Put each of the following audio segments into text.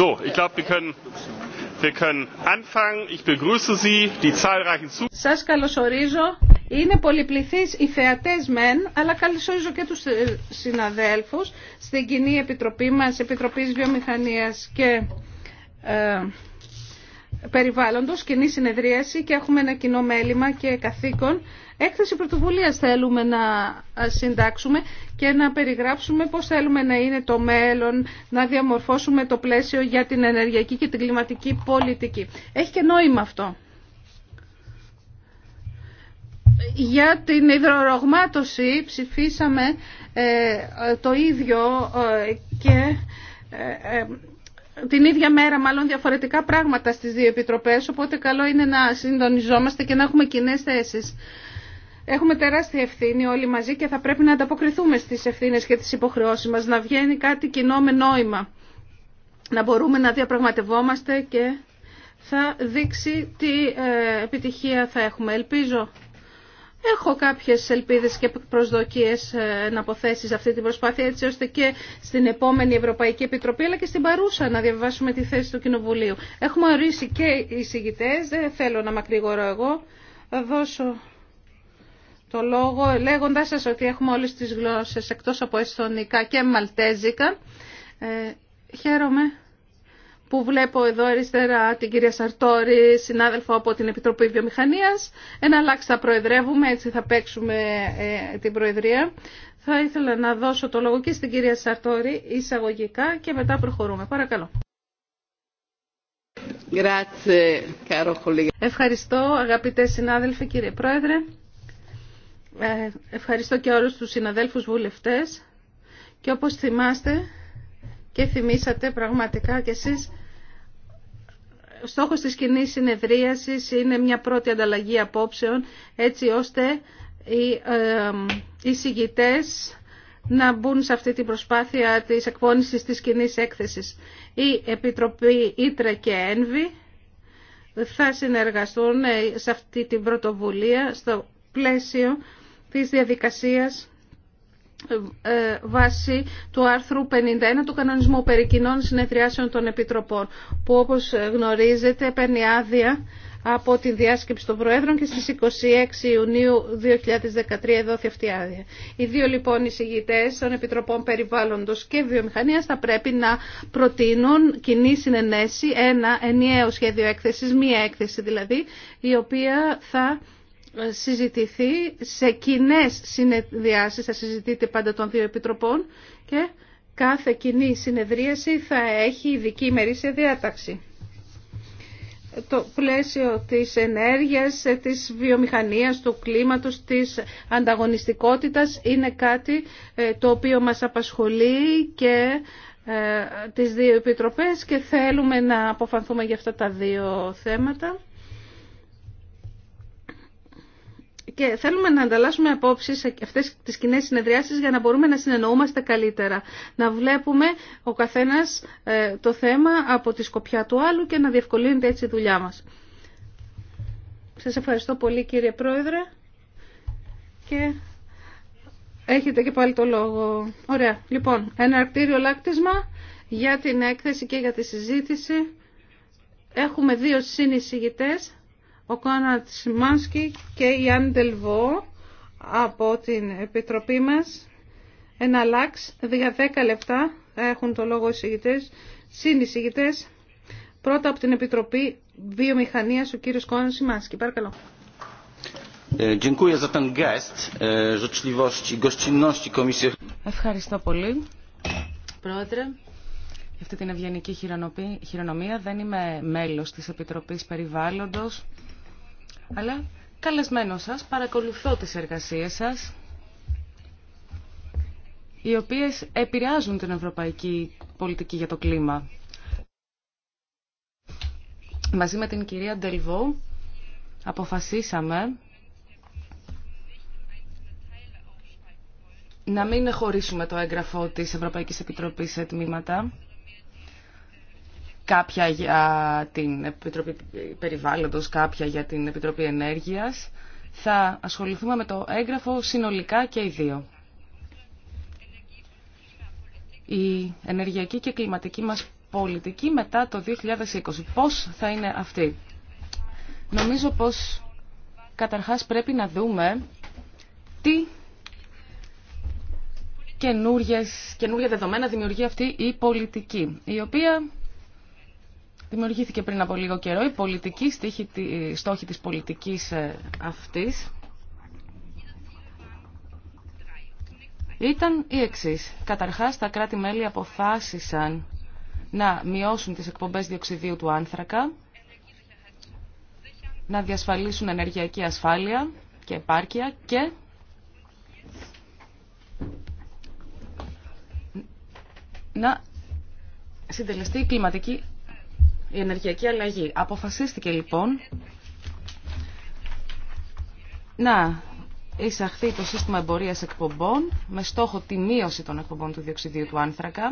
So, ich glaube, wir können, wir können anfangen. Ich begrüße Sie, die zahlreichen Zuschauer. Σας καλωσορίζω. Είναι πολυπληθείς οι θεατές μεν, αλλά καλωσορίζω και τους ε, συναδέλφους στην κοινή επιτροπή μας, Επιτροπής Βιομηχανίας και ε, περιβάλλοντος, κοινή συνεδρίαση και έχουμε ένα κοινό μέλημα και καθήκον. Έκθεση πρωτοβουλίας θέλουμε να συντάξουμε και να περιγράψουμε πώς θέλουμε να είναι το μέλλον, να διαμορφώσουμε το πλαίσιο για την ενεργειακή και την κλιματική πολιτική. Έχει και νόημα αυτό. Για την υδρορογμάτωση ψηφίσαμε ε, το ίδιο ε, και ε, την ίδια μέρα μάλλον διαφορετικά πράγματα στις δύο επιτροπές, οπότε καλό είναι να συντονιζόμαστε και να έχουμε κοινέ θέσεις. Έχουμε τεράστια ευθύνη όλοι μαζί και θα πρέπει να ανταποκριθούμε στις ευθύνες και τις υποχρεώσεις μας, να βγαίνει κάτι κοινό με νόημα, να μπορούμε να διαπραγματευόμαστε και θα δείξει τι ε, επιτυχία θα έχουμε. Ελπίζω Έχω κάποιες ελπίδες και προσδοκίες ε, να αποθέσεις αυτή την προσπάθεια έτσι ώστε και στην επόμενη Ευρωπαϊκή Επιτροπή αλλά και στην παρούσα να διαβάσουμε τη θέση του Κοινοβουλίου. Έχουμε ορίσει και οι συγητές, δεν θέλω να μακρηγορώ εγώ. Θα δώσω το λόγο λέγοντάς σας ότι έχουμε όλες τις γλώσσες εκτός από εσθονικά και μαλτέζικα. Ε, χαίρομαι που βλέπω εδώ αριστερά την κυρία Σαρτόρη, συνάδελφο από την Επιτροπή Βιομηχανίας. Ένα αλλάξει θα προεδρεύουμε, έτσι θα παίξουμε ε, την Προεδρία. Θα ήθελα να δώσω το λόγο και στην κυρία Σαρτόρη εισαγωγικά και μετά προχωρούμε. Παρακαλώ. Ευχαριστώ αγαπητέ συνάδελφοι κύριε Πρόεδρε. Ε, ευχαριστώ και όλους τους συναδέλφους βουλευτές. Και όπως θυμάστε και θυμήσατε πραγματικά κι εσείς στόχος της κοινή συνεδρίασης είναι μια πρώτη ανταλλαγή απόψεων έτσι ώστε οι συγιτές να μπουν σε αυτή την προσπάθεια της εκπόνησης της κοινή έκθεσης. Η Επιτροπή Ήτρα και Ένβη θα συνεργαστούν ε, σε αυτή την πρωτοβουλία στο πλαίσιο της διαδικασίας ε, βάση του άρθρου 51 του κανονισμού περί κοινών συνεδριάσεων των Επιτροπών, που όπως γνωρίζετε παίρνει άδεια από τη διάσκεψη των Προέδρων και στις 26 Ιουνίου 2013 εδώ αυτή άδεια. Οι δύο λοιπόν εισηγητές των Επιτροπών Περιβάλλοντος και Βιομηχανίας θα πρέπει να προτείνουν κοινή συνενέση, ένα ενιαίο σχέδιο έκθεσης, μία έκθεση δηλαδή, η οποία θα συζητηθεί σε κοινέ συνεδριάσεις, θα συζητείτε πάντα των δύο επιτροπών και κάθε κοινή συνεδρίαση θα έχει ειδική ημερήσια διάταξη. Το πλαίσιο της ενέργειας, της βιομηχανίας, του κλίματος, της ανταγωνιστικότητας είναι κάτι ε, το οποίο μας απασχολεί και ε, τις δύο επιτροπές και θέλουμε να αποφανθούμε για αυτά τα δύο θέματα. και θέλουμε να ανταλλάσσουμε απόψει σε αυτέ τι κοινέ συνεδριάσει για να μπορούμε να συνεννοούμαστε καλύτερα. Να βλέπουμε ο καθένα ε, το θέμα από τη σκοπιά του άλλου και να διευκολύνεται έτσι η δουλειά μα. Σα ευχαριστώ πολύ κύριε Πρόεδρε. Και έχετε και πάλι το λόγο. Ωραία. Λοιπόν, ένα αρκτήριο λάκτισμα για την έκθεση και για τη συζήτηση. Έχουμε δύο συνεισηγητές ο Κόνατ Σιμάνσκι και η Άννη Τελβό από την Επιτροπή μας εναλλάξ για 10 λεπτά έχουν το λόγο οι συγητές, συνεισηγητές. Πρώτα από την Επιτροπή Βιομηχανίας ο κύριος Κόνατ Σιμάνσκι. Παρακαλώ. Ε, e, Ευχαριστώ πολύ, Πρόεδρε, για αυτή την ευγενική χειρονομία. Δεν είμαι μέλος της Επιτροπής Περιβάλλοντος αλλά καλεσμένο σας, παρακολουθώ τις εργασίες σας, οι οποίες επηρεάζουν την ευρωπαϊκή πολιτική για το κλίμα. Μαζί με την κυρία Ντελβό αποφασίσαμε να μην χωρίσουμε το έγγραφο της Ευρωπαϊκής Επιτροπής σε τμήματα κάποια για την Επιτροπή Περιβάλλοντος, κάποια για την Επιτροπή Ενέργειας. Θα ασχοληθούμε με το έγγραφο συνολικά και οι δύο. Η ενεργειακή και κλιματική μας πολιτική μετά το 2020. Πώς θα είναι αυτή. Νομίζω πως καταρχάς πρέπει να δούμε τι καινούργια δεδομένα δημιουργεί αυτή η πολιτική, η οποία Δημιουργήθηκε πριν από λίγο καιρό η πολιτική στόχη, στόχη της πολιτικής ε, αυτής. Ήταν η εξή. Καταρχάς, τα κράτη-μέλη αποφάσισαν να μειώσουν τις εκπομπές διοξιδίου του άνθρακα, να διασφαλίσουν ενεργειακή ασφάλεια και επάρκεια και να συντελεστεί η κλιματική η ενεργειακή αλλαγή. Αποφασίστηκε λοιπόν να εισαχθεί το σύστημα εμπορίας εκπομπών με στόχο τη μείωση των εκπομπών του διοξιδίου του άνθρακα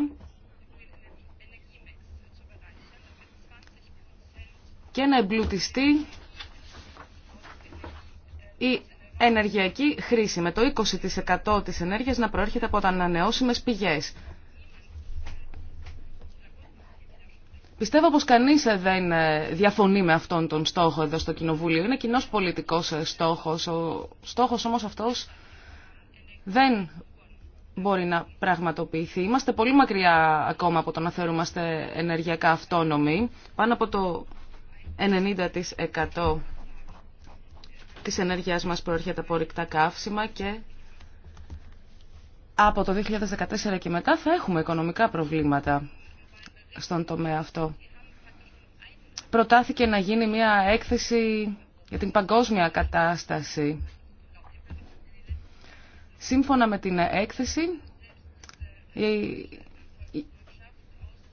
και να εμπλουτιστεί η ενεργειακή χρήση με το 20% της ενέργειας να προέρχεται από τα ανανεώσιμες πηγές. Πιστεύω πως κανείς ε, δεν ε, διαφωνεί με αυτόν τον στόχο εδώ στο Κοινοβούλιο. Είναι κοινό πολιτικός ε, στόχος. Ο στόχος όμως αυτός δεν μπορεί να πραγματοποιηθεί. Είμαστε πολύ μακριά ακόμα από το να θεωρούμαστε ενεργειακά αυτόνομοι. Πάνω από το 90% της ενέργειάς μας προέρχεται από ρηκτά καύσιμα και από το 2014 και μετά θα έχουμε οικονομικά προβλήματα στον τομέα αυτό. Προτάθηκε να γίνει μια έκθεση για την παγκόσμια κατάσταση. Σύμφωνα με την έκθεση, η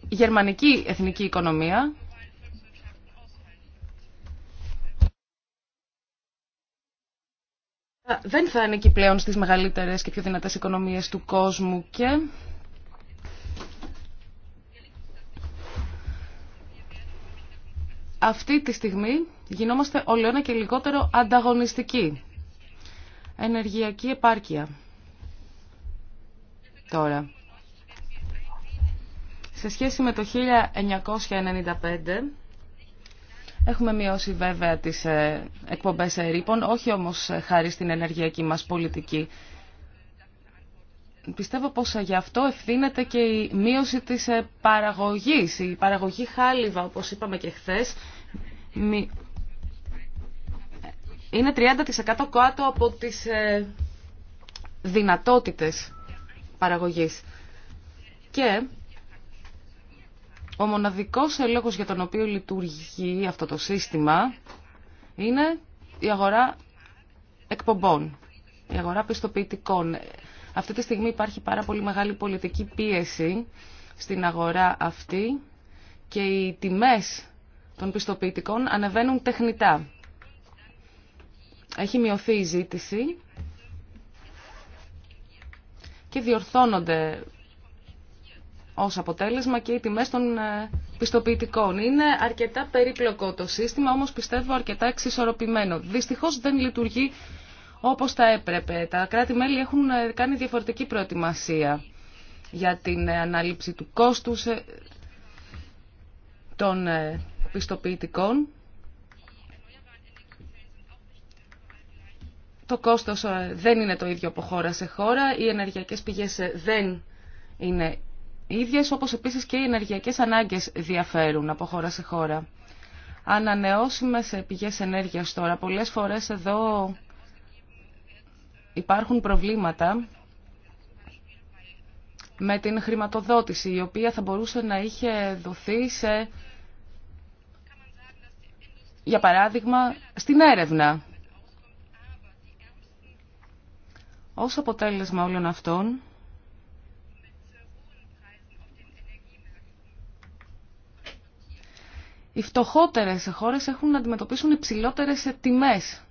γερμανική εθνική οικονομία δεν θα ανήκει πλέον στις μεγαλύτερες και πιο δυνατές οικονομίες του κόσμου και αυτή τη στιγμή γινόμαστε ολαιόνα και λιγότερο ανταγωνιστικοί. Ενεργειακή επάρκεια. Τώρα. Σε σχέση με το 1995... Έχουμε μειώσει βέβαια τις ε, εκπομπές ρήπων, όχι όμως ε, χάρη στην ενεργειακή μας πολιτική πιστεύω πως γι' αυτό ευθύνεται και η μείωση της ε, παραγωγής. Η παραγωγή χάλιβα, όπως είπαμε και χθε, είναι 30% κάτω από τις ε, δυνατότητες παραγωγής. Και ο μοναδικός λόγος για τον οποίο λειτουργεί αυτό το σύστημα είναι η αγορά εκπομπών, η αγορά πιστοποιητικών. Αυτή τη στιγμή υπάρχει πάρα πολύ μεγάλη πολιτική πίεση στην αγορά αυτή και οι τιμές των πιστοποιητικών ανεβαίνουν τεχνητά. Έχει μειωθεί η ζήτηση και διορθώνονται ως αποτέλεσμα και οι τιμές των ε, πιστοποιητικών. Είναι αρκετά περίπλοκο το σύστημα, όμως πιστεύω αρκετά εξισορροπημένο. Δυστυχώς δεν λειτουργεί όπως θα έπρεπε. Τα κράτη-μέλη έχουν ε, κάνει διαφορετική προετοιμασία για την ε, ανάληψη του κόστους ε, των πιστοποιητικών. Το κόστος δεν είναι το ίδιο από χώρα σε χώρα, οι ενεργειακές πηγές δεν είναι ίδιες, όπως επίσης και οι ενεργειακές ανάγκες διαφέρουν από χώρα σε χώρα. Ανανεώσιμες πηγές ενέργειας τώρα. Πολλές φορές εδώ υπάρχουν προβλήματα με την χρηματοδότηση, η οποία θα μπορούσε να είχε δοθεί σε, για παράδειγμα, στην έρευνα. Ως αποτέλεσμα όλων αυτών, οι φτωχότερες χώρες έχουν να αντιμετωπίσουν υψηλότερες τιμές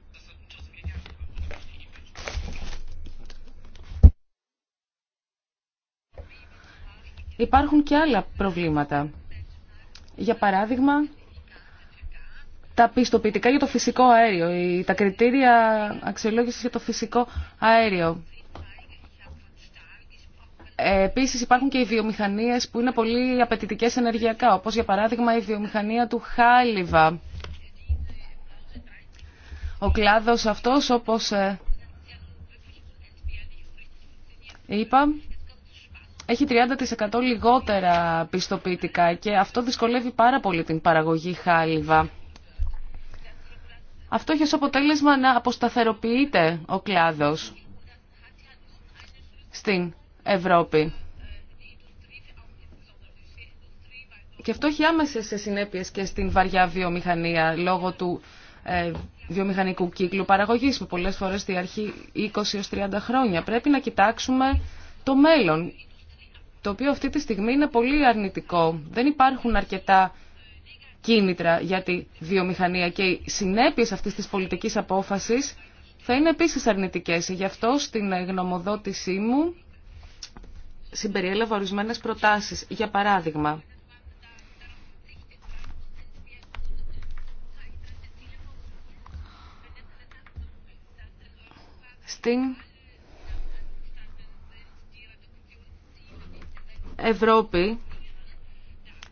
υπάρχουν και άλλα προβλήματα. Για παράδειγμα, τα πιστοποιητικά για το φυσικό αέριο, τα κριτήρια αξιολόγηση για το φυσικό αέριο. Ε, επίσης υπάρχουν και οι βιομηχανίες που είναι πολύ απαιτητικές ενεργειακά, όπως για παράδειγμα η βιομηχανία του Χάλιβα. Ο κλάδος αυτός, όπως ε, είπα, έχει 30% λιγότερα πιστοποιητικά και αυτό δυσκολεύει πάρα πολύ την παραγωγή χάλιβα. Αυτό έχει ως αποτέλεσμα να αποσταθεροποιείται ο κλάδος στην Ευρώπη. Και αυτό έχει άμεσες συνέπειες και στην βαριά βιομηχανία λόγω του ε, βιομηχανικού κύκλου παραγωγής που πολλές αρχη διαρχεί 20-30 χρόνια. Πρέπει να κοιτάξουμε το μέλλον το οποίο αυτή τη στιγμή είναι πολύ αρνητικό. Δεν υπάρχουν αρκετά κίνητρα για τη βιομηχανία και οι συνέπειες αυτής της πολιτικής απόφασης θα είναι επίσης αρνητικές. Γι' αυτό στην γνωμοδότησή μου συμπεριέλαβα ορισμένες προτάσεις. Για παράδειγμα, στην Ευρώπη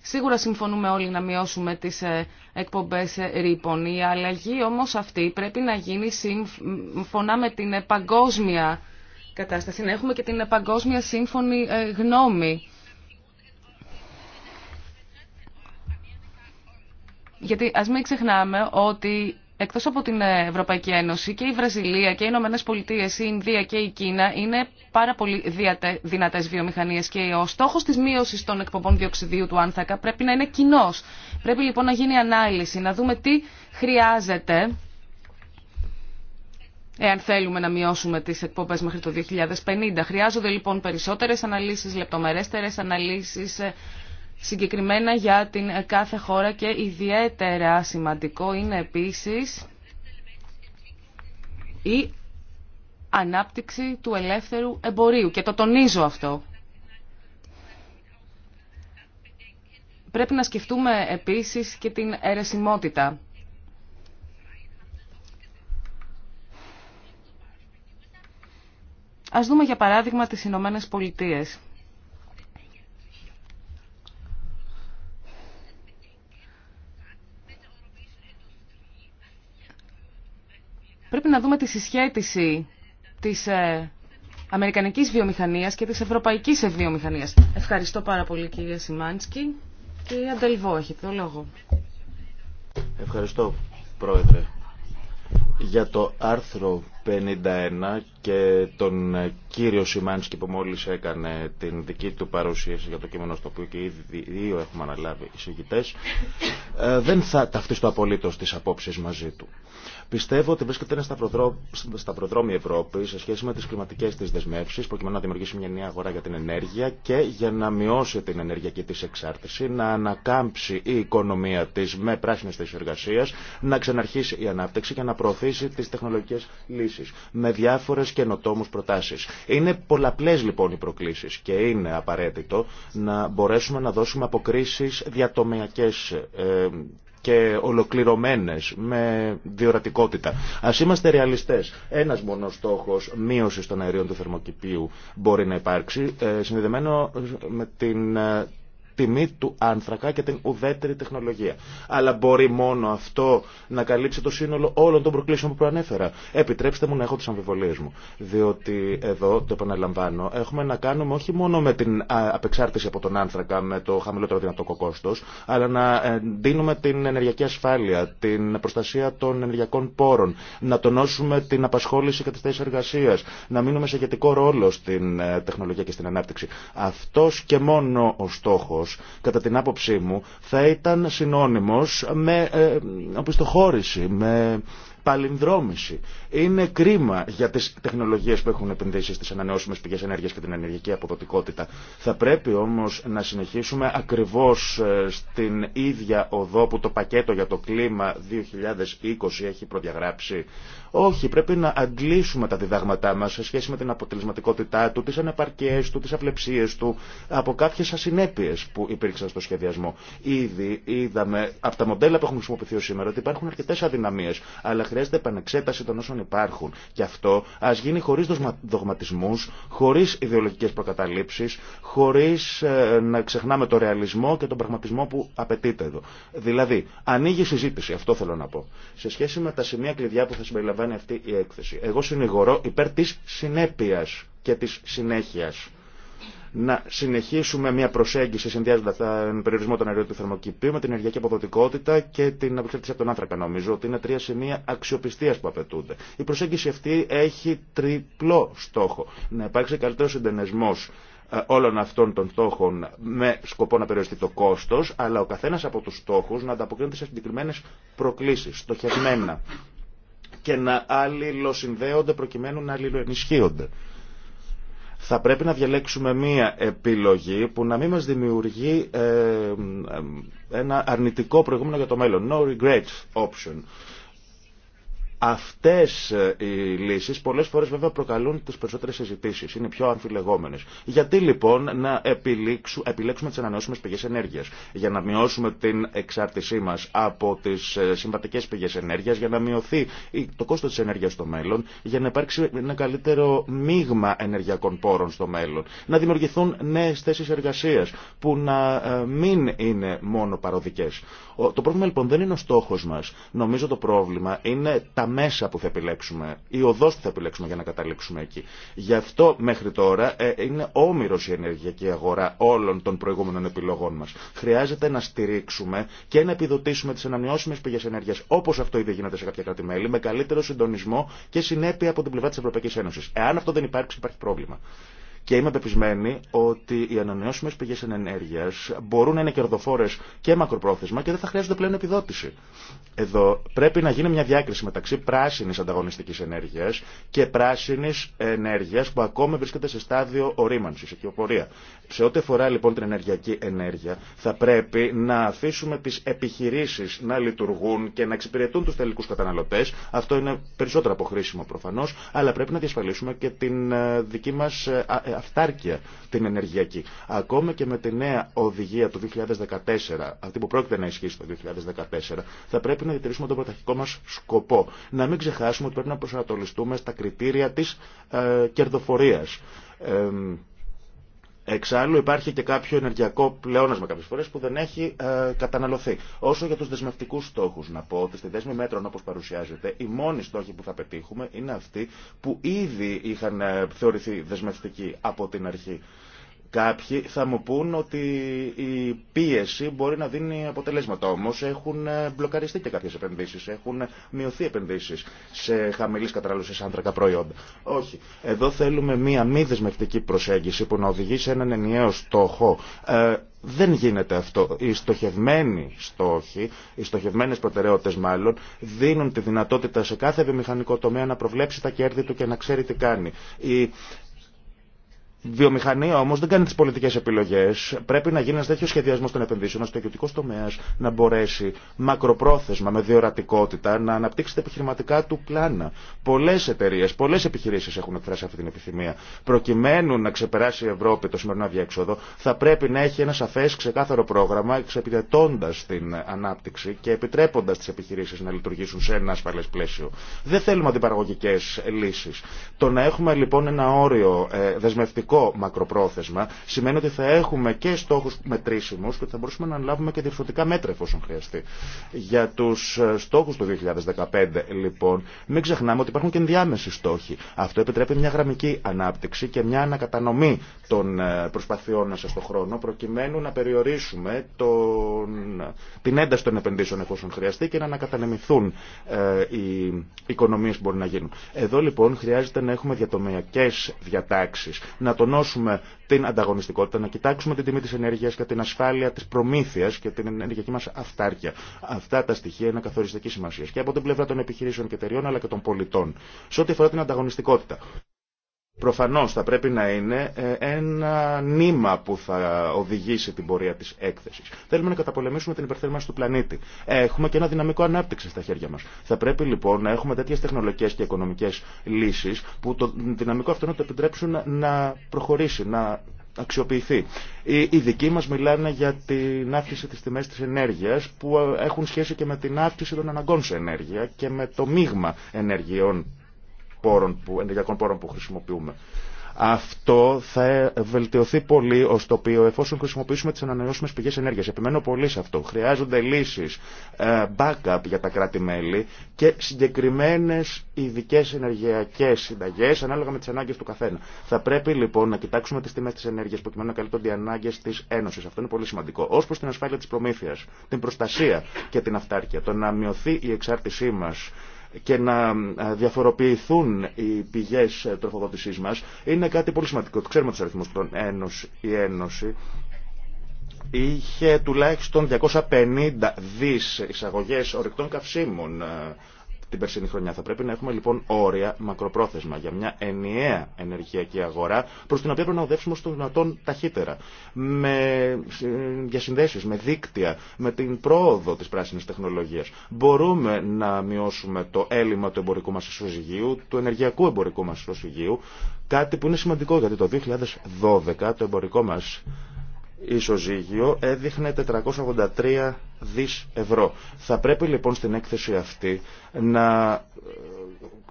Σίγουρα συμφωνούμε όλοι να μειώσουμε τις ε, εκπομπές ε, ρήπων. Η αλλαγή όμως αυτή πρέπει να γίνει σύμφωνα με την παγκόσμια κατάσταση. Να έχουμε και την παγκόσμια σύμφωνη ε, γνώμη. Γιατί ας μην ξεχνάμε ότι εκτός από την ε, Ευρωπαϊκή Ένωση και η Βραζιλία και οι Ηνωμένε Πολιτείε, η Ινδία και η Κίνα είναι πάρα πολύ δυνατές βιομηχανίες και ο στόχος της μείωσης των εκπομπών διοξιδίου του άνθρακα πρέπει να είναι κοινό. Πρέπει λοιπόν να γίνει ανάλυση, να δούμε τι χρειάζεται εάν θέλουμε να μειώσουμε τις εκπομπές μέχρι το 2050. Χρειάζονται λοιπόν περισσότερες αναλύσεις, λεπτομερέστερες αναλύσεις, ε, συγκεκριμένα για την κάθε χώρα και ιδιαίτερα σημαντικό είναι επίσης η ανάπτυξη του ελεύθερου εμπορίου και το τονίζω αυτό. Πρέπει να σκεφτούμε επίσης και την αιρεσιμότητα. Ας δούμε για παράδειγμα τις Ηνωμένε Πολιτείες. Πρέπει να δούμε τη συσχέτιση της ε, αμερικανικής βιομηχανίας και της ευρωπαϊκής βιομηχανίας. Ευχαριστώ πάρα πολύ κυρία Σιμάνσκι. Κύριε Αντελβό, έχετε το λόγο. Ευχαριστώ, Πρόεδρε. Για το άρθρο 51 και τον κύριο Σιμάνσκι που μόλις έκανε την δική του παρουσίαση για το κείμενο στο οποίο και ήδη δύο έχουμε αναλάβει οι ε, δεν θα ταυτίσω απολύτως τις απόψεις μαζί του. Πιστεύω ότι βρίσκεται ένα στα προδρόμια Ευρώπη σε σχέση με τι κλιματικέ τη δεσμεύσει, προκειμένου να δημιουργήσει μια νέα αγορά για την ενέργεια και για να μειώσει την ενεργειακή τη εξάρτηση, να ανακάμψει η οικονομία τη με πράσινε θέσει εργασία, να ξαναρχίσει η ανάπτυξη και να προωθήσει τι τεχνολογικέ λύσει με διάφορες καινοτόμους προτάσεις. Είναι πολλαπλές λοιπόν οι προκλήσεις και είναι απαραίτητο να μπορέσουμε να δώσουμε αποκρίσεις διατομιακές ε, και ολοκληρωμένε, με διορατικότητα. Α είμαστε ρεαλιστέ. Ένα μόνο στόχο μείωση των αερίων του θερμοκηπίου μπορεί να υπάρξει, ε, συνδεδεμένο με την ε, τιμή του άνθρακα και την ουδέτερη τεχνολογία. Αλλά μπορεί μόνο αυτό να καλύψει το σύνολο όλων των προκλήσεων που προανέφερα. Επιτρέψτε μου να έχω τι αμφιβολίε μου. Διότι εδώ, το επαναλαμβάνω, έχουμε να κάνουμε όχι μόνο με την απεξάρτηση από τον άνθρακα, με το χαμηλότερο δυνατό κόστο, αλλά να δίνουμε ε, την ενεργειακή ασφάλεια, την προστασία των ενεργειακών πόρων, να τονώσουμε την απασχόληση και τι θέσει εργασία, να μείνουμε σε ηγετικό ρόλο στην ε, τεχνολογία και στην ανάπτυξη. Αυτό και μόνο ο στόχο κατά την άποψή μου, θα ήταν συνώνυμος με ε, με παλινδρόμηση. Είναι κρίμα για τι τεχνολογίε που έχουν επενδύσει στις ανανεώσιμε πηγέ ενέργεια και την ενεργειακή αποδοτικότητα. Θα πρέπει όμω να συνεχίσουμε ακριβώ ε, στην ίδια οδό που το πακέτο για το κλίμα 2020 έχει προδιαγράψει. Όχι, πρέπει να αντλήσουμε τα διδάγματά μα σε σχέση με την αποτελεσματικότητά του, τι ανεπαρκέ του, τι απλεψίε του, από κάποιε ασυνέπειε που υπήρξαν στο σχεδιασμό. Ήδη είδαμε από τα μοντέλα που έχουν χρησιμοποιηθεί σήμερα ότι υπάρχουν αρκετέ αδυναμίε, αλλά χρειάζεται επανεξέταση των όσων υπάρχουν. Και αυτό α γίνει χωρί δογματισμού, χωρί ιδεολογικέ προκαταλήψει, χωρί ε, να ξεχνάμε το ρεαλισμό και τον πραγματισμό που απαιτείται εδώ. Δηλαδή, ανοίγει συζήτηση, αυτό θέλω να πω, σε σχέση με τα σημεία κλειδιά που θα συμπεριλαμβάνει αυτή η έκθεση. Εγώ συνηγορώ υπέρ τη συνέπεια και τη συνέχεια να συνεχίσουμε μια προσέγγιση συνδυάζοντα τον περιορισμό των αερίων του θερμοκηπίου με την ενεργειακή αποδοτικότητα και την απεξάρτηση από τον άνθρακα. Νομίζω ότι είναι τρία σημεία αξιοπιστία που απαιτούνται. Η προσέγγιση αυτή έχει τριπλό στόχο. Να υπάρξει καλύτερο συντενεσμό ε, όλων αυτών των στόχων με σκοπό να περιοριστεί το κόστο, αλλά ο καθένα από του στόχου να ανταποκρίνεται σε συγκεκριμένε προκλήσει, στοχευμένα και να αλληλοσυνδέονται προκειμένου να αλληλοενισχύονται. Θα πρέπει να διαλέξουμε μία επιλογή που να μην μας δημιουργεί ε, ε, ένα αρνητικό προηγούμενο για το μέλλον. No regrets option. Αυτές ε, οι λύσεις πολλές φορές βέβαια προκαλούν τις περισσότερες συζητήσει, είναι πιο αμφιλεγόμενες. Γιατί λοιπόν να επιλέξουμε τις ανανεώσιμες πηγές ενέργειας, για να μειώσουμε την εξάρτησή μας από τις ε, συμβατικές πηγές ενέργειας, για να μειωθεί το κόστος της ενέργειας στο μέλλον, για να υπάρξει ένα καλύτερο μείγμα ενεργειακών πόρων στο μέλλον, να δημιουργηθούν νέες θέσεις εργασίας που να ε, μην είναι μόνο παροδικέ. Το πρόβλημα λοιπόν δεν είναι ο στόχος μας. Νομίζω το πρόβλημα είναι τα μέσα που θα επιλέξουμε, η οδό που θα επιλέξουμε για να καταλήξουμε εκεί. Γι' αυτό μέχρι τώρα ε, είναι όμοιρο η ενεργειακή αγορά όλων των προηγούμενων επιλογών μας. Χρειάζεται να στηρίξουμε και να επιδοτήσουμε τις ανανεώσιμες πηγές ενέργειας όπως αυτό ήδη γίνεται σε κάποια κράτη-μέλη με καλύτερο συντονισμό και συνέπεια από την πλευρά τη Ευρωπαϊκή Ένωση. Εάν αυτό δεν υπάρξει υπάρχει πρόβλημα. Και είμαι πεπισμένη ότι οι ανανεώσιμε πηγέ ενέργεια μπορούν να είναι κερδοφόρε και μακροπρόθεσμα και δεν θα χρειάζονται πλέον επιδότηση. Εδώ πρέπει να γίνει μια διάκριση μεταξύ πράσινη ανταγωνιστική ενέργεια και πράσινη ενέργεια που ακόμα βρίσκεται σε στάδιο ορίμανση, οικειοπορία. Σε ό,τι αφορά λοιπόν την ενεργειακή ενέργεια, θα πρέπει να αφήσουμε τι επιχειρήσει να λειτουργούν και να εξυπηρετούν του τελικού καταναλωτέ. Αυτό είναι περισσότερο από χρήσιμο προφανώ, αλλά πρέπει να διασφαλίσουμε και την ε, δική μα ε, αυτάρκεια την ενεργειακή. Ακόμα και με τη νέα οδηγία του 2014, αυτή που πρόκειται να ισχύσει το 2014, θα πρέπει να διατηρήσουμε τον πρωταρχικό μα σκοπό. Να μην ξεχάσουμε ότι πρέπει να προσανατολιστούμε στα κριτήρια τη ε, κερδοφορία. Ε, Εξάλλου υπάρχει και κάποιο ενεργειακό πλεόνασμα κάποιες φορές που δεν έχει ε, καταναλωθεί. Όσο για τους δεσμευτικούς στόχους να πω ότι στη δέσμη μέτρων όπως παρουσιάζεται, οι μόνοι στόχοι που θα πετύχουμε είναι αυτοί που ήδη είχαν ε, θεωρηθεί δεσμευτικοί από την αρχή. Κάποιοι θα μου πούν ότι η πίεση μπορεί να δίνει αποτελέσματα. Όμω έχουν ε, μπλοκαριστεί και κάποιε επενδύσει, έχουν μειωθεί επενδύσει σε χαμηλή κατανάλωση άνθρακα προϊόντα. Όχι. Εδώ θέλουμε μία μη δεσμευτική προσέγγιση που να οδηγεί σε έναν ενιαίο στόχο. Ε, δεν γίνεται αυτό. Οι στοχευμένοι στόχοι, οι στοχευμένε προτεραιότητε μάλλον, δίνουν τη δυνατότητα σε κάθε βιομηχανικό τομέα να προβλέψει τα κέρδη του και να ξέρει τι κάνει βιομηχανία όμω δεν κάνει τι πολιτικέ επιλογέ. Πρέπει να γίνει ένα τέτοιο σχεδιασμό των επενδύσεων, ώστε ο ιδιωτικό τομέα να μπορέσει μακροπρόθεσμα, με διορατικότητα, να αναπτύξει τα επιχειρηματικά του πλάνα. Πολλέ εταιρείε, πολλέ επιχειρήσει έχουν εκφράσει αυτή την επιθυμία. Προκειμένου να ξεπεράσει η Ευρώπη το σημερινό αδιέξοδο, θα πρέπει να έχει ένα σαφέ, ξεκάθαρο πρόγραμμα, εξεπιδετώντα την ανάπτυξη και επιτρέποντα τι επιχειρήσει να λειτουργήσουν σε ένα ασφαλέ πλαίσιο. Δεν θέλουμε αντιπαραγωγικέ λύσει. Το να έχουμε λοιπόν ένα όριο ε, δεσμευτικό ελληνικό μακροπρόθεσμα, σημαίνει ότι θα έχουμε και στόχους μετρήσιμους και ότι θα μπορούσαμε να αναλάβουμε και διευθυντικά μέτρα εφόσον χρειαστεί. Για τους ε, στόχους του 2015, λοιπόν, μην ξεχνάμε ότι υπάρχουν και ενδιάμεσοι στόχοι. Αυτό επιτρέπει μια γραμμική ανάπτυξη και μια ανακατανομή των ε, προσπαθειών μα στον χρόνο, προκειμένου να περιορίσουμε τον... την ένταση των επενδύσεων εφόσον χρειαστεί και να ανακατανεμηθούν ε, οι οικονομίες που μπορεί να γίνουν. Εδώ λοιπόν χρειάζεται να έχουμε διατομιακέ διατάξει, να τονώσουμε την ανταγωνιστικότητα, να κοιτάξουμε την τιμή τη ενέργεια και την ασφάλεια τη προμήθεια και την ενεργειακή μα αυτάρκεια. Αυτά τα στοιχεία είναι καθοριστική σημασία και από την πλευρά των επιχειρήσεων και εταιριών αλλά και των πολιτών. Σε ό,τι αφορά την ανταγωνιστικότητα προφανώς θα πρέπει να είναι ε, ένα νήμα που θα οδηγήσει την πορεία της έκθεσης. Θέλουμε να καταπολεμήσουμε την υπερθέρμανση του πλανήτη. Έχουμε και ένα δυναμικό ανάπτυξη στα χέρια μας. Θα πρέπει λοιπόν να έχουμε τέτοιες τεχνολογικές και οικονομικές λύσεις που το δυναμικό αυτό να το επιτρέψουν να προχωρήσει, να αξιοποιηθεί. Οι ειδικοί μας μιλάνε για την αύξηση της τιμής της ενέργειας που έχουν σχέση και με την αύξηση των αναγκών σε ενέργεια και με το μείγμα ενεργειών πόρων που, ενεργειακών πόρων που χρησιμοποιούμε. Αυτό θα βελτιωθεί πολύ ω οποίο εφόσον χρησιμοποιήσουμε τι ανανεώσιμε πηγέ ενέργεια. Επιμένω πολύ σε αυτό. Χρειάζονται λύσει, ε, backup για τα κράτη-μέλη και συγκεκριμένε ειδικέ ενεργειακέ συνταγέ ανάλογα με τι ανάγκε του καθένα. Θα πρέπει λοιπόν να κοιτάξουμε τι τιμέ τη ενέργεια προκειμένου να καλύπτονται οι ανάγκε τη Ένωση. Αυτό είναι πολύ σημαντικό. Ω προ την ασφάλεια τη προμήθεια, την προστασία και την αυτάρκεια, το να μειωθεί η εξάρτησή μα και να διαφοροποιηθούν οι πηγές τροφοδότησής μας είναι κάτι πολύ σημαντικό. Ξέρουμε τους αριθμούς των Ένωση, η Ένωση είχε τουλάχιστον 250 δις εισαγωγές ορεικτών καυσίμων την περσίνη χρονιά. Θα πρέπει να έχουμε λοιπόν όρια μακροπρόθεσμα για μια ενιαία ενεργειακή αγορά προ την οποία πρέπει να οδεύσουμε στο δυνατόν ταχύτερα. Με διασυνδέσει, με δίκτυα, με την πρόοδο τη πράσινη τεχνολογία. Μπορούμε να μειώσουμε το έλλειμμα του εμπορικού μα ισοζυγίου, του ενεργειακού εμπορικού μα ισοζυγίου, κάτι που είναι σημαντικό γιατί το 2012 το εμπορικό μα ισοζύγιο έδειχνε 483 δις ευρώ. Θα πρέπει λοιπόν στην έκθεση αυτή να ε,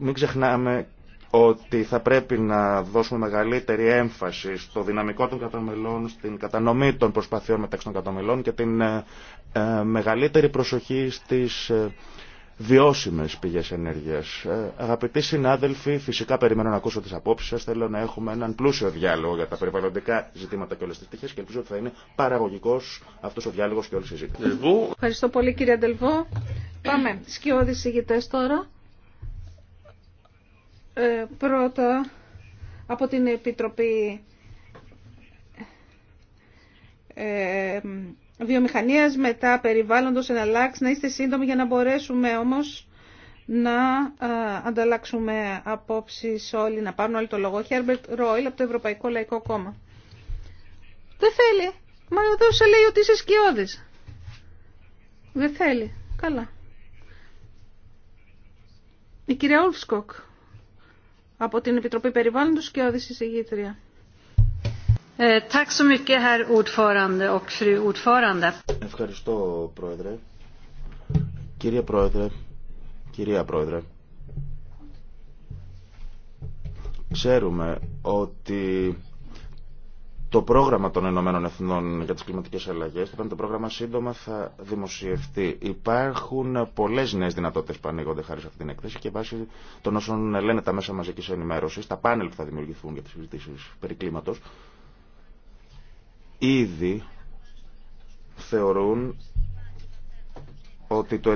μην ξεχνάμε ότι θα πρέπει να δώσουμε μεγαλύτερη έμφαση στο δυναμικό των καταμελών, στην κατανομή των προσπαθειών μεταξύ των καταμελών και την ε, ε, μεγαλύτερη προσοχή στις βιώσιμες πηγές ενέργειας. Ε, αγαπητοί συνάδελφοι, φυσικά περιμένω να ακούσω τις απόψεις σας. Θέλω να έχουμε έναν πλούσιο διάλογο για τα περιβαλλοντικά ζητήματα και όλες τις τυχές και ελπίζω ότι θα είναι παραγωγικός αυτός ο διάλογος και όλη η συζήτηση. Ευχαριστώ πολύ κύριε Αντελβό. Πάμε. Σκιώδης ηγητές τώρα. Ε, πρώτα από την Επιτροπή ε, βιομηχανίας, μετά περιβάλλοντος, εναλλάξ, να είστε σύντομοι για να μπορέσουμε όμως να ανταλλάξουμε απόψεις όλοι, να πάρουν όλοι το λόγο. Χέρμπερτ Ρόιλ από το Ευρωπαϊκό Λαϊκό Κόμμα. Δεν θέλει. Μα εδώ σε λέει ότι είσαι σκιώδης. Δεν θέλει. Καλά. Η κυρία Ουλφσκοκ από την Επιτροπή Περιβάλλοντος και Όδηση ε, Ευχαριστώ, Πρόεδρε. Κύριε Πρόεδρε, κυρία Πρόεδρε, ξέρουμε ότι το πρόγραμμα των Ηνωμένων Εθνών για τις κλιματικές αλλαγές, το πρόγραμμα σύντομα θα δημοσιευτεί. Υπάρχουν πολλές νέες δυνατότητες που ανοίγονται χάρη σε αυτή την έκθεση και βάσει των όσων λένε τα μέσα μαζικής ενημέρωσης, τα πάνελ που θα δημιουργηθούν για τις συζητήσεις περί κλίματος, ήδη θεωρούν ότι το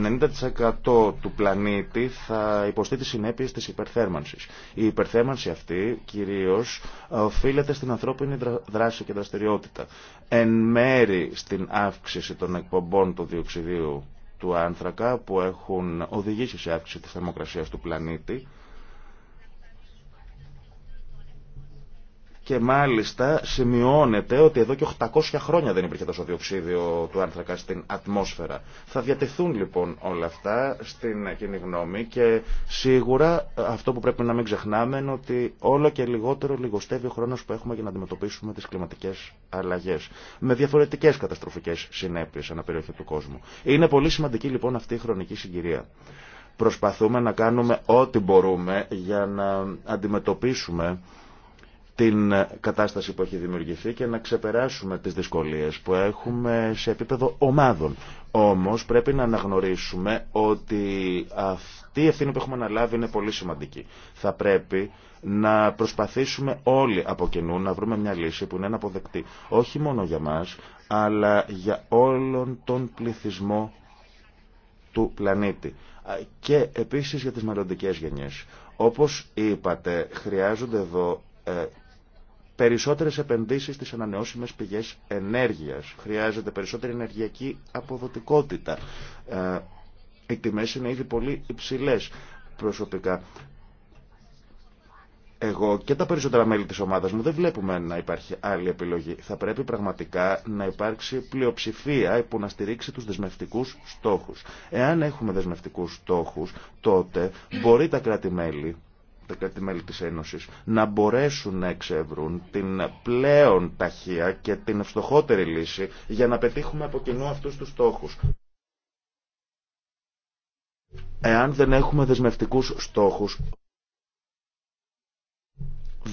90% του πλανήτη θα υποστεί τις συνέπειες της υπερθέρμανσης. Η υπερθέρμανση αυτή κυρίως οφείλεται στην ανθρώπινη δράση και δραστηριότητα. Εν μέρη στην αύξηση των εκπομπών του διοξιδίου του άνθρακα που έχουν οδηγήσει σε αύξηση της θερμοκρασίας του πλανήτη και μάλιστα σημειώνεται ότι εδώ και 800 χρόνια δεν υπήρχε τόσο διοξίδιο του άνθρακα στην ατμόσφαιρα. Θα διατεθούν λοιπόν όλα αυτά στην κοινή γνώμη και σίγουρα αυτό που πρέπει να μην ξεχνάμε είναι ότι όλο και λιγότερο λιγοστεύει ο χρόνος που έχουμε για να αντιμετωπίσουμε τις κλιματικές αλλαγές με διαφορετικές καταστροφικές συνέπειες ανά περιοχή του κόσμου. Είναι πολύ σημαντική λοιπόν αυτή η χρονική συγκυρία. Προσπαθούμε να κάνουμε ό,τι μπορούμε για να αντιμετωπίσουμε την κατάσταση που έχει δημιουργηθεί και να ξεπεράσουμε τις δυσκολίες που έχουμε σε επίπεδο ομάδων. Όμως πρέπει να αναγνωρίσουμε ότι αυτή η ευθύνη που έχουμε αναλάβει είναι πολύ σημαντική. Θα πρέπει να προσπαθήσουμε όλοι από κοινού να βρούμε μια λύση που να είναι αποδεκτή όχι μόνο για μας αλλά για όλον τον πληθυσμό του πλανήτη και επίσης για τις μελλοντικέ γενιές. Όπως είπατε, χρειάζονται εδώ ε, Περισσότερες επενδύσεις στις ανανεώσιμες πηγές ενέργειας. Χρειάζεται περισσότερη ενεργειακή αποδοτικότητα. Ε, οι τιμές είναι ήδη πολύ υψηλές προσωπικά. Εγώ και τα περισσότερα μέλη της ομάδας μου δεν βλέπουμε να υπάρχει άλλη επιλογή. Θα πρέπει πραγματικά να υπάρξει πλειοψηφία που να στηρίξει τους δεσμευτικούς στόχους. Εάν έχουμε δεσμευτικούς στόχους, τότε μπορεί τα κράτη-μέλη τα κράτη-μέλη της Ένωσης να μπορέσουν να εξεύρουν την πλέον ταχεία και την ευστοχότερη λύση για να πετύχουμε από κοινού αυτούς τους στόχους. Εάν δεν έχουμε δεσμευτικούς στόχους,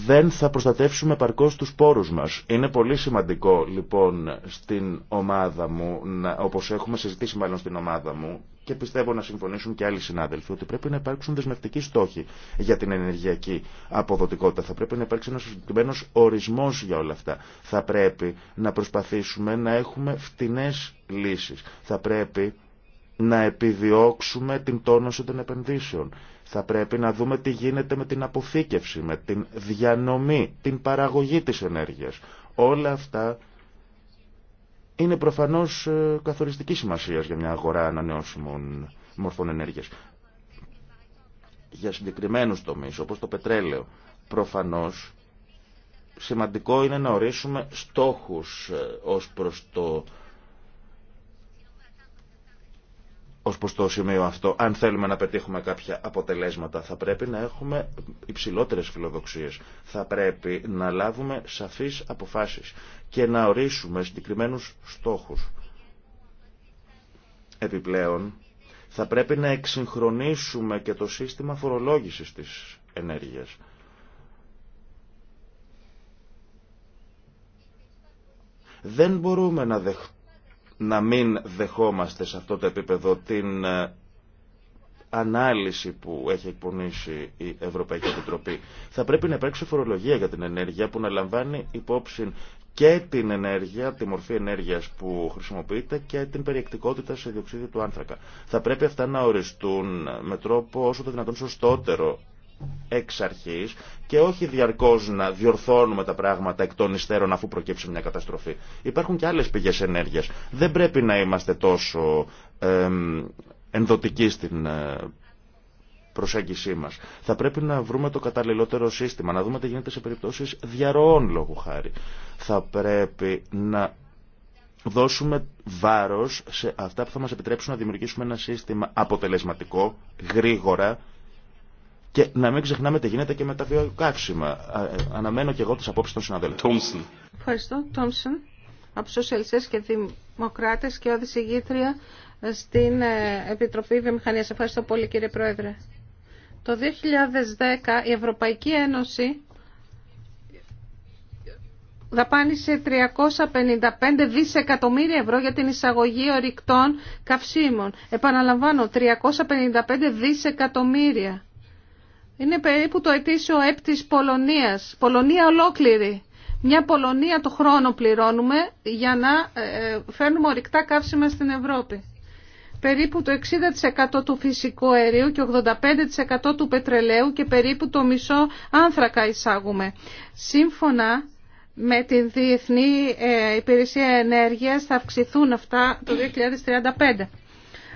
δεν θα προστατεύσουμε παρκώς τους πόρους μας. Είναι πολύ σημαντικό λοιπόν στην ομάδα μου, όπως έχουμε συζητήσει μάλλον στην ομάδα μου, και πιστεύω να συμφωνήσουν και άλλοι συνάδελφοι ότι πρέπει να υπάρξουν δεσμευτικοί στόχοι για την ενεργειακή αποδοτικότητα. Θα πρέπει να υπάρξει ένα συγκεκριμένο ορισμό για όλα αυτά. Θα πρέπει να προσπαθήσουμε να έχουμε φτηνέ λύσει. Θα πρέπει να επιδιώξουμε την τόνωση των επενδύσεων. Θα πρέπει να δούμε τι γίνεται με την αποθήκευση, με την διανομή, την παραγωγή της ενέργειας. Όλα αυτά είναι προφανώς ε, καθοριστική σημασίας για μια αγορά ανανεώσιμων μορφών ενέργειας. Για συγκεκριμένους τομείς, όπως το πετρέλαιο, προφανώς σημαντικό είναι να ορίσουμε στόχους ε, ως προς το ως προς το σημείο αυτό, αν θέλουμε να πετύχουμε κάποια αποτελέσματα, θα πρέπει να έχουμε υψηλότερες φιλοδοξίες. Θα πρέπει να λάβουμε σαφείς αποφάσεις και να ορίσουμε συγκεκριμένους στόχους. Επιπλέον, θα πρέπει να εξυγχρονίσουμε και το σύστημα φορολόγησης της ενέργειας. Δεν μπορούμε να δεχτούμε να μην δεχόμαστε σε αυτό το επίπεδο την ε, ανάλυση που έχει εκπονήσει η Ευρωπαϊκή Επιτροπή. Θα πρέπει να υπάρξει φορολογία για την ενέργεια που να λαμβάνει υπόψη και την ενέργεια, τη μορφή ενέργειας που χρησιμοποιείται και την περιεκτικότητα σε διοξίδιο του άνθρακα. Θα πρέπει αυτά να οριστούν με τρόπο όσο το δυνατόν σωστότερο εξ αρχής και όχι διαρκώς να διορθώνουμε τα πράγματα εκ των υστέρων αφού προκύψει μια καταστροφή. Υπάρχουν και άλλες πηγές ενέργειας. Δεν πρέπει να είμαστε τόσο ενδοτικοί στην ε, προσέγγισή μας. Θα πρέπει να βρούμε το καταλληλότερο σύστημα, να δούμε τι γίνεται σε περιπτώσεις διαρροών λόγου χάρη. Θα πρέπει να δώσουμε βάρος σε αυτά που θα μας επιτρέψουν να δημιουργήσουμε ένα σύστημα αποτελεσματικό, γρήγορα και να μην ξεχνάμε τι γίνεται και με τα βιοκαύσιμα. Ε, αναμένω και εγώ τι απόψει των συναδέλφων. Ευχαριστώ, Τόμσον. Από σοσιαλιστέ και δημοκράτε και όδηση γήτρια στην ε, Επιτροπή Βιομηχανία. Ευχαριστώ πολύ, κύριε Πρόεδρε. Το 2010 η Ευρωπαϊκή Ένωση δαπάνησε 355 δισεκατομμύρια ευρώ για την εισαγωγή ορυκτών καυσίμων. Επαναλαμβάνω, 355 δισεκατομμύρια. Είναι περίπου το ετήσιο ΕΠ της Πολωνίας. Πολωνία ολόκληρη. Μια Πολωνία το χρόνο πληρώνουμε για να ε, φέρνουμε ορυκτά καύσιμα στην Ευρώπη. Περίπου το 60% του φυσικού αερίου και 85% του πετρελαίου και περίπου το μισό άνθρακα εισάγουμε. Σύμφωνα με την Διεθνή ε, Υπηρεσία Ενέργειας θα αυξηθούν αυτά το 2035.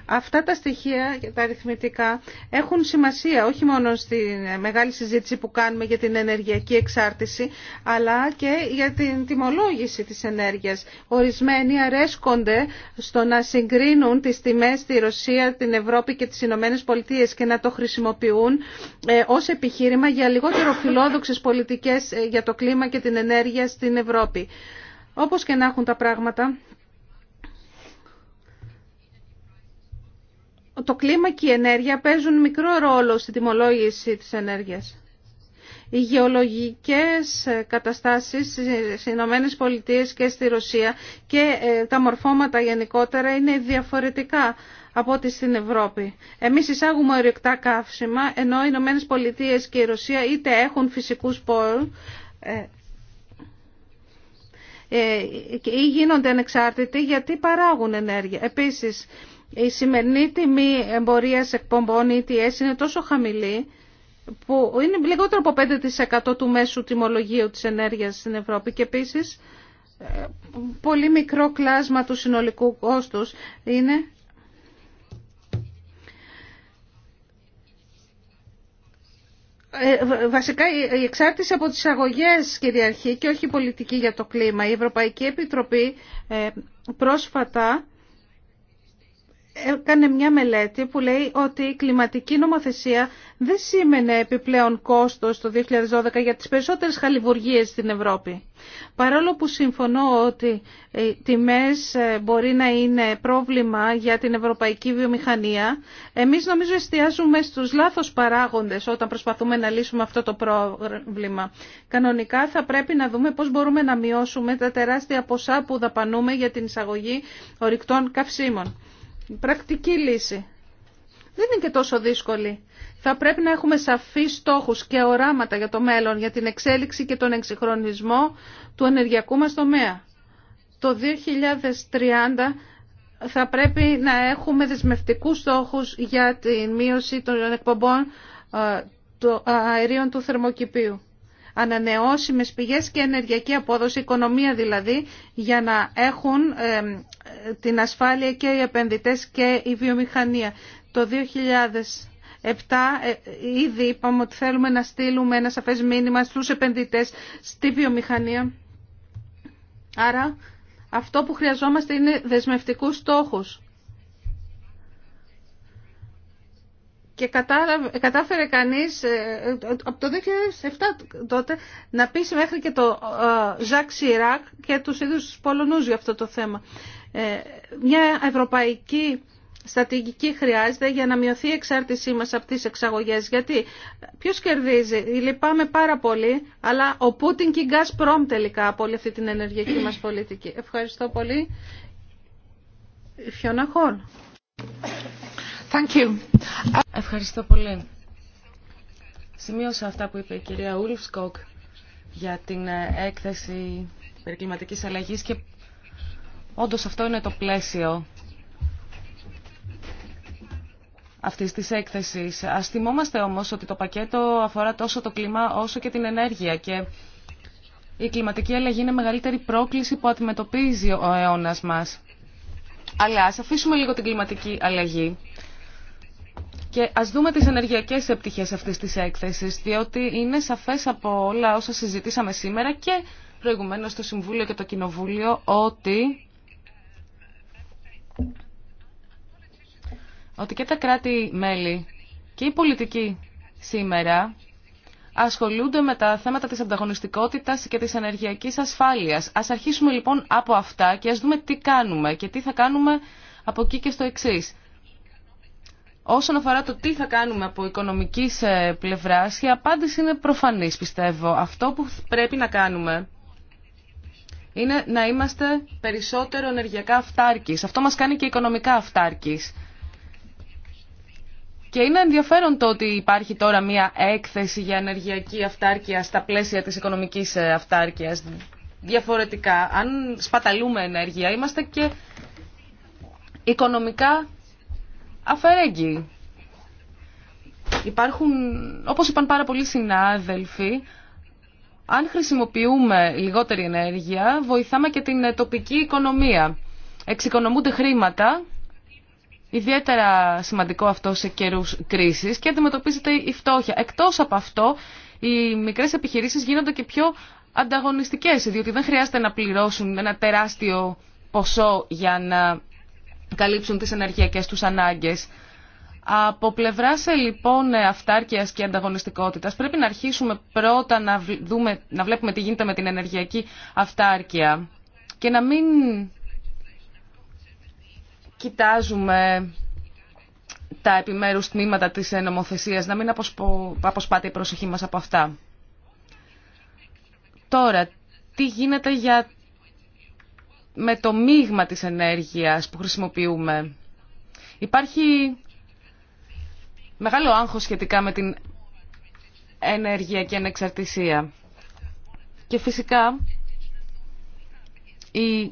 Αυτά τα στοιχεία τα αριθμητικά έχουν σημασία όχι μόνο στη μεγάλη συζήτηση που κάνουμε για την ενεργειακή εξάρτηση, αλλά και για την τιμολόγηση της ενέργειας. Ορισμένοι αρέσκονται στο να συγκρίνουν τις τιμές στη Ρωσία, την Ευρώπη και τις Ηνωμένες Πολιτείες και να το χρησιμοποιούν ε, ως επιχείρημα για λιγότερο φιλόδοξες πολιτικές ε, για το κλίμα και την ενέργεια στην Ευρώπη. Όπως και να έχουν τα πράγματα, το κλίμα και η ενέργεια παίζουν μικρό ρόλο στη τιμολόγηση της ενέργειας. Οι γεωλογικές ε, καταστάσεις στις Ηνωμένε Πολιτείες και στη Ρωσία και ε, τα μορφώματα γενικότερα είναι διαφορετικά από ό,τι στην Ευρώπη. Εμείς εισάγουμε ορεικτά καύσιμα, ενώ οι Ηνωμένε Πολιτείες και η Ρωσία είτε έχουν φυσικούς πόρους, ε, ή γίνονται ανεξάρτητοι γιατί παράγουν ενέργεια. Επίσης, η σημερινή τιμή εμπορίας εκπομπών ETS είναι τόσο χαμηλή που είναι λιγότερο από 5% του μέσου τιμολογίου της ενέργειας στην Ευρώπη και επίσης ε, πολύ μικρό κλάσμα του συνολικού κόστους είναι ε, βασικά η εξάρτηση από τις αγωγές κυριαρχεί και όχι η πολιτική για το κλίμα. Η Ευρωπαϊκή Επιτροπή ε, πρόσφατα έκανε μια μελέτη που λέει ότι η κλιματική νομοθεσία δεν σήμαινε επιπλέον κόστος το 2012 για τις περισσότερες χαλιβουργίες στην Ευρώπη. Παρόλο που συμφωνώ ότι οι τιμές ε, μπορεί να είναι πρόβλημα για την ευρωπαϊκή βιομηχανία, εμείς νομίζω εστιάζουμε στους λάθος παράγοντες όταν προσπαθούμε να λύσουμε αυτό το πρόβλημα. Κανονικά θα πρέπει να δούμε πώς μπορούμε να μειώσουμε τα τεράστια ποσά που δαπανούμε για την εισαγωγή ορυκτών καυσίμων πρακτική λύση. Δεν είναι και τόσο δύσκολη. Θα πρέπει να έχουμε σαφείς στόχους και οράματα για το μέλλον, για την εξέλιξη και τον εξυγχρονισμό του ενεργειακού μας τομέα. Το 2030 θα πρέπει να έχουμε δεσμευτικούς στόχους για τη μείωση των εκπομπών ε, αερίων του θερμοκηπίου ανανεώσιμες πηγές και ενεργειακή απόδοση, οικονομία δηλαδή, για να έχουν την ασφάλεια και οι επενδυτές και η βιομηχανία. Το 2007 Επτά, ε, ήδη είπαμε ότι θέλουμε να στείλουμε ένα σαφές μήνυμα στους επενδυτές, στη βιομηχανία. Άρα αυτό που χρειαζόμαστε είναι δεσμευτικούς στόχους. Και κατάφερε κανείς ε, από το 2007 τότε να πείσει μέχρι και το ε, Ζακ Σιράκ και τους ίδιους τους Πολωνούς για αυτό το θέμα. Ε, μια ευρωπαϊκή στατηγική χρειάζεται για να μειωθεί η εξάρτησή μας από τις εξαγωγές. Γιατί ποιος κερδίζει, λυπάμαι πάρα πολύ, αλλά ο Πούτιν και η Γκάσπρομ τελικά από όλη αυτή την ενεργειακή μας πολιτική. Ευχαριστώ πολύ. Φιώνα Ευχαριστώ πολύ. Σημείωσα αυτά που είπε η κυρία Ούλφσκοκ για την ε, έκθεση περί κλιματικής αλλαγής και όντως αυτό είναι το πλαίσιο αυτής της έκθεσης. Ας θυμόμαστε όμως ότι το πακέτο αφορά τόσο το κλίμα όσο και την ενέργεια και η κλιματική αλλαγή είναι μεγαλύτερη πρόκληση που αντιμετωπίζει ο αιώνας μας. Αλλά ας αφήσουμε λίγο την κλιματική αλλαγή και ας δούμε τις ενεργειακές επιτυχίες αυτής της έκθεσης, διότι είναι σαφές από όλα όσα συζητήσαμε σήμερα και προηγουμένως στο Συμβούλιο και το Κοινοβούλιο ότι, ότι και τα κράτη-μέλη και η πολιτική σήμερα ασχολούνται με τα θέματα της ανταγωνιστικότητας και της ενεργειακής ασφάλειας. Ας αρχίσουμε λοιπόν από αυτά και ας δούμε τι κάνουμε και τι θα κάνουμε από εκεί και στο εξής. Όσον αφορά το τι θα κάνουμε από οικονομικής ε, πλευράς, η απάντηση είναι προφανής, πιστεύω. Αυτό που πρέπει να κάνουμε είναι να είμαστε περισσότερο ενεργειακά αυτάρκεις. Αυτό μας κάνει και οικονομικά αυτάρκεις. Και είναι ενδιαφέρον το ότι υπάρχει τώρα μία έκθεση για ενεργειακή αυτάρκεια στα πλαίσια της οικονομικής ε, αυτάρκειας. Διαφορετικά, αν σπαταλούμε ενέργεια, είμαστε και οικονομικά αφαιρέγγι. Υπάρχουν, όπως είπαν πάρα πολλοί συνάδελφοι, αν χρησιμοποιούμε λιγότερη ενέργεια, βοηθάμε και την τοπική οικονομία. Εξοικονομούνται χρήματα, ιδιαίτερα σημαντικό αυτό σε καιρούς κρίσης και αντιμετωπίζεται η φτώχεια. Εκτός από αυτό, οι μικρές επιχειρήσεις γίνονται και πιο ανταγωνιστικές, διότι δεν χρειάζεται να πληρώσουν ένα τεράστιο ποσό για να καλύψουν τις ενεργειακές τους ανάγκες. Από πλευρά ε, λοιπόν ε, αυτάρκειας και ανταγωνιστικότητας πρέπει να αρχίσουμε πρώτα να, δούμε, να βλέπουμε τι γίνεται με την ενεργειακή αυτάρκεια και να μην κοιτάζουμε τα επιμέρους τμήματα της ε, νομοθεσίας, να μην αποσπο... αποσπάται η προσοχή μας από αυτά. Τώρα, τι γίνεται για με το μείγμα της ενέργειας που χρησιμοποιούμε. Υπάρχει μεγάλο άγχος σχετικά με την ενέργεια και ανεξαρτησία. Και φυσικά η...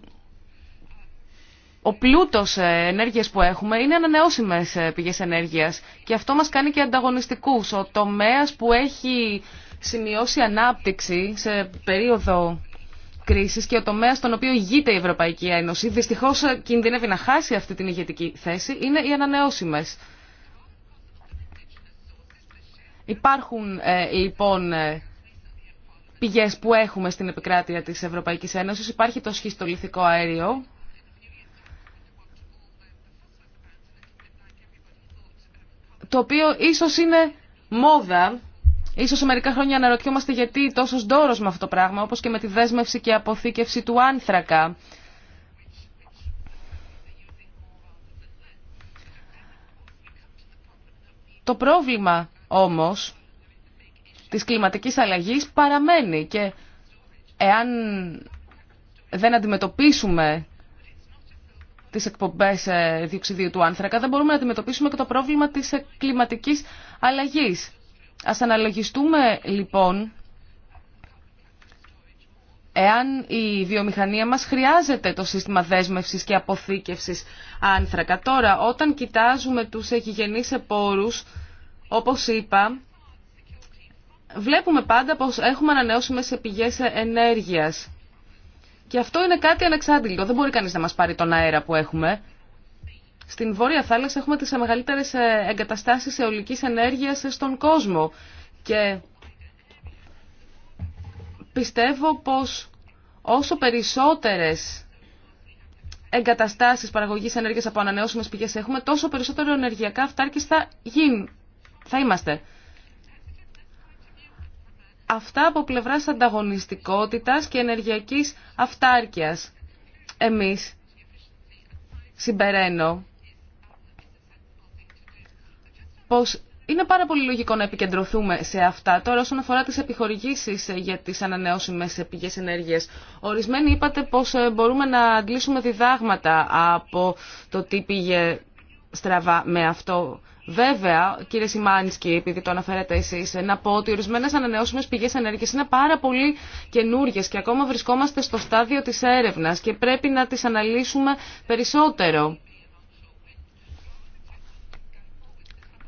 ο πλούτος ε, ενέργειας που έχουμε είναι ανανεώσιμες ε, πηγές ενέργειας και αυτό μας κάνει και ανταγωνιστικούς. Ο τομέας που έχει σημειώσει ανάπτυξη σε περίοδο κρίσης και ο τομέας στον οποίο ηγείται η Ευρωπαϊκή Ένωση, δυστυχώ ε, κινδυνεύει να χάσει αυτή την ηγετική θέση, είναι οι ανανεώσιμε. Υπάρχουν ε, λοιπόν ε, πηγέ που έχουμε στην επικράτεια τη Ευρωπαϊκή Ένωση. Υπάρχει το σχιστολιθικό αέριο, το οποίο ίσως είναι μόδα Ίσως σε μερικά χρόνια αναρωτιόμαστε γιατί τόσο ντόρος με αυτό το πράγμα, όπως και με τη δέσμευση και αποθήκευση του άνθρακα. Το πρόβλημα όμως της κλιματικής αλλαγής παραμένει και εάν δεν αντιμετωπίσουμε τις εκπομπές ε, διοξιδίου του άνθρακα, δεν μπορούμε να αντιμετωπίσουμε και το πρόβλημα της ε, κλιματικής αλλαγής. Ας αναλογιστούμε λοιπόν εάν η βιομηχανία μας χρειάζεται το σύστημα δέσμευσης και αποθήκευσης άνθρακα. Τώρα, όταν κοιτάζουμε τους εγγυγενείς επόρους, όπως είπα, βλέπουμε πάντα πως έχουμε ανανεώσιμες πηγές ενέργειας. Και αυτό είναι κάτι ανεξάντλητο. Δεν μπορεί κανείς να μας πάρει τον αέρα που έχουμε. Στην Βόρεια Θάλασσα έχουμε τις μεγαλύτερες ε, εγκαταστάσεις αιωλικής ενέργειας στον κόσμο και πιστεύω πως όσο περισσότερες εγκαταστάσεις παραγωγής ενέργειας από ανανεώσιμες πηγές έχουμε, τόσο περισσότερο ενεργειακά αυτάρκης θα, θα είμαστε. Αυτά από πλευράς ανταγωνιστικότητας και ενεργειακής αυτάρκειας. Εμείς, συμπεραίνω, είναι πάρα πολύ λογικό να επικεντρωθούμε σε αυτά. Τώρα, όσον αφορά τι επιχορηγήσει ε, για τι ανανεώσιμε ε, πηγέ ενέργεια, ορισμένοι είπατε πω ε, μπορούμε να αντλήσουμε διδάγματα από το τι πήγε στραβά με αυτό. Βέβαια, κύριε Σιμάνσκι, επειδή το αναφέρετε εσεί, να πω ότι ορισμένε ανανεώσιμε πηγέ ενέργεια είναι πάρα πολύ καινούργιε. και ακόμα βρισκόμαστε στο στάδιο τη έρευνα και πρέπει να τι αναλύσουμε περισσότερο.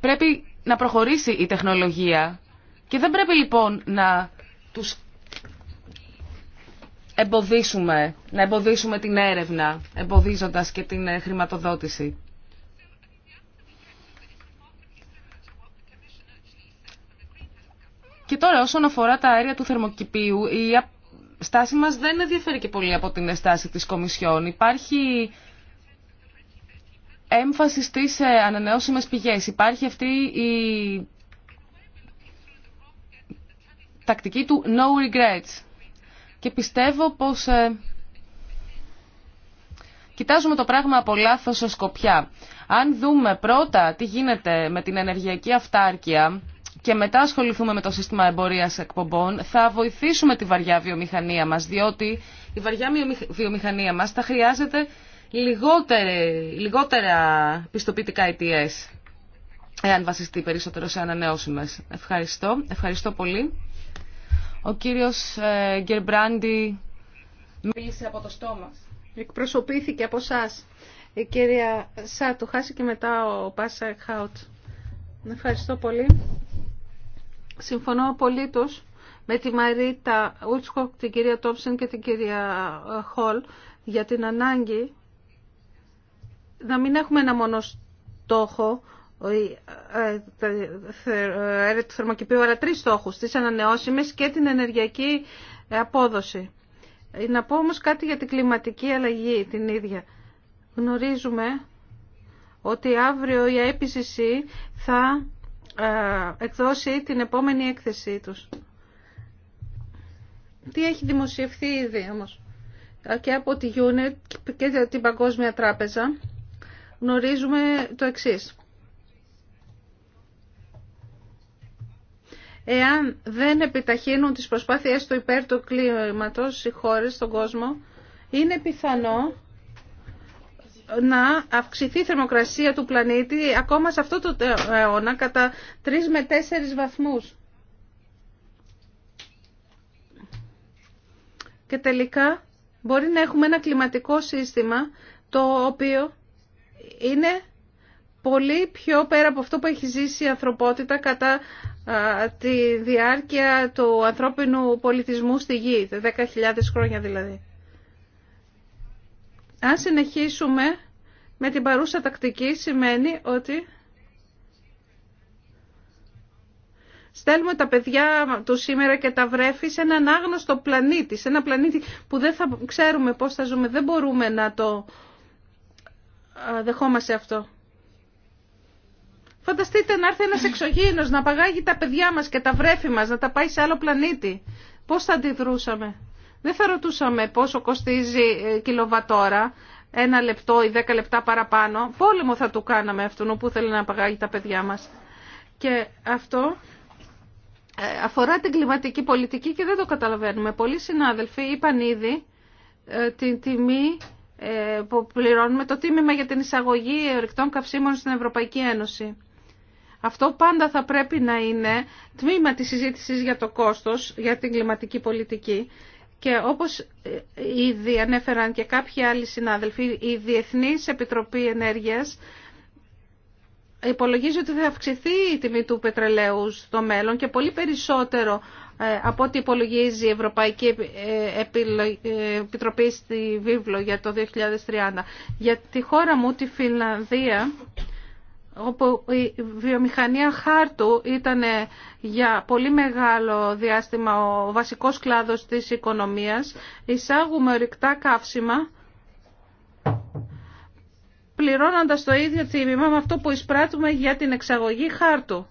Πρέπει να προχωρήσει η τεχνολογία και δεν πρέπει λοιπόν να τους εμποδίσουμε, να εμποδίσουμε την έρευνα, εμποδίζοντας και την ε, χρηματοδότηση. Και τώρα όσον αφορά τα αέρια του θερμοκηπίου, η στάση μας δεν διαφέρει και πολύ από την στάση της Κομισιόν. Υπάρχει έμφαση στις ε, ανανεώσιμες πηγές. Υπάρχει αυτή η τακτική του no regrets. Και πιστεύω πως ε, κοιτάζουμε το πράγμα από λάθο σκοπιά. Αν δούμε πρώτα τι γίνεται με την ενεργειακή αυτάρκεια και μετά ασχοληθούμε με το σύστημα εμπορίας εκπομπών, θα βοηθήσουμε τη βαριά βιομηχανία μας, διότι η βαριά βιομηχανία μας θα χρειάζεται λιγότερα πιστοποιητικά ETS, ε εάν βασιστεί περισσότερο σε ανανεώσιμες. Ευχαριστώ. Ευχαριστώ πολύ. Ο κύριος ε, Γκερμπράντι μίλησε από το στόμα. Εκπροσωπήθηκε από εσά. Η κυρία Σάτου χάσει και μετά ο Πάσα Χάουτ. Ευχαριστώ πολύ. Συμφωνώ απολύτως με τη Μαρίτα Ούτσκοκ, την κυρία Τόψεν και την κυρία Χολ για την ανάγκη να μην έχουμε ένα μόνο στόχο ε, ε, του θερμοκηπίου, αλλά τρεις στόχους, τις ανανεώσιμες και την ενεργειακή απόδοση. Ε, να πω όμως κάτι για την κλιματική αλλαγή την ίδια. Γνωρίζουμε ότι αύριο η IPCC θα εκδώσει την επόμενη έκθεσή τους. Τι έχει δημοσιευθεί ήδη όμως και από τη UNED και την Παγκόσμια Τράπεζα γνωρίζουμε το εξής. Εάν δεν επιταχύνουν τις προσπάθειές του υπέρ του κλίματος οι χώρες στον κόσμο, είναι πιθανό να αυξηθεί η θερμοκρασία του πλανήτη ακόμα σε αυτό το αιώνα κατά 3 με 4 βαθμούς. Και τελικά μπορεί να έχουμε ένα κλιματικό σύστημα το οποίο είναι πολύ πιο πέρα από αυτό που έχει ζήσει η ανθρωπότητα κατά τη διάρκεια του ανθρώπινου πολιτισμού στη γη, 10.000 χρόνια δηλαδή. Αν συνεχίσουμε με την παρούσα τακτική σημαίνει ότι στέλνουμε τα παιδιά του σήμερα και τα βρέφη σε έναν άγνωστο πλανήτη, σε ένα πλανήτη που δεν θα ξέρουμε πώς θα ζούμε, δεν μπορούμε να το δεχόμαστε αυτό. Φανταστείτε να έρθει ένας εξωγήινος να παγάγει τα παιδιά μας και τα βρέφη μας, να τα πάει σε άλλο πλανήτη. Πώς θα αντιδρούσαμε. Δεν θα ρωτούσαμε πόσο κοστίζει ε, κιλοβατόρα, ένα λεπτό ή δέκα λεπτά παραπάνω. Πόλεμο θα του κάναμε αυτόν που θέλει να παγάγει τα παιδιά μας. Και αυτό ε, αφορά την κλιματική πολιτική και δεν το καταλαβαίνουμε. Πολλοί συνάδελφοι είπαν ήδη ε, την τιμή ε, που πληρώνουμε το τίμημα για την εισαγωγή ορυκτών καυσίμων στην Ευρωπαϊκή Ένωση. Αυτό πάντα θα πρέπει να είναι τμήμα της συζήτησης για το κόστος, για την κλιματική πολιτική. Και όπως ε, ήδη ανέφεραν και κάποιοι άλλοι συνάδελφοι, η Διεθνής Επιτροπή Ενέργειας υπολογίζει ότι θα αυξηθεί η τιμή του πετρελαίου στο μέλλον και πολύ περισσότερο ε, από ό,τι υπολογίζει η Ευρωπαϊκή ε, ε, Επιτροπή στη Βίβλο για το 2030. Για τη χώρα μου, τη Φινλανδία, όπου η βιομηχανία χάρτου ήταν για πολύ μεγάλο διάστημα ο βασικός κλάδος της οικονομίας, εισάγουμε ρηκτά καύσιμα, πληρώνοντας το ίδιο τίμημα με αυτό που εισπράττουμε για την εξαγωγή χάρτου.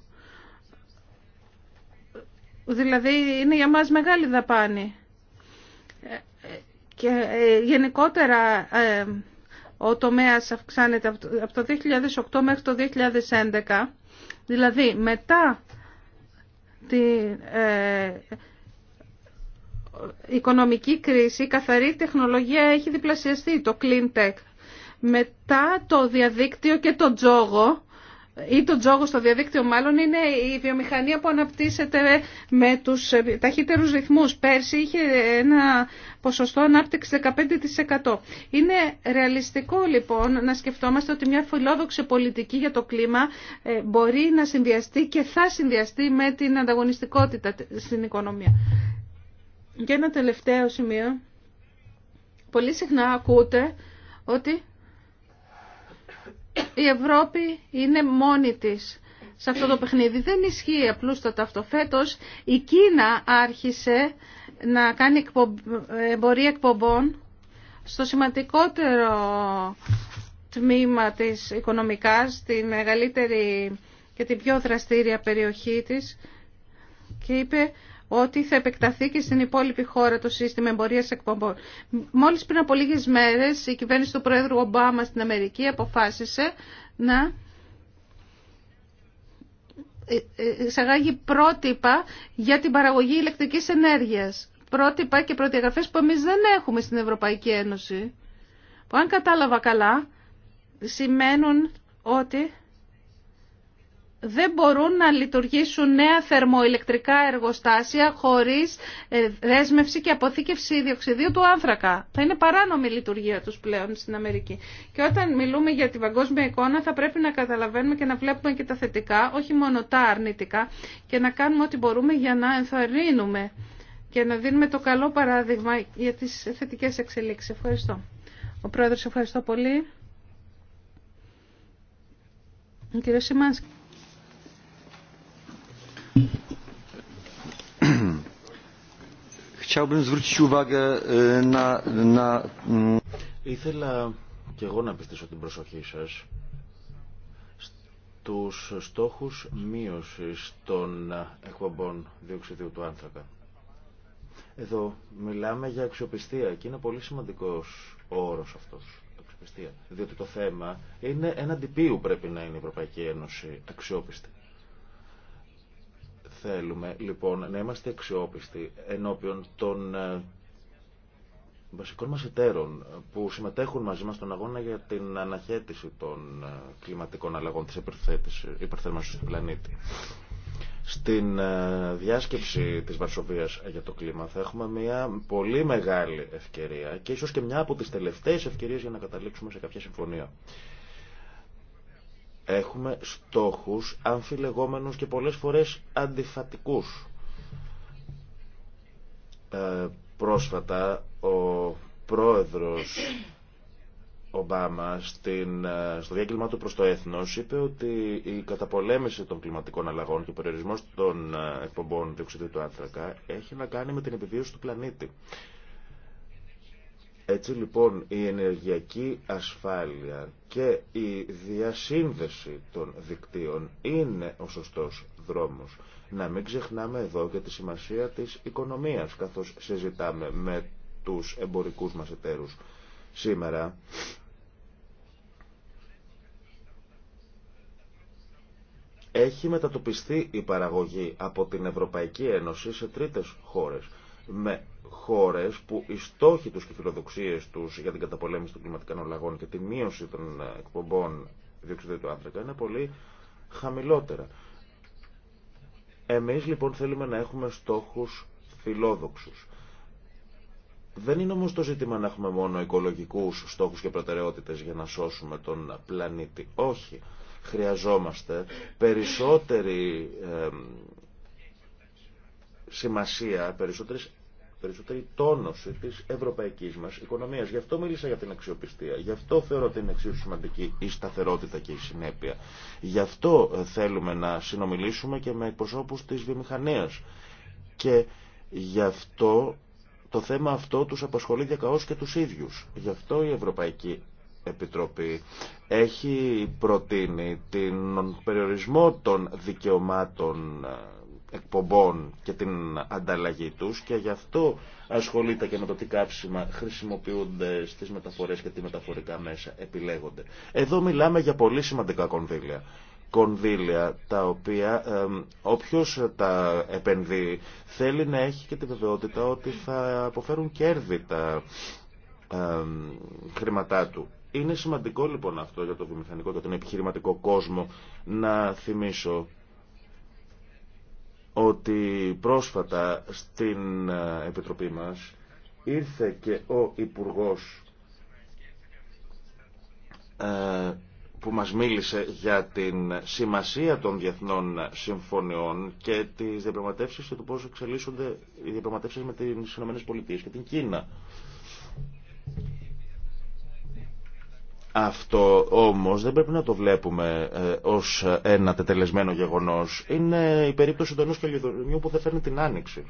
Δηλαδή είναι για μας μεγάλη δαπάνη. Και ε, γενικότερα ε, ο τομέας αυξάνεται από το 2008 μέχρι το 2011. Δηλαδή μετά τη ε, οικονομική κρίση, η καθαρή τεχνολογία έχει διπλασιαστεί, το clean tech. Μετά το διαδίκτυο και το τζόγο ή το τζόγο στο διαδίκτυο μάλλον είναι η βιομηχανία που αναπτύσσεται με τους ε, ταχύτερους ρυθμούς. Πέρσι είχε ένα ποσοστό ανάπτυξη 15%. Είναι ρεαλιστικό λοιπόν να σκεφτόμαστε ότι μια φιλόδοξη πολιτική για το κλίμα ε, μπορεί να συνδυαστεί και θα συνδυαστεί με την ανταγωνιστικότητα στην οικονομία. Και ένα τελευταίο σημείο. Πολύ συχνά ακούτε ότι η Ευρώπη είναι μόνη της σε αυτό το παιχνίδι. Δεν ισχύει απλούστατα αυτό φέτος. Η Κίνα άρχισε να κάνει εμπορία εκπομπών στο σημαντικότερο τμήμα της οικονομικάς, τη μεγαλύτερη και την πιο δραστήρια περιοχή της και είπε ότι θα επεκταθεί και στην υπόλοιπη χώρα το σύστημα εμπορία εκπομπών. Μόλις πριν από λίγε μέρες η κυβέρνηση του Πρόεδρου Ομπάμα στην Αμερική αποφάσισε να ε, ε, εισαγάγει πρότυπα για την παραγωγή ηλεκτρικής ενέργειας. Πρότυπα και πρωτογραφές που εμεί δεν έχουμε στην Ευρωπαϊκή Ένωση. Που αν κατάλαβα καλά σημαίνουν ότι δεν μπορούν να λειτουργήσουν νέα θερμοηλεκτρικά εργοστάσια χωρίς ε, δέσμευση και αποθήκευση διοξιδίου του άνθρακα. Θα είναι παράνομη η λειτουργία τους πλέον στην Αμερική. Και όταν μιλούμε για την παγκόσμια εικόνα θα πρέπει να καταλαβαίνουμε και να βλέπουμε και τα θετικά, όχι μόνο τα αρνητικά και να κάνουμε ό,τι μπορούμε για να ενθαρρύνουμε και να δίνουμε το καλό παράδειγμα για τις θετικές εξελίξεις. Ευχαριστώ. Ο Πρόεδρος, ευχαριστώ πολύ. Σιμάνσκι. Mm, Ήθελα και εγώ να πιστήσω την προσοχή σας στους στόχους μείωσης των εκπομπών διοξιδίου του άνθρακα. Εδώ μιλάμε για αξιοπιστία και είναι πολύ σημαντικός ο όρος αυτός. Αξιοπιστία. Διότι το θέμα είναι έναντι ποιου πρέπει να είναι η Ευρωπαϊκή Ένωση αξιόπιστη. Θέλουμε λοιπόν να είμαστε αξιόπιστοι ενώπιον των ε, βασικών μας εταίρων που συμμετέχουν μαζί μας στον αγώνα για την αναχέτηση των ε, κλιματικών αλλαγών της υπερθέρμανσης του πλανήτη. Στην ε, διάσκεψη της Βαρσοβίας για το κλίμα θα έχουμε μια πολύ μεγάλη ευκαιρία και ίσως και μια από τις τελευταίες ευκαιρίες για να καταλήξουμε σε κάποια συμφωνία. Έχουμε στόχους αμφιλεγόμενους και πολλές φορές αντιφατικούς. Ε, πρόσφατα ο πρόεδρος Ομπάμα στην, ε, στο διάγγελμα του προς το έθνος είπε ότι η καταπολέμηση των κλιματικών αλλαγών και ο περιορισμός των ε, εκπομπών διοξιδίου του άνθρακα έχει να κάνει με την επιβίωση του πλανήτη. Έτσι λοιπόν η ενεργειακή ασφάλεια και η διασύνδεση των δικτύων είναι ο σωστός δρόμος. Να μην ξεχνάμε εδώ και τη σημασία της οικονομίας καθώς συζητάμε με τους εμπορικούς μας εταίρους σήμερα. Έχει μετατοπιστεί η παραγωγή από την Ευρωπαϊκή Ένωση σε τρίτες χώρες με χώρες που οι στόχοι τους και οι φιλοδοξίες τους για την καταπολέμηση των κλιματικών αλλαγών και τη μείωση των εκπομπών διοξιδίου του άνθρακα είναι πολύ χαμηλότερα. Εμείς λοιπόν θέλουμε να έχουμε στόχους φιλόδοξους. Δεν είναι όμως το ζήτημα να έχουμε μόνο οικολογικούς στόχους και προτεραιότητες για να σώσουμε τον πλανήτη. Όχι. Χρειαζόμαστε περισσότερη σημασία, περισσότερες περισσότερη τόνωση της ευρωπαϊκής μας οικονομίας. Γι' αυτό μίλησα για την αξιοπιστία. Γι' αυτό θεωρώ ότι είναι εξίσου σημαντική η σταθερότητα και η συνέπεια. Γι' αυτό ε, θέλουμε να συνομιλήσουμε και με εκπροσώπους της βιομηχανίας. Και γι' αυτό το θέμα αυτό τους απασχολεί διακαώς και τους ίδιους. Γι' αυτό η Ευρωπαϊκή Επιτροπή έχει προτείνει τον περιορισμό των δικαιωμάτων ε, εκπομπών και την ανταλλαγή τους και γι' αυτό ασχολείται και με το τι κάψιμα χρησιμοποιούνται στις μεταφορές και τι μεταφορικά μέσα επιλέγονται. Εδώ μιλάμε για πολύ σημαντικά κονδύλια. Κονδύλια τα οποία ε, τα επενδύει θέλει να έχει και τη βεβαιότητα ότι θα αποφέρουν κέρδη τα χρήματά του. Είναι σημαντικό λοιπόν αυτό για το βιομηχανικό και τον επιχειρηματικό κόσμο να θυμίσω ότι πρόσφατα στην ε, Επιτροπή μας ήρθε και ο Υπουργός ε, που μας μίλησε για την σημασία των διεθνών συμφωνιών και τις διαπραγματεύσεις και το πώς εξελίσσονται οι διαπραγματεύσεις με τις ΗΠΑ και την Κίνα. Αυτό όμως δεν πρέπει να το βλέπουμε ε, ως ε, ένα τετελεσμένο γεγονός. Είναι η περίπτωση του ενός καλλιδονιού που δεν φέρνει την άνοιξη.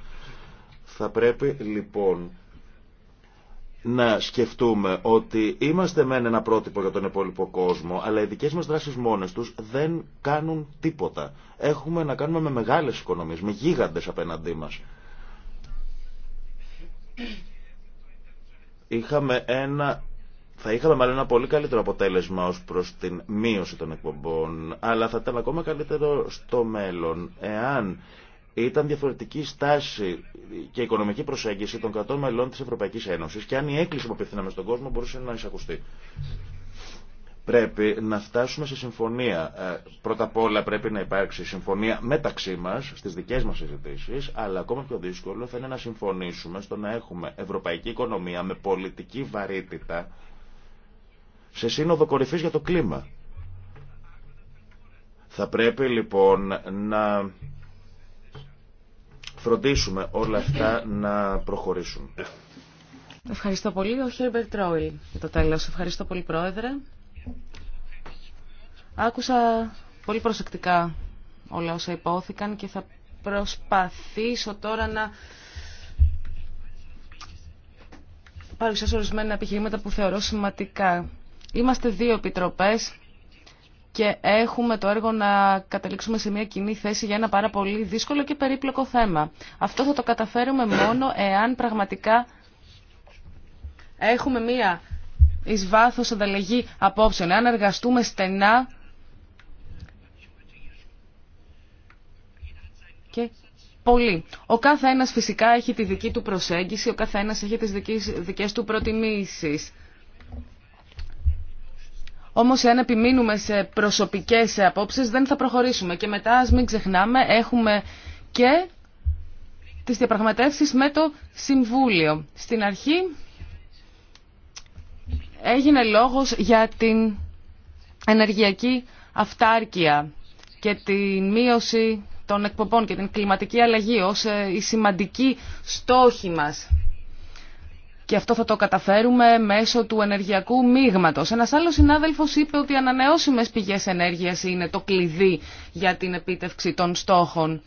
Θα πρέπει λοιπόν να σκεφτούμε ότι είμαστε μεν ένα πρότυπο για τον υπόλοιπο κόσμο, αλλά οι δικές μας δράσεις μόνες τους δεν κάνουν τίποτα. Έχουμε να κάνουμε με μεγάλες οικονομίες, με γίγαντες απέναντί μας. Είχαμε ένα θα είχαμε μάλλον ένα πολύ καλύτερο αποτέλεσμα ως προς την μείωση των εκπομπών, αλλά θα ήταν ακόμα καλύτερο στο μέλλον, εάν ήταν διαφορετική στάση και οικονομική προσέγγιση των κρατών μελών της Ευρωπαϊκής Ένωσης και αν η έκκληση που απευθύναμε στον κόσμο μπορούσε να εισακουστεί. Πρέπει να φτάσουμε σε συμφωνία. Ε, πρώτα απ' όλα πρέπει να υπάρξει συμφωνία μεταξύ μας στις δικές μας συζητήσει, αλλά ακόμα πιο δύσκολο θα είναι να συμφωνήσουμε στο να έχουμε ευρωπαϊκή οικονομία με πολιτική βαρύτητα σε σύνοδο κορυφής για το κλίμα. Θα πρέπει λοιπόν να φροντίσουμε όλα αυτά να προχωρήσουν. Ευχαριστώ πολύ. Ο Χέρμπερτ Τρόιλ για το τέλος. Ευχαριστώ πολύ Πρόεδρε. Άκουσα πολύ προσεκτικά όλα όσα υπόθηκαν και θα προσπαθήσω τώρα να παρουσιάσω ορισμένα επιχειρήματα που θεωρώ σημαντικά. Είμαστε δύο επιτροπές και έχουμε το έργο να καταλήξουμε σε μια κοινή θέση για ένα πάρα πολύ δύσκολο και περίπλοκο θέμα. Αυτό θα το καταφέρουμε μόνο εάν πραγματικά έχουμε μια εις βάθος ανταλλαγή απόψεων, εάν εργαστούμε στενά και πολύ. Ο κάθε ένας φυσικά έχει τη δική του προσέγγιση, ο κάθε ένας έχει τις δικές του προτιμήσεις. Όμως εάν επιμείνουμε σε προσωπικές απόψεις δεν θα προχωρήσουμε. Και μετά ας μην ξεχνάμε έχουμε και τις διαπραγματεύσεις με το Συμβούλιο. Στην αρχή έγινε λόγος για την ενεργειακή αυτάρκεια και την μείωση των εκπομπών και την κλιματική αλλαγή ως ε, η σημαντική στόχη μας. Και αυτό θα το καταφέρουμε μέσω του ενεργειακού μείγματο. Ένα άλλο συνάδελφο είπε ότι οι ανανεώσιμε πηγέ ενέργεια είναι το κλειδί για την επίτευξη των στόχων.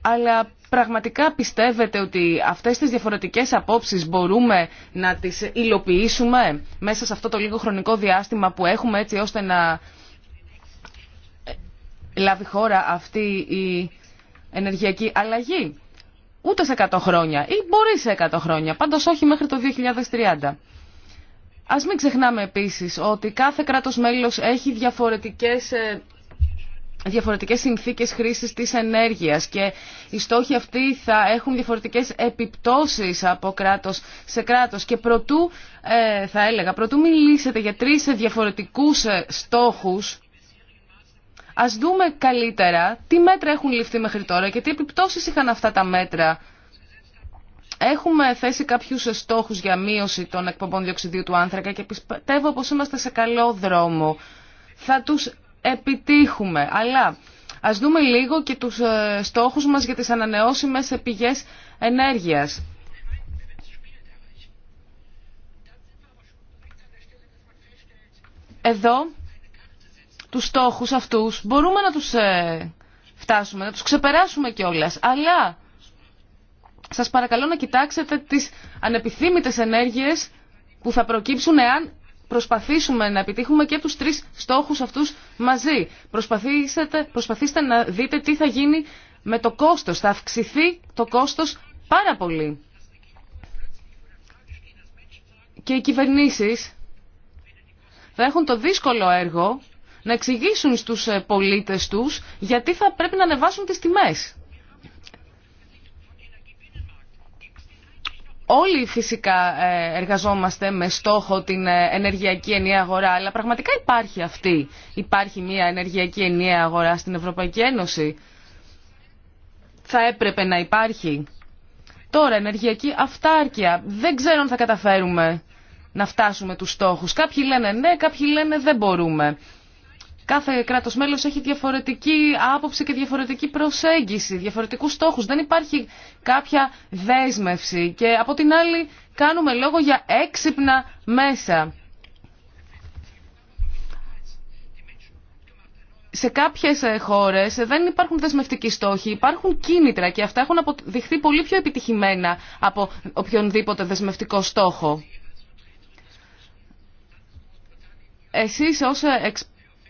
Αλλά πραγματικά πιστεύετε ότι αυτές τις διαφορετικές απόψεις μπορούμε να τις υλοποιήσουμε μέσα σε αυτό το λίγο χρονικό διάστημα που έχουμε έτσι ώστε να λάβει χώρα αυτή η ενεργειακή αλλαγή ούτε σε 100 χρόνια ή μπορεί σε 100 χρόνια, πάντως όχι μέχρι το 2030. Ας μην ξεχνάμε επίσης ότι κάθε κράτος μέλος έχει διαφορετικές ε, διαφορετικές συνθήκες χρήσης της ενέργειας και οι στόχοι αυτοί θα έχουν διαφορετικές επιπτώσεις από κράτος σε κράτος και προτού, ε, θα έλεγα, προτού μιλήσετε για τρεις διαφορετικούς ε, στόχους Α δούμε καλύτερα τι μέτρα έχουν ληφθεί μέχρι τώρα και τι επιπτώσεις είχαν αυτά τα μέτρα. Έχουμε θέσει κάποιους στόχους για μείωση των εκπομπών διοξιδίου του άνθρακα και πιστεύω πως είμαστε σε καλό δρόμο. Θα τους επιτύχουμε, αλλά ας δούμε λίγο και τους ε, στόχους μας για τις ανανεώσιμες πηγέ ενέργειας. Εδώ τους στόχους αυτούς μπορούμε να τους ε, φτάσουμε, να τους ξεπεράσουμε κιόλας. Αλλά σας παρακαλώ να κοιτάξετε τις ανεπιθύμητες ενέργειες που θα προκύψουν εάν προσπαθήσουμε να επιτύχουμε και τους τρεις στόχους αυτούς μαζί. Προσπαθήστε, προσπαθήστε να δείτε τι θα γίνει με το κόστος. Θα αυξηθεί το κόστος πάρα πολύ. Και οι κυβερνήσεις θα έχουν το δύσκολο έργο να εξηγήσουν στους ε, πολίτες τους γιατί θα πρέπει να ανεβάσουν τις τιμές. Όλοι φυσικά ε, εργαζόμαστε με στόχο την ε, ενεργειακή ενιαία αγορά, αλλά πραγματικά υπάρχει αυτή. Υπάρχει μια ενεργειακή ενιαία αγορά στην Ευρωπαϊκή Ένωση. Θα έπρεπε να υπάρχει. Τώρα, ενεργειακή αυτάρκεια. Δεν ξέρω αν θα καταφέρουμε να φτάσουμε τους στόχους. Κάποιοι λένε ναι, κάποιοι λένε δεν μπορούμε. Κάθε κράτος μέλος έχει διαφορετική άποψη και διαφορετική προσέγγιση, διαφορετικούς στόχους. Δεν υπάρχει κάποια δέσμευση και από την άλλη κάνουμε λόγο για έξυπνα μέσα. σε κάποιε ε, χώρε ε, δεν υπάρχουν δεσμευτικοί στόχοι, υπάρχουν κίνητρα και αυτά έχουν αποδειχθεί πολύ πιο επιτυχημένα από οποιονδήποτε δεσμευτικό στόχο. Εσείς ε,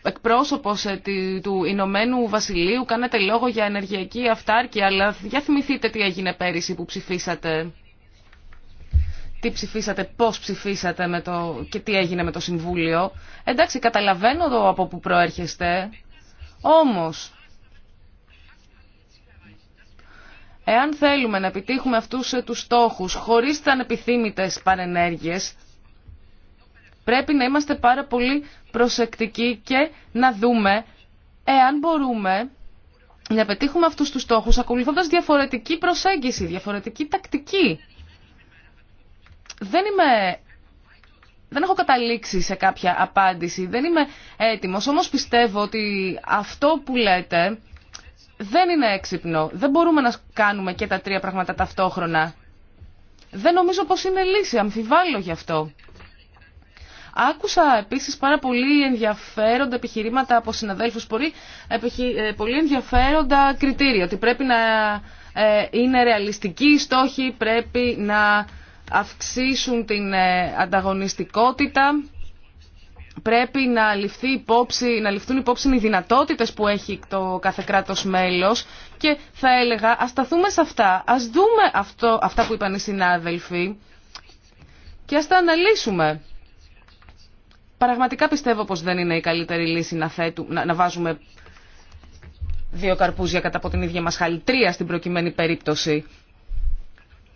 εκπρόσωπος ε, του Ηνωμένου Βασιλείου κάνετε λόγο για ενεργειακή αυτάρκεια, αλλά για θυμηθείτε τι έγινε πέρυσι που ψηφίσατε. Τι ψηφίσατε, πώς ψηφίσατε με το... και τι έγινε με το Συμβούλιο. Εντάξει, καταλαβαίνω εδώ από που προέρχεστε, όμως... Εάν θέλουμε να επιτύχουμε αυτού ε, τους στόχους χωρί τα ανεπιθύμητε παρενέργειες, πρέπει να είμαστε πάρα πολύ προσεκτικοί και να δούμε εάν μπορούμε να πετύχουμε αυτούς τους στόχους ακολουθώντας διαφορετική προσέγγιση, διαφορετική τακτική. Δεν είμαι... Δεν έχω καταλήξει σε κάποια απάντηση, δεν είμαι έτοιμος, όμως πιστεύω ότι αυτό που λέτε δεν είναι έξυπνο. Δεν μπορούμε να κάνουμε και τα τρία πράγματα ταυτόχρονα. Δεν νομίζω πως είναι λύση, αμφιβάλλω γι' αυτό. Άκουσα επίσης πάρα πολύ ενδιαφέροντα επιχειρήματα από συναδέλφου πολύ, ε, πολύ ενδιαφέροντα κριτήρια, ότι πρέπει να ε, είναι ρεαλιστικοί οι στόχοι, πρέπει να αυξήσουν την ε, ανταγωνιστικότητα, πρέπει να, ληφθεί υπόψη, να ληφθούν υπόψη οι δυνατότητες που έχει το κάθε κράτος μέλος και θα έλεγα ας σταθούμε σε αυτά, ας δούμε αυτό, αυτά που είπαν οι συνάδελφοι και ας τα αναλύσουμε. Πραγματικά πιστεύω πως δεν είναι η καλύτερη λύση να, να, βάζουμε δύο καρπούζια κατά από την ίδια μας χαλιτρία στην προκειμένη περίπτωση.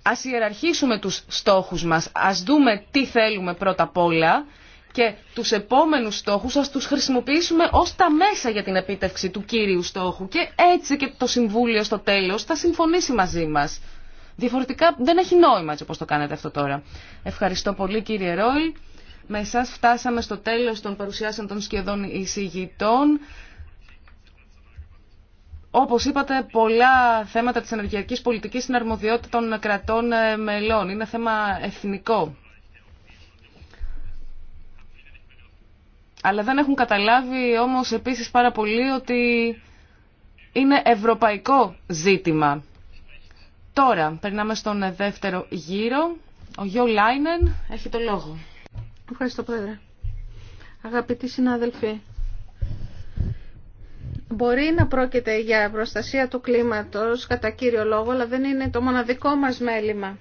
Ας ιεραρχήσουμε τους στόχους μας, ας δούμε τι θέλουμε πρώτα απ' όλα και τους επόμενους στόχους ας τους χρησιμοποιήσουμε ως τα μέσα για την επίτευξη του κύριου στόχου και έτσι και το Συμβούλιο στο τέλος θα συμφωνήσει μαζί μας. Διαφορετικά δεν έχει νόημα έτσι όπως το κάνετε αυτό τώρα. Ευχαριστώ πολύ κύριε Ρόιλ. Με εσά φτάσαμε στο τέλος των παρουσιάσεων των σχεδόν εισηγητών. Όπως είπατε, πολλά θέματα της ενεργειακής πολιτικής στην αρμοδιότητα των κρατών ε, μελών. Είναι θέμα εθνικό. Αλλά δεν έχουν καταλάβει όμως επίσης πάρα πολύ ότι είναι ευρωπαϊκό ζήτημα. Τώρα, περνάμε στον δεύτερο γύρο. Ο Γιώ Λάινεν έχει το λόγο. Ευχαριστώ, Πρόεδρε. Αγαπητοί συνάδελφοι, μπορεί να πρόκειται για προστασία του κλίματος κατά κύριο λόγο, αλλά δεν είναι το μοναδικό μας μέλημα.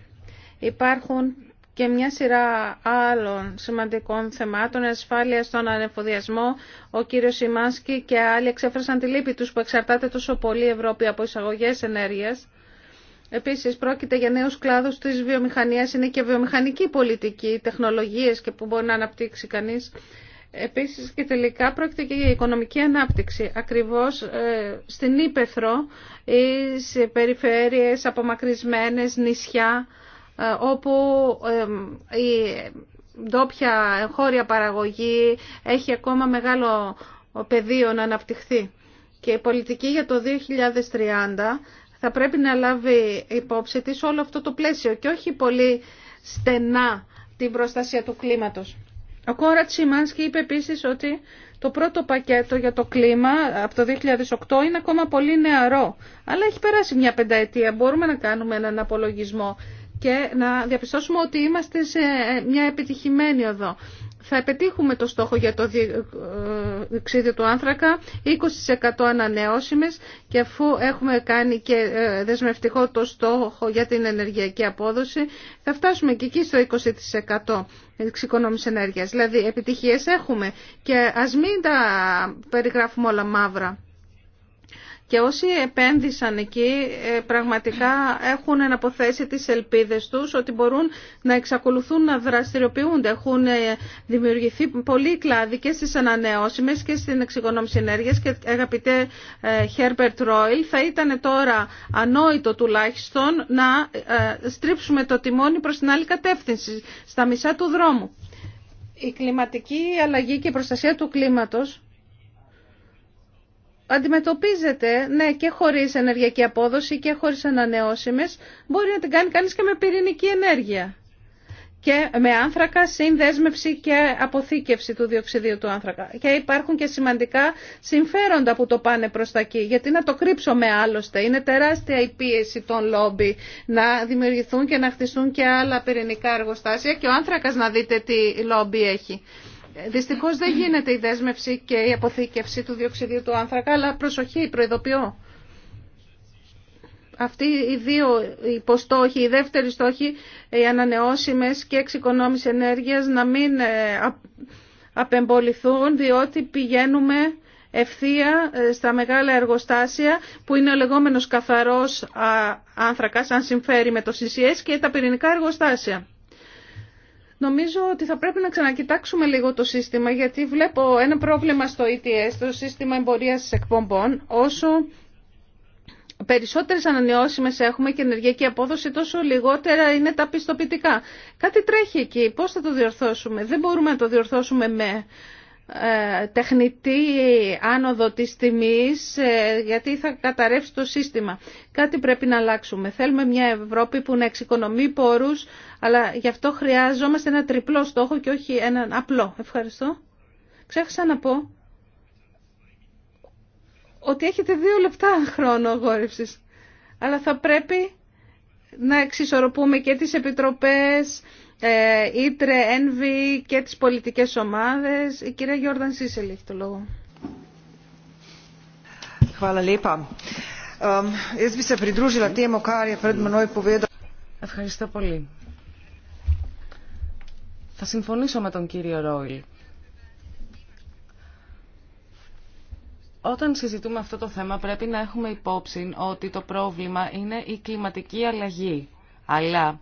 Υπάρχουν και μια σειρά άλλων σημαντικών θεμάτων, ασφάλεια στον ανεφοδιασμό. Ο κύριος Σιμάνσκι και άλλοι εξέφρασαν τη λύπη τους που εξαρτάται τόσο πολύ η Ευρώπη από εισαγωγές ενέργειας. Επίσης πρόκειται για νέους κλάδους της βιομηχανίας, είναι και βιομηχανική πολιτική, τεχνολογίες και που μπορεί να αναπτύξει κανείς. Επίσης και τελικά πρόκειται και για οικονομική ανάπτυξη. Ακριβώς ε, στην Ήπεθρο ή σε περιφέρειες απομακρυσμένες, νησιά, ε, όπου η ντόπια χώρια παραγωγή έχει ακόμα μεγάλο πεδίο να αναπτυχθεί. Και η πολιτική για το 2030 θα πρέπει να λάβει υπόψη της όλο αυτό το πλαίσιο και όχι πολύ στενά την προστασία του κλίματος. Ο Κόρα Τσιμάνσκι είπε επίσης ότι το πρώτο πακέτο για το κλίμα από το 2008 είναι ακόμα πολύ νεαρό, αλλά έχει περάσει μια πενταετία. Μπορούμε να κάνουμε έναν απολογισμό και να διαπιστώσουμε ότι είμαστε σε μια επιτυχημένη οδό θα επιτύχουμε το στόχο για το διεξίδιο του άνθρακα, 20% ανανεώσιμες και αφού έχουμε κάνει και ε, δεσμευτικό το στόχο για την ενεργειακή απόδοση, θα φτάσουμε και εκεί στο 20% εξοικονόμηση ενέργειας. Δηλαδή επιτυχίες έχουμε και ας μην τα περιγράφουμε όλα μαύρα. Και όσοι επένδυσαν εκεί ε, πραγματικά έχουν αναποθέσει τις ελπίδες τους ότι μπορούν να εξακολουθούν να δραστηριοποιούνται. Έχουν ε, δημιουργηθεί πολλοί κλάδοι και στις ανανεώσιμες και στην εξοικονόμηση ενέργειας και αγαπητέ Χέρπερτ Ρόιλ, θα ήταν τώρα ανόητο τουλάχιστον να ε, στρίψουμε το τιμόνι προς την άλλη κατεύθυνση, στα μισά του δρόμου. Η κλιματική αλλαγή και η προστασία του κλίματος αντιμετωπίζεται, ναι, και χωρίς ενεργειακή απόδοση και χωρίς ανανεώσιμες, μπορεί να την κάνει κανείς και με πυρηνική ενέργεια. Και με άνθρακα, συνδέσμευση και αποθήκευση του διοξιδίου του άνθρακα. Και υπάρχουν και σημαντικά συμφέροντα που το πάνε προς τα εκεί. Γιατί να το κρύψουμε άλλωστε. Είναι τεράστια η πίεση των λόμπι να δημιουργηθούν και να χτιστούν και άλλα πυρηνικά εργοστάσια. Και ο άνθρακας να δείτε τι λόμπι έχει. Δυστυχώ δεν γίνεται η δέσμευση και η αποθήκευση του διοξιδίου του άνθρακα, αλλά προσοχή, προειδοποιώ. Αυτοί οι δύο υποστόχοι, οι δεύτεροι στόχοι, οι ανανεώσιμες και εξοικονόμηση ενέργειας, να μην ε, απεμποληθούν, διότι πηγαίνουμε ευθεία ε, στα μεγάλα εργοστάσια που είναι ο λεγόμενος καθαρός άνθρακας, αν συμφέρει με το CCS και τα πυρηνικά εργοστάσια. Νομίζω ότι θα πρέπει να ξανακοιτάξουμε λίγο το σύστημα γιατί βλέπω ένα πρόβλημα στο ETS, το σύστημα εμπορίας εκπομπών, όσο περισσότερες ανανεώσιμες έχουμε και ενεργειακή απόδοση, τόσο λιγότερα είναι τα πιστοποιητικά. Κάτι τρέχει εκεί. Πώς θα το διορθώσουμε. Δεν μπορούμε να το διορθώσουμε με ε, τεχνητή άνοδο της τιμής ε, γιατί θα καταρρεύσει το σύστημα. Κάτι πρέπει να αλλάξουμε. Θέλουμε μια Ευρώπη που να εξοικονομεί πόρους αλλά γι' αυτό χρειάζομαστε ένα τριπλό στόχο και όχι έναν απλό. Ευχαριστώ. Ξέχασα να πω ότι έχετε δύο λεπτά χρόνο αγόρευσης αλλά θα πρέπει να εξισορροπούμε και τις επιτροπές ε, Ήτρε, Ένβη και τις πολιτικές ομάδες. Η κυρία Γιόρδαν Σίσελη, έχει το λόγο. Ευχαριστώ πολύ. Θα συμφωνήσω με τον κύριο Ρόιλ. Όταν συζητούμε αυτό το θέμα πρέπει να έχουμε υπόψη ότι το πρόβλημα είναι η κλιματική αλλαγή. Αλλά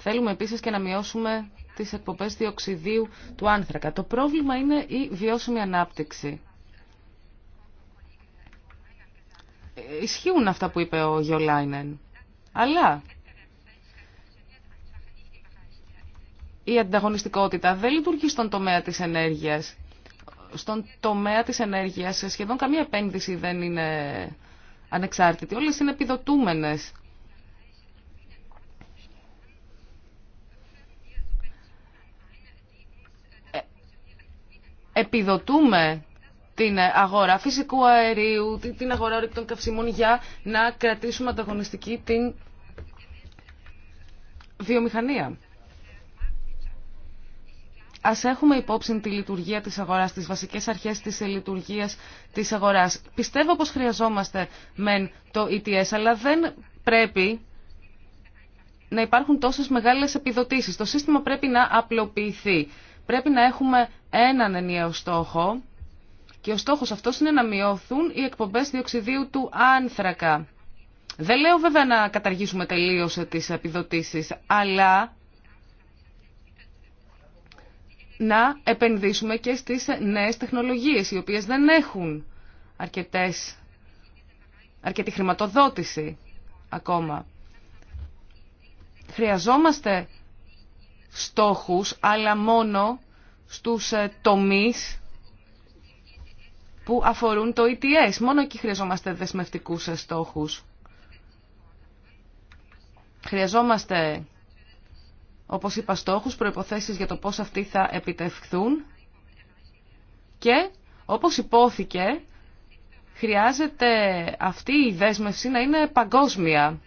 Θέλουμε επίσης και να μειώσουμε τις εκπομπές διοξιδίου του άνθρακα. Το πρόβλημα είναι η βιώσιμη ανάπτυξη. Ισχύουν αυτά που είπε ο Γιολάινεν. Αλλά η ανταγωνιστικότητα δεν λειτουργεί στον τομέα της ενέργειας. Στον τομέα της ενέργειας ε, σχεδόν καμία επένδυση δεν είναι ανεξάρτητη. Όλες είναι επιδοτούμενες. επιδοτούμε την αγορά φυσικού αερίου, την αγορά ορεικτών καυσιμών για να κρατήσουμε ανταγωνιστική την βιομηχανία. Ας έχουμε υπόψη τη λειτουργία της αγοράς, τις βασικές αρχές της λειτουργίας της αγοράς. Πιστεύω πως χρειαζόμαστε μεν το ETS, αλλά δεν πρέπει να υπάρχουν τόσες μεγάλες επιδοτήσεις. Το σύστημα πρέπει να απλοποιηθεί. Πρέπει να έχουμε έναν ενιαίο στόχο και ο στόχος αυτός είναι να μειωθούν οι εκπομπές διοξιδίου του άνθρακα. Δεν λέω βέβαια να καταργήσουμε τελείως τις επιδοτήσεις, αλλά να επενδύσουμε και στις νέες τεχνολογίες, οι οποίες δεν έχουν αρκετές, αρκετή χρηματοδότηση ακόμα. Χρειαζόμαστε στόχους, αλλά μόνο στους ε, τομείς που αφορούν το ETS. Μόνο εκεί χρειαζόμαστε δεσμευτικούς ε, στόχους. Χρειαζόμαστε, όπως είπα, στόχους, προϋποθέσεις για το πώς αυτοί θα επιτευχθούν και, όπως υπόθηκε, χρειάζεται αυτή η δέσμευση να είναι παγκόσμια.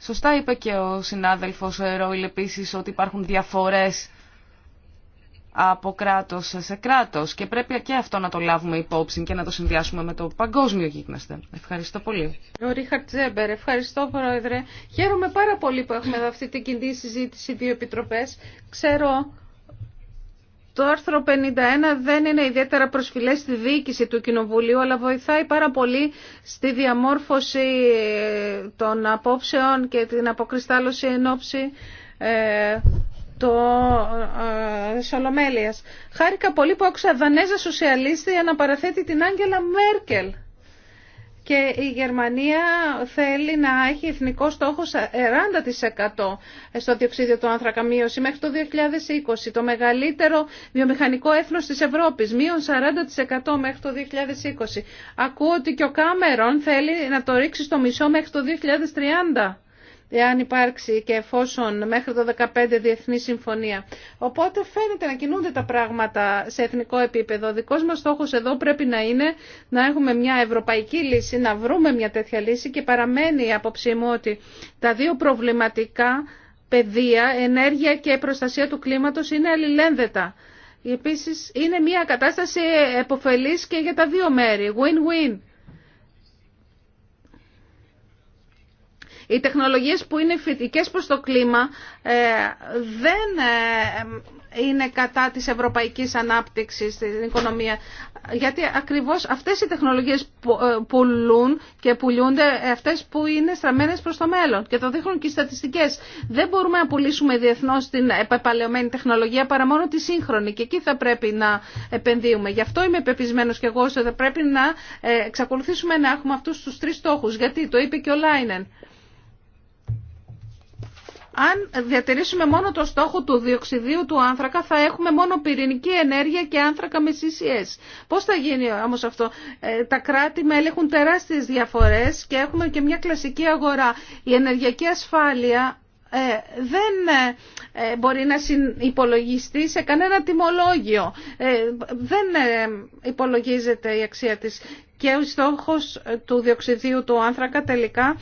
Σωστά είπε και ο συνάδελφος Ρόιλ επίσης ότι υπάρχουν διαφορές από κράτος σε κράτος και πρέπει και αυτό να το λάβουμε υπόψη και να το συνδυάσουμε με το παγκόσμιο γίγνεσθε. Ευχαριστώ πολύ. Ο Ρίχαρτ Τζέμπερ, ευχαριστώ πρόεδρε. Χαίρομαι πάρα πολύ που έχουμε αυτή την κοινή συζήτηση δύο επιτροπές. Ξέρω το άρθρο 51 δεν είναι ιδιαίτερα προσφυλέ στη διοίκηση του Κοινοβουλίου, αλλά βοηθάει πάρα πολύ στη διαμόρφωση ε, των απόψεων και την αποκριστάλλωση εν ώψη ε, το ε, ε Χάρηκα πολύ που άκουσα Δανέζα Σοσιαλίστη να παραθέτει την Άγγελα Μέρκελ και η Γερμανία θέλει να έχει εθνικό στόχο 40% στο διοξίδιο του άνθρακα μείωση μέχρι το 2020, το μεγαλύτερο βιομηχανικό έθνος της Ευρώπης, μείων 40% μέχρι το 2020. Ακούω ότι και ο Κάμερον θέλει να το ρίξει στο μισό μέχρι το 2030 εάν υπάρξει και εφόσον μέχρι το 2015 διεθνή συμφωνία. Οπότε φαίνεται να κινούνται τα πράγματα σε εθνικό επίπεδο. Ο δικός μας στόχος εδώ πρέπει να είναι να έχουμε μια ευρωπαϊκή λύση, να βρούμε μια τέτοια λύση και παραμένει η άποψή μου ότι τα δύο προβληματικά παιδεία, ενέργεια και προστασία του κλίματος είναι αλληλένδετα. Επίσης είναι μια κατάσταση εποφελής και για τα δύο μέρη, win-win. Οι τεχνολογίες που είναι φυτικές προς το κλίμα ε, δεν ε, είναι κατά της ευρωπαϊκής ανάπτυξης στην οικονομία. Γιατί ακριβώς αυτές οι τεχνολογίες που ε, πουλούν και πουλούνται αυτές που είναι στραμμένες προς το μέλλον. Και το δείχνουν και οι στατιστικές. Δεν μπορούμε να πουλήσουμε διεθνώς την επαπαλαιωμένη τεχνολογία παρά μόνο τη σύγχρονη. Και εκεί θα πρέπει να επενδύουμε. Γι' αυτό είμαι πεπισμένος και εγώ ότι θα πρέπει να εξακολουθήσουμε να έχουμε αυτούς τους τρεις στόχους. Γιατί το είπε και ο Λάινεν αν διατηρήσουμε μόνο το στόχο του διοξιδίου του άνθρακα θα έχουμε μόνο πυρηνική ενέργεια και άνθρακα με CCS. Πώς θα γίνει όμως αυτό. Ε, τα κράτη με ελέγχουν τεράστιες διαφορές και έχουμε και μια κλασική αγορά. Η ενεργειακή ασφάλεια ε, δεν ε, μπορεί να υπολογιστεί σε κανένα τιμολόγιο. δεν υπολογίζεται η αξία της. Και ο στόχος του διοξιδίου του άνθρακα τελικά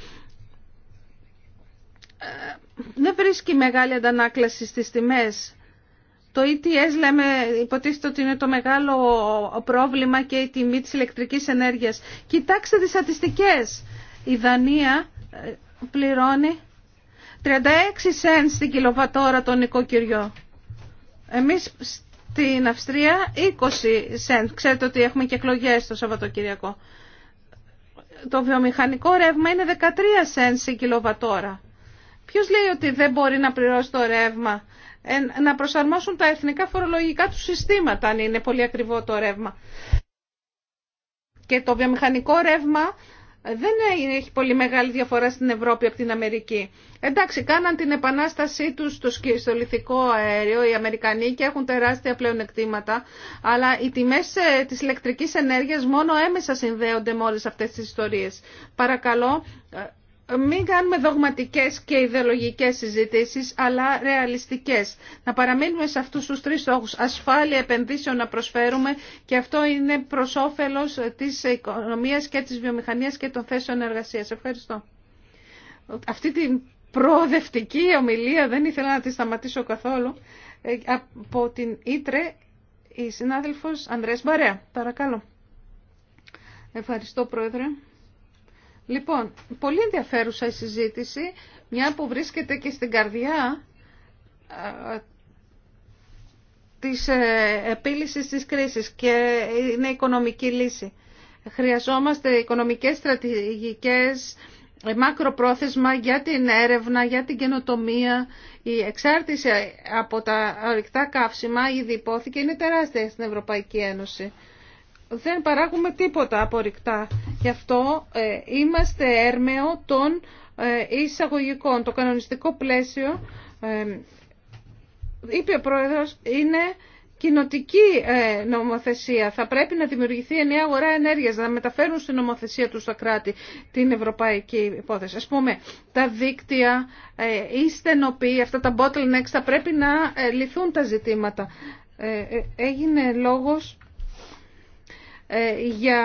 βρίσκει μεγάλη αντανάκλαση στις τιμές. Το ETS λέμε, υποτίθεται ότι είναι το μεγάλο πρόβλημα και η τιμή της ηλεκτρικής ενέργειας. Κοιτάξτε τις στατιστικές. Η Δανία ε, πληρώνει 36 cents την κιλοβατόρα τον οικοκυριό Εμείς στην Αυστρία 20 cents. Ξέρετε ότι έχουμε και εκλογές το Σαββατοκυριακό. Το βιομηχανικό ρεύμα είναι 13 cents την κιλοβατόρα. Ποιο λέει ότι δεν μπορεί να πληρώσει το ρεύμα, να προσαρμόσουν τα εθνικά φορολογικά του συστήματα αν είναι πολύ ακριβό το ρεύμα. Και το βιομηχανικό ρεύμα δεν έχει πολύ μεγάλη διαφορά στην Ευρώπη από την Αμερική. Εντάξει, κάναν την επανάστασή τους στο λιθικό αέριο οι Αμερικανοί και έχουν τεράστια πλέον εκτήματα, αλλά οι τιμές ε, της ηλεκτρικής ενέργειας μόνο έμεσα συνδέονται με όλες αυτές τις ιστορίες. Παρακαλώ, ε, μην κάνουμε δογματικές και ιδεολογικές συζητήσεις, αλλά ρεαλιστικές. Να παραμείνουμε σε αυτούς τους τρεις στόχους. Ασφάλεια επενδύσεων να προσφέρουμε και αυτό είναι προς όφελος της οικονομίας και της βιομηχανίας και των θέσεων εργασίας. Ευχαριστώ. Αυτή την προοδευτική ομιλία δεν ήθελα να τη σταματήσω καθόλου. Ε, από την Ήτρε, η συνάδελφος Ανδρέας Μπαρέα. Παρακαλώ. Ευχαριστώ, Πρόεδρε. Λοιπόν, πολύ ενδιαφέρουσα η συζήτηση, μια που βρίσκεται και στην καρδιά της ε, επίλυσης της κρίσης και είναι οικονομική λύση. Χρειαζόμαστε οικονομικές στρατηγικές, ε, μακροπρόθεσμα για την έρευνα, για την καινοτομία. Η εξάρτηση από τα ορυκτά καύσιμα ήδη υπόθηκε είναι τεράστια στην Ευρωπαϊκή Ένωση δεν παράγουμε τίποτα απορρικτά. Γι' αυτό ε, είμαστε έρμεο των ε, εισαγωγικών. Το κανονιστικό πλαίσιο, ε, είπε ο Πρόεδρος, είναι κοινοτική νομοθεσία. Θα πρέπει να δημιουργηθεί ενιαία αγορά ενέργειας, να μεταφέρουν στην νομοθεσία του στα κράτη την ευρωπαϊκή υπόθεση. Ας πούμε, τα δίκτυα, η στενοποίη, αυτά τα bottlenecks, θα πρέπει να λυθούν τα ζητήματα. Έγινε λόγος ε, για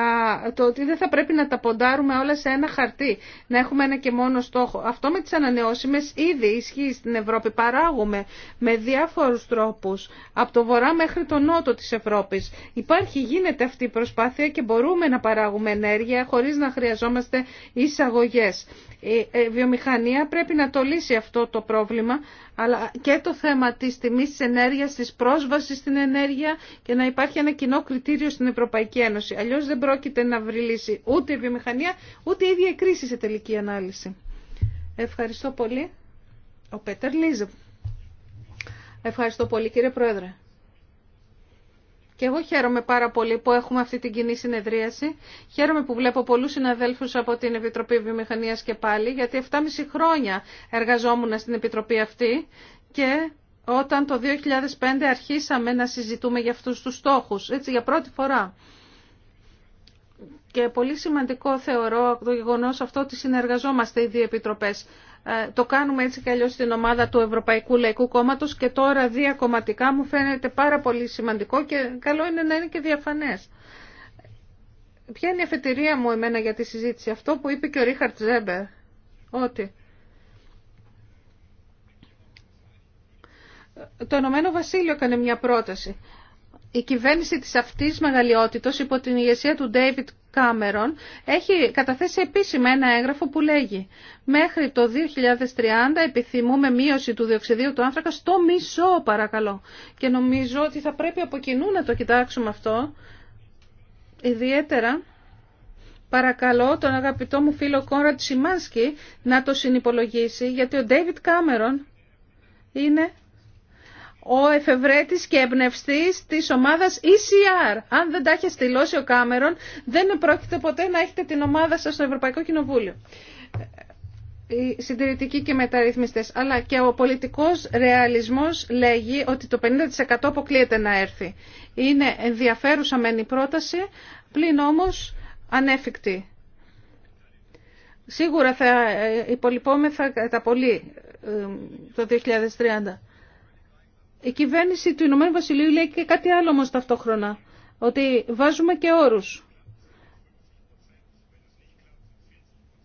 το ότι δεν θα πρέπει να τα ποντάρουμε όλα σε ένα χαρτί, να έχουμε ένα και μόνο στόχο. Αυτό με τις ανανεώσιμες ήδη ισχύει στην Ευρώπη. Παράγουμε με διάφορους τρόπους, από το βορρά μέχρι το νότο της Ευρώπης. Υπάρχει, γίνεται αυτή η προσπάθεια και μπορούμε να παράγουμε ενέργεια χωρίς να χρειαζόμαστε εισαγωγές. Η βιομηχανία πρέπει να το λύσει αυτό το πρόβλημα, αλλά και το θέμα της τιμής της ενέργειας, της πρόσβασης στην ενέργεια και να υπάρχει ένα κοινό κριτήριο στην Ευρωπαϊκή Ένωση. Αλλιώς δεν πρόκειται να βρει λύση ούτε η βιομηχανία, ούτε η ίδια η κρίση σε τελική ανάλυση. Ευχαριστώ πολύ. Ο Πέτερ Λίζε. Ευχαριστώ πολύ κύριε Πρόεδρε. Και εγώ χαίρομαι πάρα πολύ που έχουμε αυτή την κοινή συνεδρίαση. Χαίρομαι που βλέπω πολλούς συναδέλφους από την Επιτροπή Βιομηχανίας και πάλι, γιατί 7,5 χρόνια εργαζόμουν στην Επιτροπή αυτή και όταν το 2005 αρχίσαμε να συζητούμε για αυτούς τους στόχους, έτσι για πρώτη φορά. Και πολύ σημαντικό θεωρώ το γεγονό αυτό ότι συνεργαζόμαστε οι δύο επιτροπές. Ε, το κάνουμε έτσι και αλλιώς στην ομάδα του Ευρωπαϊκού Λαϊκού Κόμματος και τώρα διακομματικά μου φαίνεται πάρα πολύ σημαντικό και καλό είναι να είναι και διαφανές. Ποια είναι η αφετηρία μου εμένα για τη συζήτηση. Αυτό που είπε και ο Ρίχαρτ Ζέμπερ. Ότι το Ενωμένο Βασίλειο έκανε μια πρόταση η κυβέρνηση της αυτής μεγαλειότητος υπό την ηγεσία του David Cameron έχει καταθέσει επίσημα ένα έγγραφο που λέγει «Μέχρι το 2030 επιθυμούμε μείωση του διοξιδίου του άνθρακα στο μισό παρακαλώ». Και νομίζω ότι θα πρέπει από κοινού να το κοιτάξουμε αυτό, ιδιαίτερα... Παρακαλώ τον αγαπητό μου φίλο Κόνραντ Σιμάνσκι να το συνυπολογίσει, γιατί ο Ντέιβιτ Κάμερον είναι ο εφευρέτης και εμπνευστής της ομάδας ECR. Αν δεν τα είχε στυλώσει ο Κάμερον, δεν πρόκειται ποτέ να έχετε την ομάδα σας στο Ευρωπαϊκό Κοινοβούλιο. Ε, οι συντηρητικοί και μεταρρυθμιστές. Αλλά και ο πολιτικός ρεαλισμός λέγει ότι το 50% αποκλείεται να έρθει. Είναι ενδιαφέρουσα μεν η πρόταση, πλην όμως ανέφικτη. Σίγουρα θα ε, υπολοιπόμεθα τα πολύ ε, το 2030. Η κυβέρνηση του Ηνωμένου Βασιλείου λέει και κάτι άλλο όμως ταυτόχρονα, ότι βάζουμε και όρους.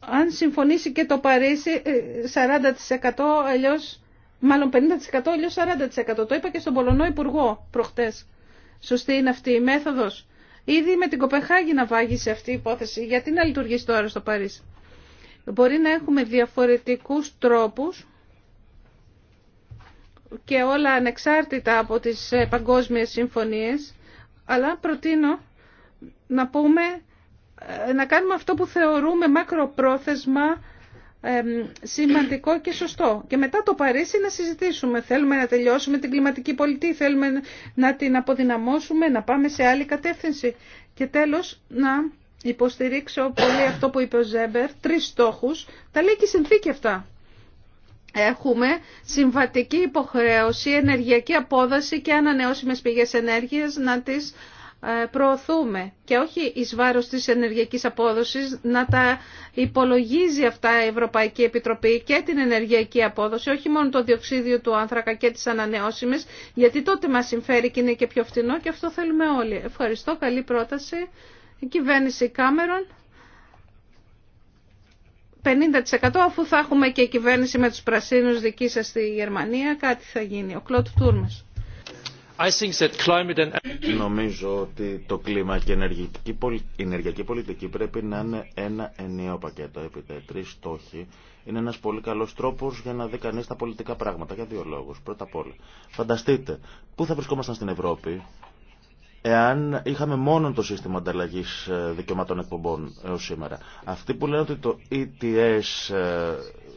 Αν συμφωνήσει και το Παρίσι 40% ε, αλλιώς, μάλλον 50% αλλιώς 40%. Το είπα και στον Πολωνό Υπουργό προχτές. Σωστή είναι αυτή η μέθοδος. Ήδη με την Κοπεχάγη να βάγει σε αυτή η υπόθεση. Γιατί να λειτουργήσει τώρα στο Παρίσι. Μπορεί να έχουμε διαφορετικούς τρόπους και όλα ανεξάρτητα από τις ε, παγκόσμιες συμφωνίες, αλλά προτείνω να πούμε, ε, να κάνουμε αυτό που θεωρούμε μακροπρόθεσμα σημαντικό και σωστό. Και μετά το Παρίσι να συζητήσουμε. Θέλουμε να τελειώσουμε την κλιματική πολιτική, θέλουμε να την αποδυναμώσουμε, να πάμε σε άλλη κατεύθυνση. Και τέλος, να υποστηρίξω πολύ αυτό που είπε ο Ζέμπερ, τρεις στόχους. Τα λέει και η συνθήκη αυτά έχουμε συμβατική υποχρέωση, ενεργειακή απόδοση και ανανεώσιμες πηγές ενέργειας να τις ε, προωθούμε και όχι εις βάρος της ενεργειακής απόδοσης να τα υπολογίζει αυτά η Ευρωπαϊκή Επιτροπή και την ενεργειακή απόδοση, όχι μόνο το διοξίδιο του άνθρακα και τις ανανεώσιμες, γιατί τότε μας συμφέρει και είναι και πιο φτηνό και αυτό θέλουμε όλοι. Ευχαριστώ, καλή πρόταση. Η κυβέρνηση Κάμερον. 50% αφού θα έχουμε και κυβέρνηση με τους πρασίνους δική σας στη Γερμανία, κάτι θα γίνει. Ο Κλώτ Τούρμας. I think that climate and... Νομίζω ότι το κλίμα και η ενεργειακή πολιτική πρέπει να είναι ένα ενιαίο πακέτο. Επειδή τρει στόχοι είναι ένα πολύ καλό τρόπο για να δει κανεί τα πολιτικά πράγματα. Για δύο λόγου. Πρώτα απ' όλα, φανταστείτε πού θα βρισκόμασταν στην Ευρώπη εάν είχαμε μόνο το σύστημα ανταλλαγή ε, δικαιωμάτων εκπομπών έως σήμερα. Αυτή που λένε ότι το ETS ε,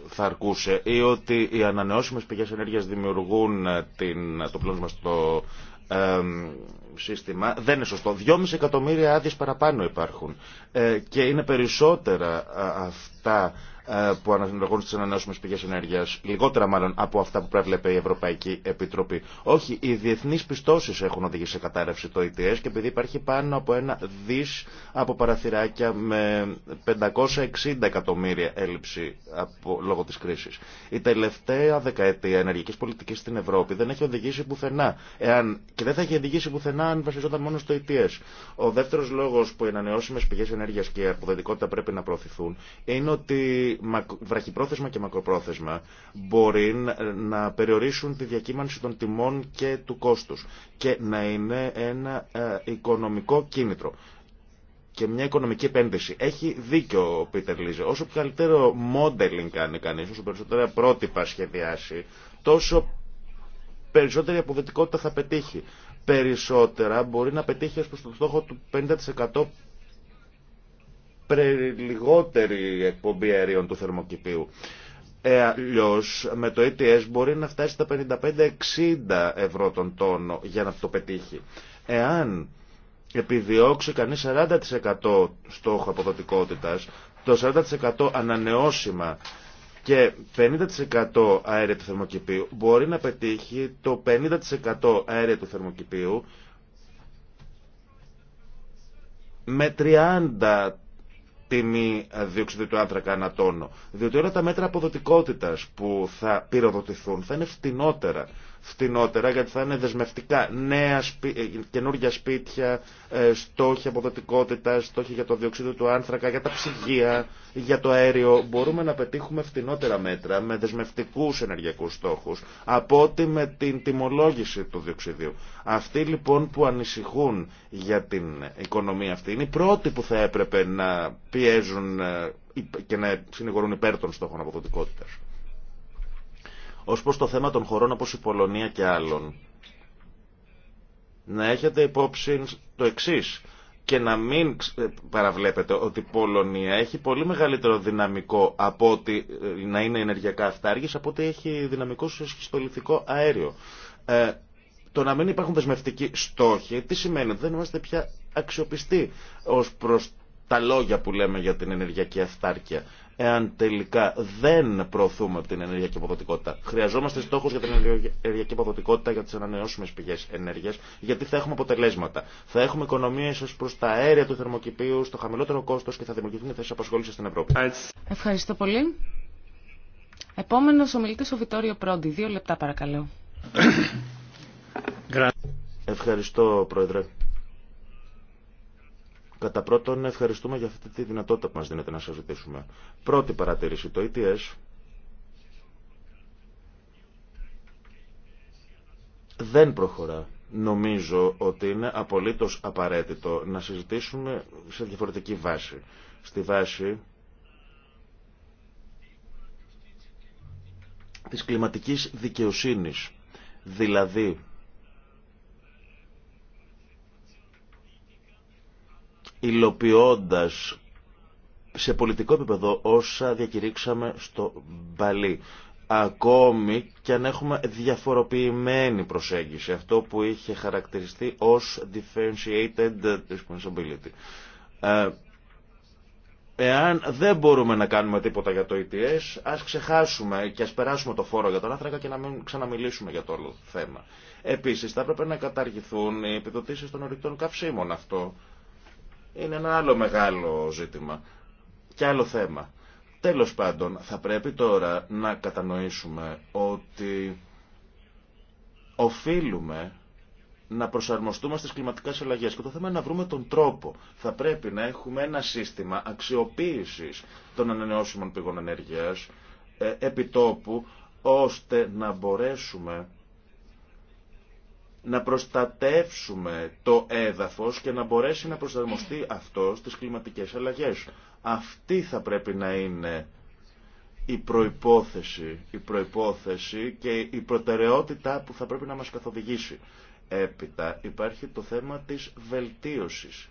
θα αρκούσε ή ότι οι ανανεώσιμες πηγές ενέργειας δημιουργούν ε, την, το πλώσμα στο ε, σύστημα, δεν είναι σωστό. 2,5 εκατομμύρια άδειες παραπάνω υπάρχουν και είναι περισσότερα αυτά ε, που αναγνωρίζουν στι ανανεώσιμε πηγέ ενέργεια. Λιγότερα μάλλον από αυτά που προβλέπει η Ευρωπαϊκή Επιτροπή. Όχι, οι διεθνεί πιστώσει έχουν οδηγήσει σε κατάρρευση το ETS και επειδή υπάρχει πάνω από ένα δι από παραθυράκια με 560 εκατομμύρια έλλειψη από, λόγω τη κρίση. Η τελευταία δεκαετία ενεργειακή πολιτική στην Ευρώπη δεν έχει οδηγήσει πουθενά. Εάν, και δεν θα έχει οδηγήσει πουθενά αν βασιζόταν μόνο στο ETS. Ο δεύτερο λόγο που οι ανανεώσιμε πηγέ ενέργεια και η πρέπει να προωθηθούν είναι ότι βραχυπρόθεσμα και μακροπρόθεσμα μπορεί να περιορίσουν τη διακύμανση των τιμών και του κόστους και να είναι ένα ε, οικονομικό κίνητρο και μια οικονομική επένδυση. Έχει δίκιο ο Πίτερ Λίζε. Όσο καλύτερο modeling κάνει κανείς, όσο περισσότερα πρότυπα σχεδιάσει, τόσο περισσότερη αποδοτικότητα θα πετύχει. Περισσότερα μπορεί να πετύχει ως προς το στόχο του 50% λιγότερη εκπομπή αερίων του θερμοκηπίου. Ε, Αλλιώ με το ETS ε μπορεί να φτάσει στα 55-60 ευρώ τον τόνο για να το πετύχει. Εάν επιδιώξει κανείς 40% στόχο αποδοτικότητας, το 40% ανανεώσιμα και 50% αέρια του θερμοκηπίου μπορεί να πετύχει το 50% αέρια του θερμοκηπίου με 30 τιμή διοξείδιο του άνθρακα ανά τόνο. Διότι όλα τα μέτρα αποδοτικότητας που θα πυροδοτηθούν θα είναι φτηνότερα φτηνότερα γιατί θα είναι δεσμευτικά νέα σπί... Ε, καινούργια σπίτια, ε, στόχοι αποδοτικότητα, στόχοι για το διοξείδιο του άνθρακα, για τα ψυγεία, για το αέριο. Μπορούμε να πετύχουμε φτηνότερα μέτρα με δεσμευτικού ενεργειακού στόχου από ότι με την τιμολόγηση του διοξιδίου. Αυτοί λοιπόν που ανησυχούν για την οικονομία αυτή είναι οι πρώτοι που θα έπρεπε να πιέζουν ε, και να συνηγορούν υπέρ των στόχων αποδοτικότητας ως προς το θέμα των χωρών όπως η Πολωνία και άλλων. Να έχετε υπόψη το εξής και να μην ε, παραβλέπετε ότι η Πολωνία έχει πολύ μεγαλύτερο δυναμικό από ότι ε, να είναι ενεργειακά αυτάργης από ότι έχει δυναμικό σχιστολιθικό αέριο. Ε, το να μην υπάρχουν δεσμευτικοί στόχοι, τι σημαίνει δεν είμαστε πια αξιοπιστοί ως προς τα λόγια που λέμε για την ενεργειακή αυτάρκεια εάν τελικά δεν προωθούμε την ενεργειακή αποδοτικότητα. Χρειαζόμαστε στόχους για την ενεργειακή αποδοτικότητα, για τις ανανεώσιμες πηγές ενέργειας, γιατί θα έχουμε αποτελέσματα. Θα έχουμε οικονομίες ως προς τα αέρια του θερμοκηπίου, στο χαμηλότερο κόστος και θα δημιουργηθούν θέσεις απασχόληση στην Ευρώπη. Ευχαριστώ πολύ. Επόμενο ομιλητή ο Βιτόριο Πρόντι. Δύο λεπτά παρακαλώ. Ευχαριστώ, Πρόεδρε. Κατά πρώτον, ευχαριστούμε για αυτή τη δυνατότητα που μας δίνεται να συζητήσουμε. Πρώτη παρατήρηση, το ETS δεν προχωρά. Νομίζω ότι είναι απολύτως απαραίτητο να συζητήσουμε σε διαφορετική βάση. Στη βάση της κλιματικής δικαιοσύνης. Δηλαδή, υλοποιώντας σε πολιτικό επίπεδο όσα διακηρύξαμε στο Μπαλί. Ακόμη και αν έχουμε διαφοροποιημένη προσέγγιση, αυτό που είχε χαρακτηριστεί ως differentiated responsibility. Ε, εάν δεν μπορούμε να κάνουμε τίποτα για το ETS, ας ξεχάσουμε και ας περάσουμε το φόρο για τον άνθρακα και να μην ξαναμιλήσουμε για το όλο θέμα. Επίσης, θα έπρεπε να καταργηθούν οι επιδοτήσεις των ορεικτών καυσίμων. Αυτό είναι ένα άλλο μεγάλο ζήτημα και άλλο θέμα. Τέλος πάντων, θα πρέπει τώρα να κατανοήσουμε ότι οφείλουμε να προσαρμοστούμε στις κλιματικές αλλαγές και το θέμα είναι να βρούμε τον τρόπο. Θα πρέπει να έχουμε ένα σύστημα αξιοποίησης των ανανεώσιμων πηγών ενέργειας ε, επιτόπου ώστε να μπορέσουμε να προστατεύσουμε το έδαφος και να μπορέσει να προσαρμοστεί αυτό στις κλιματικές αλλαγές. Αυτή θα πρέπει να είναι η προϋπόθεση, η προϋπόθεση και η προτεραιότητα που θα πρέπει να μας καθοδηγήσει. Έπειτα υπάρχει το θέμα της βελτίωσης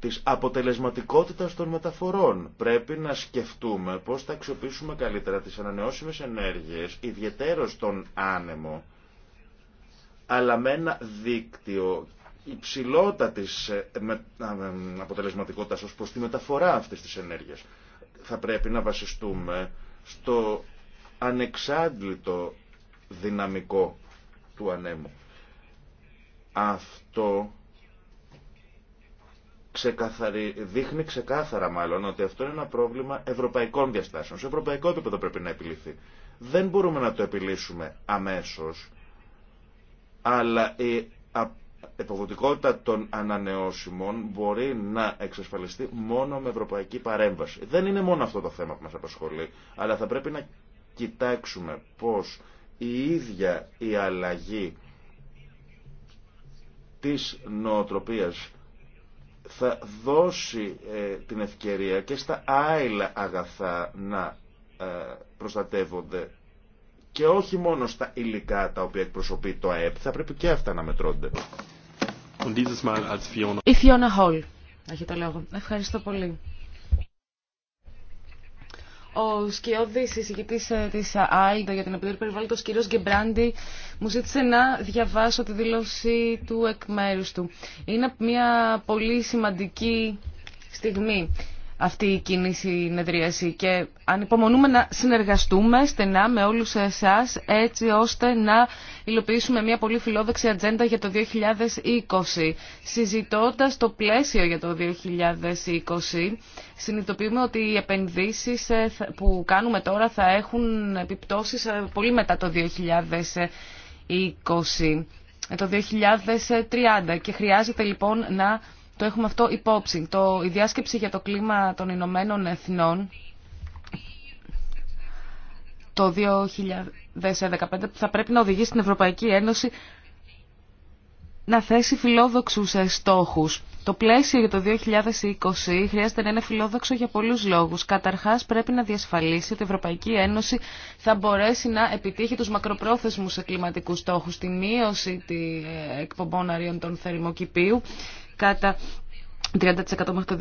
της αποτελεσματικότητας των μεταφορών. Πρέπει να σκεφτούμε πώς θα αξιοποιήσουμε καλύτερα τις ανανεώσιμες ενέργειες, ιδιαίτερα τον άνεμο, αλλά με ένα δίκτυο υψηλότατης ε, ε, αποτελεσματικότητας ως προς τη μεταφορά αυτής της ενέργειας. Θα πρέπει να βασιστούμε στο ανεξάντλητο δυναμικό του ανέμου. Αυτό ξεκαθαρι... δείχνει ξεκάθαρα μάλλον ότι αυτό είναι ένα πρόβλημα ευρωπαϊκών διαστάσεων. Σε ευρωπαϊκό επίπεδο πρέπει να επιληθεί. Δεν μπορούμε να το επιλύσουμε αμέσως, αλλά η εποδοτικότητα των ανανεώσιμων μπορεί να εξασφαλιστεί μόνο με ευρωπαϊκή παρέμβαση. Δεν είναι μόνο αυτό το θέμα που μας απασχολεί, αλλά θα πρέπει να κοιτάξουμε πώς η ίδια η αλλαγή της νοοτροπίας θα δώσει ε, την ευκαιρία και στα άειλα αγαθά να ε, προστατεύονται και όχι μόνο στα υλικά τα οποία εκπροσωπεί το ΑΕΠ, θα πρέπει και αυτά να μετρώνται. Η Φιώνα Χολ, έχει το λόγο. Ευχαριστώ πολύ. Ο σκιώδη συζητητή ε, τη ΑΛΔΑ για την Επιτροπή περιβάλλοντο, κύριο Γκεμπράντη, μου ζήτησε να διαβάσω τη δήλωση του εκ μέρου του. Είναι μια πολύ σημαντική στιγμή αυτή η κοινή συνεδρίαση και ανυπομονούμε να συνεργαστούμε στενά με όλους εσάς έτσι ώστε να υλοποιήσουμε μια πολύ φιλόδοξη ατζέντα για το 2020. Συζητώντας το πλαίσιο για το 2020, συνειδητοποιούμε ότι οι επενδύσεις ε, που κάνουμε τώρα θα έχουν επιπτώσεις ε, πολύ μετά το 2020 ε, το 2030 και χρειάζεται λοιπόν να το έχουμε αυτό υπόψη. Το, η διάσκεψη για το κλίμα των Ηνωμένων Εθνών το 2015 θα πρέπει να οδηγήσει την Ευρωπαϊκή Ένωση να θέσει φιλόδοξους στόχους. Το πλαίσιο για το 2020 χρειάζεται να είναι φιλόδοξο για πολλούς λόγους. Καταρχάς πρέπει να διασφαλίσει ότι η Ευρωπαϊκή Ένωση θα μπορέσει να επιτύχει τους μακροπρόθεσμους κλιματικούς στόχους, τη μείωση ε, εκπομπών αρίων των θερμοκηπίου κατά 30% μέχρι το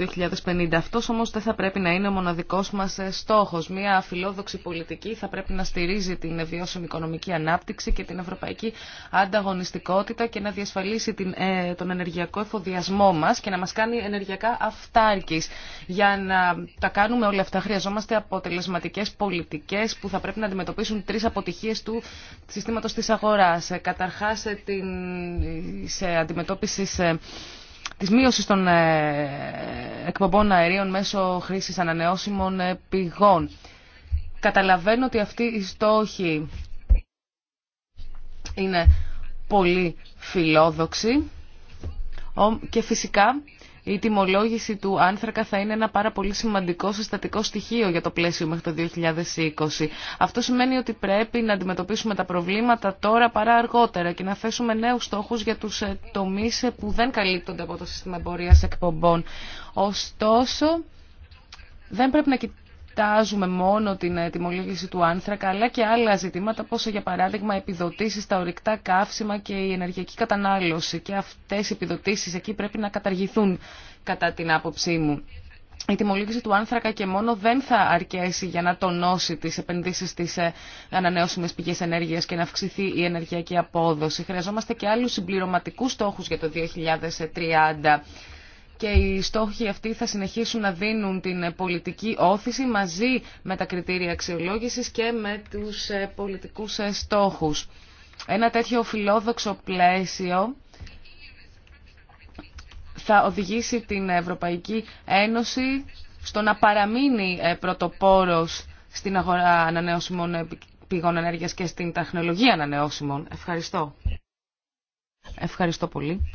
2050. Αυτός όμως δεν θα πρέπει να είναι ο μοναδικός μας ε, στόχος. Μια φιλόδοξη πολιτική θα πρέπει να στηρίζει την βιώσιμη οικονομική ανάπτυξη και την ευρωπαϊκή ανταγωνιστικότητα και να διασφαλίσει την, ε, τον ενεργειακό εφοδιασμό μας και να μας κάνει ενεργειακά αυτάρκης. Για να τα κάνουμε όλα αυτά χρειαζόμαστε αποτελεσματικές πολιτικές που θα πρέπει να αντιμετωπίσουν τρεις αποτυχίες του συστήματος της αγοράς. Ε, καταρχάς ε, την, σε αντιμετώπιση σε Τη μείωση των ε, εκπομπών αερίων μέσω χρήσης ανανεώσιμων ε, πηγών. Καταλαβαίνω ότι αυτή η στόχη είναι πολύ φιλόδοξη και φυσικά η τιμολόγηση του άνθρακα θα είναι ένα πάρα πολύ σημαντικό συστατικό στοιχείο για το πλαίσιο μέχρι το 2020. Αυτό σημαίνει ότι πρέπει να αντιμετωπίσουμε τα προβλήματα τώρα παρά αργότερα και να θέσουμε νέους στόχους για τους ε, τομείς ε, που δεν καλύπτονται από το σύστημα εμπορίας εκπομπών. Ωστόσο, δεν πρέπει να κοιτάξουμε εξετάζουμε μόνο την ετοιμολόγηση του άνθρακα, αλλά και άλλα ζητήματα, όπως για παράδειγμα επιδοτήσεις στα ορυκτά καύσιμα και η ενεργειακή κατανάλωση. Και αυτές οι επιδοτήσεις εκεί πρέπει να καταργηθούν, κατά την άποψή μου. Η τιμολόγηση του άνθρακα και μόνο δεν θα αρκέσει για να τονώσει τις επενδύσεις στις ε, ανανεώσιμες πηγές ενέργειας και να αυξηθεί η ενεργειακή απόδοση. Χρειαζόμαστε και άλλους συμπληρωματικούς στόχους για το 2030 και οι στόχοι αυτοί θα συνεχίσουν να δίνουν την πολιτική όθηση μαζί με τα κριτήρια αξιολόγησης και με τους ε, πολιτικούς ε, στόχους. Ένα τέτοιο φιλόδοξο πλαίσιο θα οδηγήσει την Ευρωπαϊκή Ένωση στο να παραμείνει ε, πρωτοπόρος στην αγορά ανανεώσιμων πηγών ενέργειας και στην τεχνολογία ανανεώσιμων. Ευχαριστώ. Ευχαριστώ πολύ.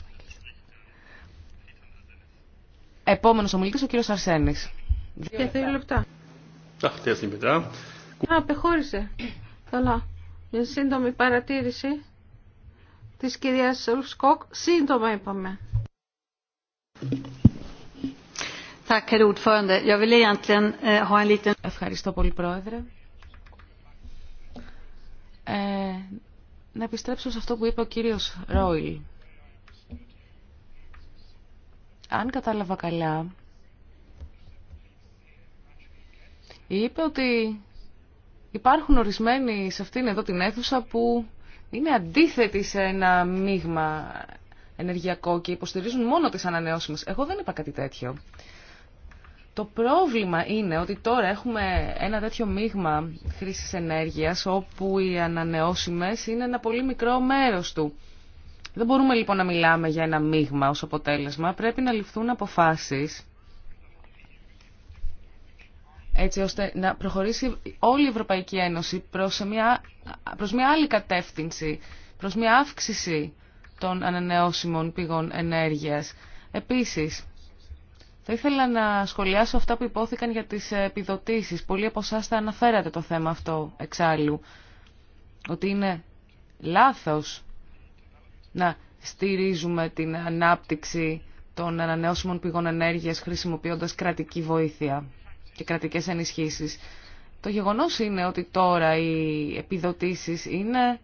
Επόμενο ομιλητή ο κύριος Αρσένης. Και δύο λεπτά. Α, απεχώρησε. Καλά. Μια σύντομη παρατήρηση τη κύρια Ουλσκοκ. Σύντομα είπαμε. Eh, Ευχαριστώ πολύ, Πρόεδρε. Ε, να επιστρέψω σε αυτό που είπε ο κύριος Ρόιλ αν κατάλαβα καλά, είπε ότι υπάρχουν ορισμένοι σε αυτήν εδώ την αίθουσα που είναι αντίθετοι σε ένα μείγμα ενεργειακό και υποστηρίζουν μόνο τις ανανεώσιμες. Εγώ δεν είπα κάτι τέτοιο. Το πρόβλημα είναι ότι τώρα έχουμε ένα τέτοιο μείγμα χρήσης ενέργειας όπου οι ανανεώσιμες είναι ένα πολύ μικρό μέρος του. Δεν μπορούμε λοιπόν να μιλάμε για ένα μείγμα ως αποτέλεσμα. Πρέπει να ληφθούν αποφάσεις έτσι ώστε να προχωρήσει όλη η Ευρωπαϊκή Ένωση προς μια, προς μια άλλη κατεύθυνση, προς μια αύξηση των ανανεώσιμων πηγών ενέργειας. Επίσης, θα ήθελα να σχολιάσω αυτά που υπόθηκαν για τις επιδοτήσεις. Πολλοί από εσά θα αναφέρατε το θέμα αυτό εξάλλου, ότι είναι λάθος να στηρίζουμε την ανάπτυξη των ανανεώσιμων πηγών ενέργειας χρησιμοποιώντας κρατική βοήθεια και κρατικές ενισχύσεις. Το γεγονός είναι ότι τώρα οι επιδοτήσεις είναι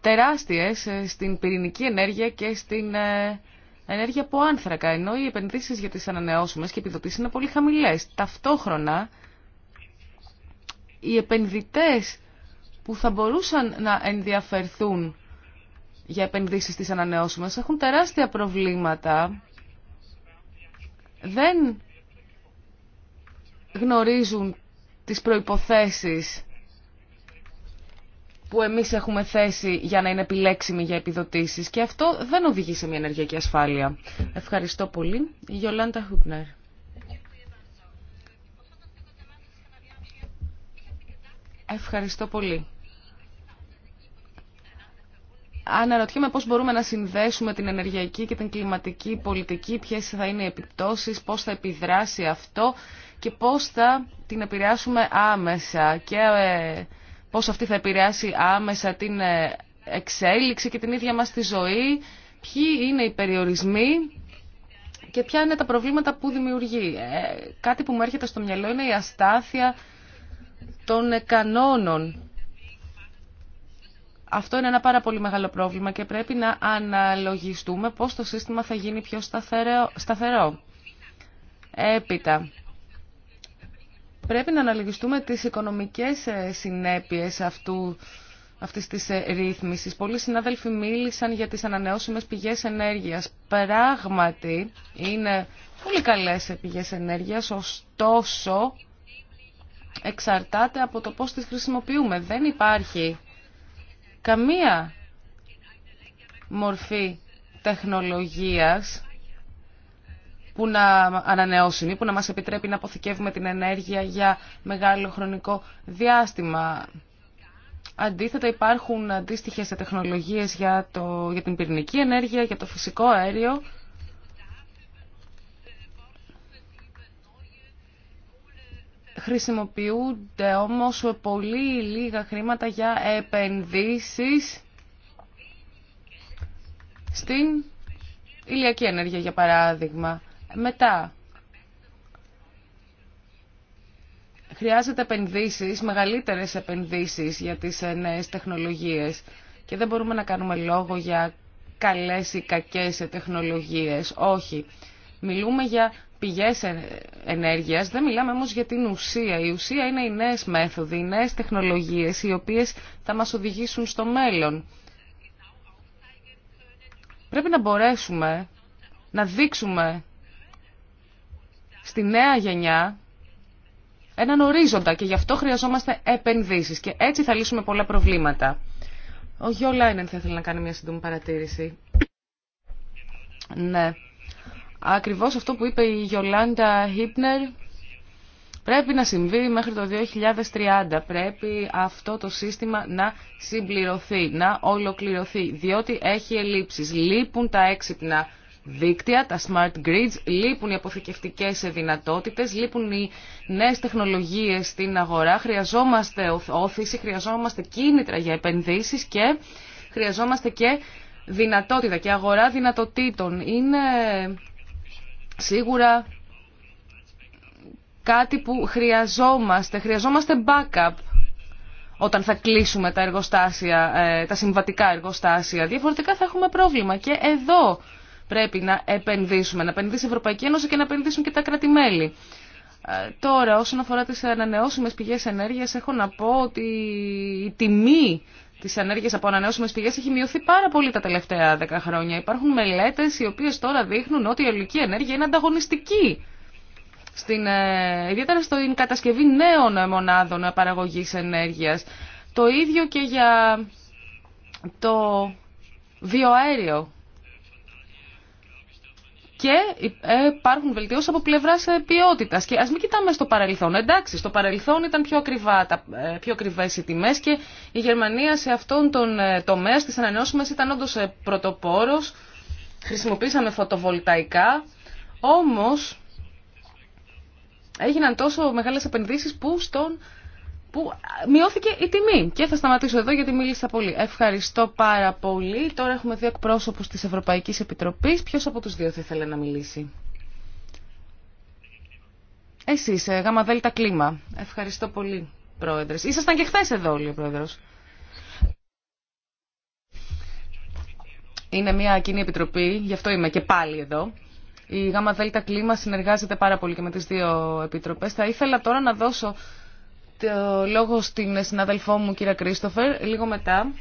τεράστιες ε, στην πυρηνική ενέργεια και στην ε, ενέργεια από άνθρακα, ενώ οι επενδύσεις για τις ανανεώσιμες και επιδοτήσεις είναι πολύ χαμηλές. Ταυτόχρονα, οι επενδυτές που θα μπορούσαν να ενδιαφερθούν για επενδύσεις στις ανανεώσιμες έχουν τεράστια προβλήματα. Δεν γνωρίζουν τις προϋποθέσεις που εμείς έχουμε θέσει για να είναι επιλέξιμοι για επιδοτήσεις και αυτό δεν οδηγεί σε μια ενεργειακή ασφάλεια. Ευχαριστώ πολύ. Η Γιολάντα Χούπνερ. Ευχαριστώ πολύ αναρωτιέμαι πώς μπορούμε να συνδέσουμε την ενεργειακή και την κλιματική πολιτική, ποιες θα είναι οι επιπτώσεις, πώς θα επιδράσει αυτό και πώς θα την επηρεάσουμε άμεσα και ε, πώς αυτή θα επηρεάσει άμεσα την ε, εξέλιξη και την ίδια μας τη ζωή, ποιοι είναι οι περιορισμοί και ποια είναι τα προβλήματα που δημιουργεί. Ε, κάτι που μου έρχεται στο μυαλό είναι η αστάθεια των κανόνων αυτό είναι ένα πάρα πολύ μεγάλο πρόβλημα και πρέπει να αναλογιστούμε πώς το σύστημα θα γίνει πιο σταθερό. Έπειτα, πρέπει να αναλογιστούμε τις οικονομικές ε, συνέπειες αυτού αυτής της ε, ρύθμισης. Πολλοί συνάδελφοι μίλησαν για τις ανανεώσιμες πηγές ενέργειας. Πράγματι είναι πολύ καλές πηγές ενέργειας, ωστόσο εξαρτάται από το πώς τις χρησιμοποιούμε. Δεν υπάρχει καμία μορφή τεχνολογίας που να ή που να μας επιτρέπει να αποθηκεύουμε την ενέργεια για μεγάλο χρονικό διάστημα. Αντίθετα υπάρχουν αντίστοιχες τεχνολογίες για, το, για την πυρηνική ενέργεια, για το φυσικό αέριο Χρησιμοποιούνται όμως πολύ λίγα χρήματα για επενδύσεις στην ηλιακή ενέργεια, για παράδειγμα. Μετά, χρειάζεται επενδύσεις, μεγαλύτερες επενδύσεις για τις νέες τεχνολογίες και δεν μπορούμε να κάνουμε λόγο για καλές ή κακές τεχνολογίες. Όχι. Μιλούμε για πηγές ενέργειας, δεν μιλάμε όμως για την ουσία. Η ουσία είναι οι νέες μέθοδοι, οι νέες τεχνολογίες, οι οποίες θα μας οδηγήσουν στο μέλλον. Πρέπει να μπορέσουμε να δείξουμε στη νέα γενιά έναν ορίζοντα και γι' αυτό χρειαζόμαστε επενδύσεις και έτσι θα λύσουμε πολλά προβλήματα. Ο Γιώλα Λάινεν θα ήθελε να κάνει μια σύντομη παρατήρηση. Ναι. Ακριβώς αυτό που είπε η Γιολάντα Χίπνερ πρέπει να συμβεί μέχρι το 2030. Πρέπει αυτό το σύστημα να συμπληρωθεί, να ολοκληρωθεί, διότι έχει ελλείψεις. Λείπουν τα έξυπνα δίκτυα, τα smart grids, λείπουν οι αποθηκευτικές δυνατότητες, λείπουν οι νέες τεχνολογίες στην αγορά, χρειαζόμαστε όθηση, χρειαζόμαστε κίνητρα για επενδύσεις και χρειαζόμαστε και δυνατότητα και αγορά δυνατοτήτων. Είναι σίγουρα κάτι που χρειαζόμαστε. Χρειαζόμαστε backup όταν θα κλείσουμε τα εργοστάσια, ε, τα συμβατικά εργοστάσια. Διαφορετικά θα έχουμε πρόβλημα. Και εδώ πρέπει να επενδύσουμε. Να επενδύσει η Ευρωπαϊκή Ένωση και να επενδύσουν και τα κράτη-μέλη. Ε, τώρα, όσον αφορά τις ανανεώσιμες πηγές ενέργειας, έχω να πω ότι η τιμή Τις ενέργειες από ανανεώσιμες πηγές έχει μειωθεί πάρα πολύ τα τελευταία δέκα χρόνια. Υπάρχουν μελέτες οι οποίες τώρα δείχνουν ότι η ολική ενέργεια είναι ανταγωνιστική. Στην, ε, ιδιαίτερα στην κατασκευή νέων μονάδων παραγωγής ενέργειας. Το ίδιο και για το βιοαέριο και ε, υπάρχουν βελτιώσει από πλευράς ε, ποιότητα Και α μην κοιτάμε στο παρελθόν. Εντάξει, στο παρελθόν ήταν πιο, ακριβά, ε, πιο ακριβές οι τιμές και η Γερμανία σε αυτόν τον τομέα στι ανανεώσιμε ήταν όντως πρωτοπόρος. Χρησιμοποίησαμε φωτοβολταϊκά. Όμως έγιναν τόσο μεγάλες επενδύσεις που στον που μειώθηκε η τιμή. Και θα σταματήσω εδώ γιατί μίλησα πολύ. Ευχαριστώ πάρα πολύ. Τώρα έχουμε δύο εκπρόσωπου τη Ευρωπαϊκή Επιτροπή. Ποιο από του δύο θα ήθελε να μιλήσει. Εσεί, ε, γάμα δέλτα κλίμα. Ευχαριστώ πολύ, πρόεδρε. Ήσασταν και χθε εδώ όλοι, ο πρόεδρο. Είναι μια κοινή επιτροπή, γι' αυτό είμαι και πάλι εδώ. Η ΓΔ Κλίμα συνεργάζεται πάρα πολύ και με τι δύο επιτροπέ. Θα ήθελα τώρα να δώσω το λόγο στην συναδελφό μου κυρία Κρίστοφερ λίγο μετά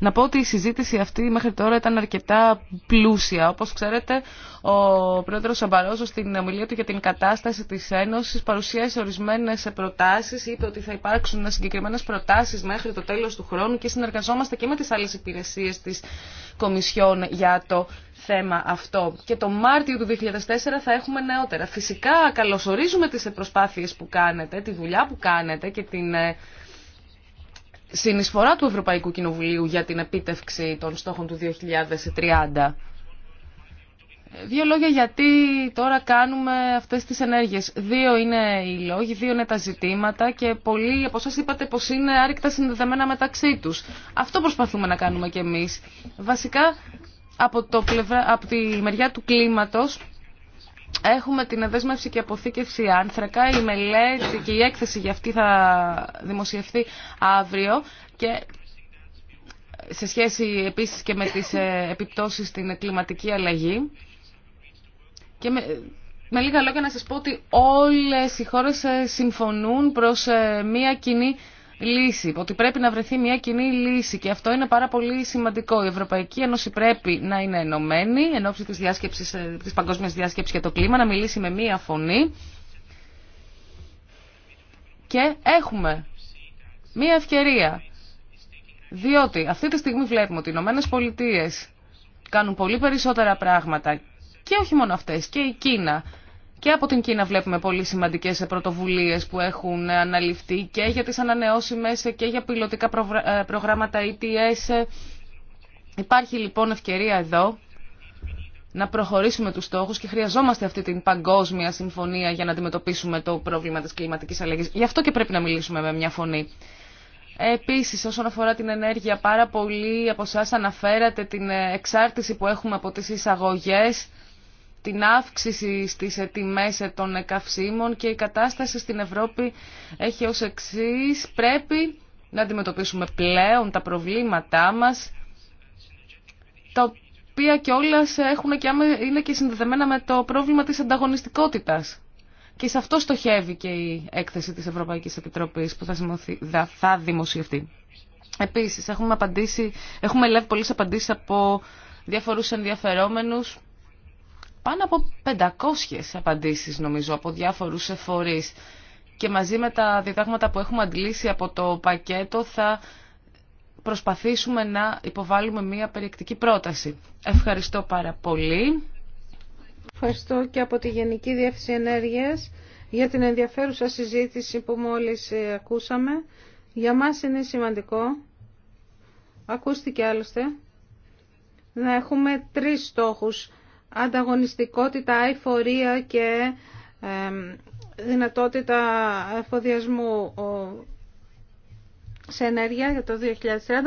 να πω ότι η συζήτηση αυτή μέχρι τώρα ήταν αρκετά πλούσια. Όπω ξέρετε, ο πρόεδρος Σαμπαρόζο στην ομιλία του για την κατάσταση τη Ένωση, παρουσίασε ορισμένε προτάσει, είπε ότι θα υπάρξουν συγκεκριμένε προτάσει μέχρι το τέλο του χρόνου και συνεργαζόμαστε και με τι άλλε υπηρεσίε τη Κομισιόν για το θέμα αυτό. Και το Μάρτιο του 2004 θα έχουμε νεότερα. Φυσικά καλωσορίζουμε τις προσπάθειες που κάνετε, τη δουλειά που κάνετε και την ε, συνεισφορά του Ευρωπαϊκού Κοινοβουλίου για την επίτευξη των στόχων του 2030. Δύο λόγια γιατί τώρα κάνουμε αυτές τις ενέργειες. Δύο είναι οι λόγοι, δύο είναι τα ζητήματα και πολλοί από σας είπατε πως είναι άρρηκτα συνδεδεμένα μεταξύ τους. Αυτό προσπαθούμε να κάνουμε κι εμείς. Βασικά από, το πλευρά, από τη μεριά του κλίματος Έχουμε την εδέσμευση και αποθήκευση άνθρακα, η μελέτη και η έκθεση για αυτή θα δημοσιευθεί αύριο και σε σχέση επίσης και με τις ε, επιπτώσεις στην κλιματική αλλαγή. Και με, με λίγα λόγια να σας πω ότι όλες οι χώρες ε, συμφωνούν προς ε, μία κοινή λύση, ότι πρέπει να βρεθεί μια κοινή λύση και αυτό είναι πάρα πολύ σημαντικό. Η Ευρωπαϊκή Ένωση πρέπει να είναι ενωμένη εν ώψη της, διάσκεψης, ε, της παγκόσμιας διάσκεψης για το κλίμα, να μιλήσει με μία φωνή και έχουμε μία ευκαιρία. Διότι αυτή τη στιγμή βλέπουμε ότι οι Ηνωμένε Πολιτείες κάνουν πολύ περισσότερα πράγματα και όχι μόνο αυτές και η Κίνα και από την Κίνα βλέπουμε πολύ σημαντικέ πρωτοβουλίε που έχουν αναλυφθεί και για τι ανανεώσιμε και για πιλωτικά ε, προγράμματα ETS. Υπάρχει λοιπόν ευκαιρία εδώ να προχωρήσουμε τους στόχους και χρειαζόμαστε αυτή την παγκόσμια συμφωνία για να αντιμετωπίσουμε το πρόβλημα της κλιματικής αλλαγής. Γι' αυτό και πρέπει να μιλήσουμε με μια φωνή. Επίσης, όσον αφορά την ενέργεια, πάρα πολλοί από εσά αναφέρατε την εξάρτηση που έχουμε από τις εισαγωγές την αύξηση στις τιμές των καυσίμων και η κατάσταση στην Ευρώπη έχει ως εξής. Πρέπει να αντιμετωπίσουμε πλέον τα προβλήματά μας, τα οποία και όλα έχουν και είναι και συνδεδεμένα με το πρόβλημα της ανταγωνιστικότητας. Και σε αυτό στοχεύει και η έκθεση της Ευρωπαϊκής Επιτροπής που θα δημοσιευτεί. Επίσης, έχουμε, απαντήσει, έχουμε λάβει πολλές απαντήσεις από διάφορους ενδιαφερόμενους πάνω από 500 απαντήσεις νομίζω από διάφορους εφορείς και μαζί με τα διδάγματα που έχουμε αντλήσει από το πακέτο θα προσπαθήσουμε να υποβάλουμε μια περιεκτική πρόταση. Ευχαριστώ πάρα πολύ. Ευχαριστώ και από τη Γενική Διεύθυνση Ενέργειας για την ενδιαφέρουσα συζήτηση που μόλις ε, ακούσαμε. Για μας είναι σημαντικό, ακούστηκε άλλωστε, να έχουμε τρεις στόχους ανταγωνιστικότητα, αηφορία και δυνατότητα εφοδιασμού σε ενέργεια για το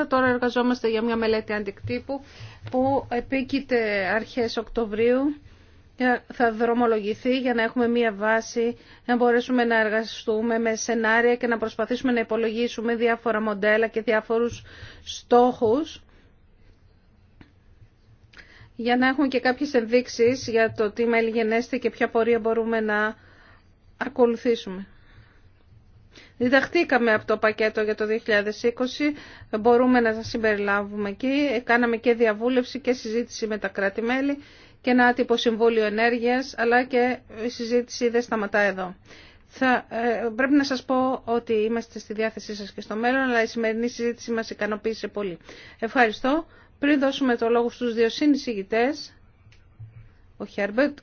2030. Τώρα εργαζόμαστε για μια μελέτη αντικτύπου που επίκειται αρχές Οκτωβρίου θα δρομολογηθεί για να έχουμε μία βάση, να μπορέσουμε να εργαστούμε με σενάρια και να προσπαθήσουμε να υπολογίσουμε διάφορα μοντέλα και διάφορους στόχους για να έχουμε και κάποιες ενδείξεις για το τι μέλη γενέστε και ποια πορεία μπορούμε να ακολουθήσουμε. Διδαχτήκαμε από το πακέτο για το 2020, μπορούμε να σας συμπεριλάβουμε εκεί. Κάναμε και διαβούλευση και συζήτηση με τα κράτη-μέλη και ένα τύπο συμβούλιο ενέργειας, αλλά και η συζήτηση δεν σταματά εδώ. Θα, ε, πρέπει να σας πω ότι είμαστε στη διάθεσή σας και στο μέλλον, αλλά η σημερινή συζήτηση μας ικανοποίησε πολύ. Ευχαριστώ. Πριν δώσουμε το λόγο στους δύο συνεισηγητές, ο Χέρμπερτ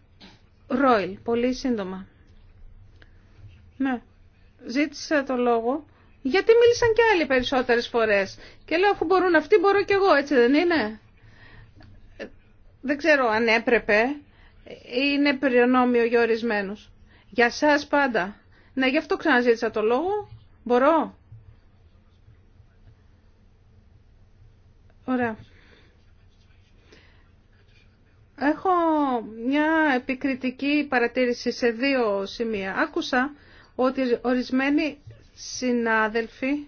Ρόιλ, πολύ σύντομα. Ναι, ζήτησα το λόγο γιατί μίλησαν και άλλοι περισσότερες φορές. Και λέω, αφού μπορούν αυτοί, μπορώ κι εγώ, έτσι δεν είναι. Δεν ξέρω αν έπρεπε. Είναι προνόμιο για ορισμένους. Για σας πάντα. Ναι, γι' αυτό ξαναζήτησα το λόγο. Μπορώ. Ωραία. Έχω μια επικριτική παρατήρηση σε δύο σημεία. Άκουσα ότι ορισμένοι συνάδελφοι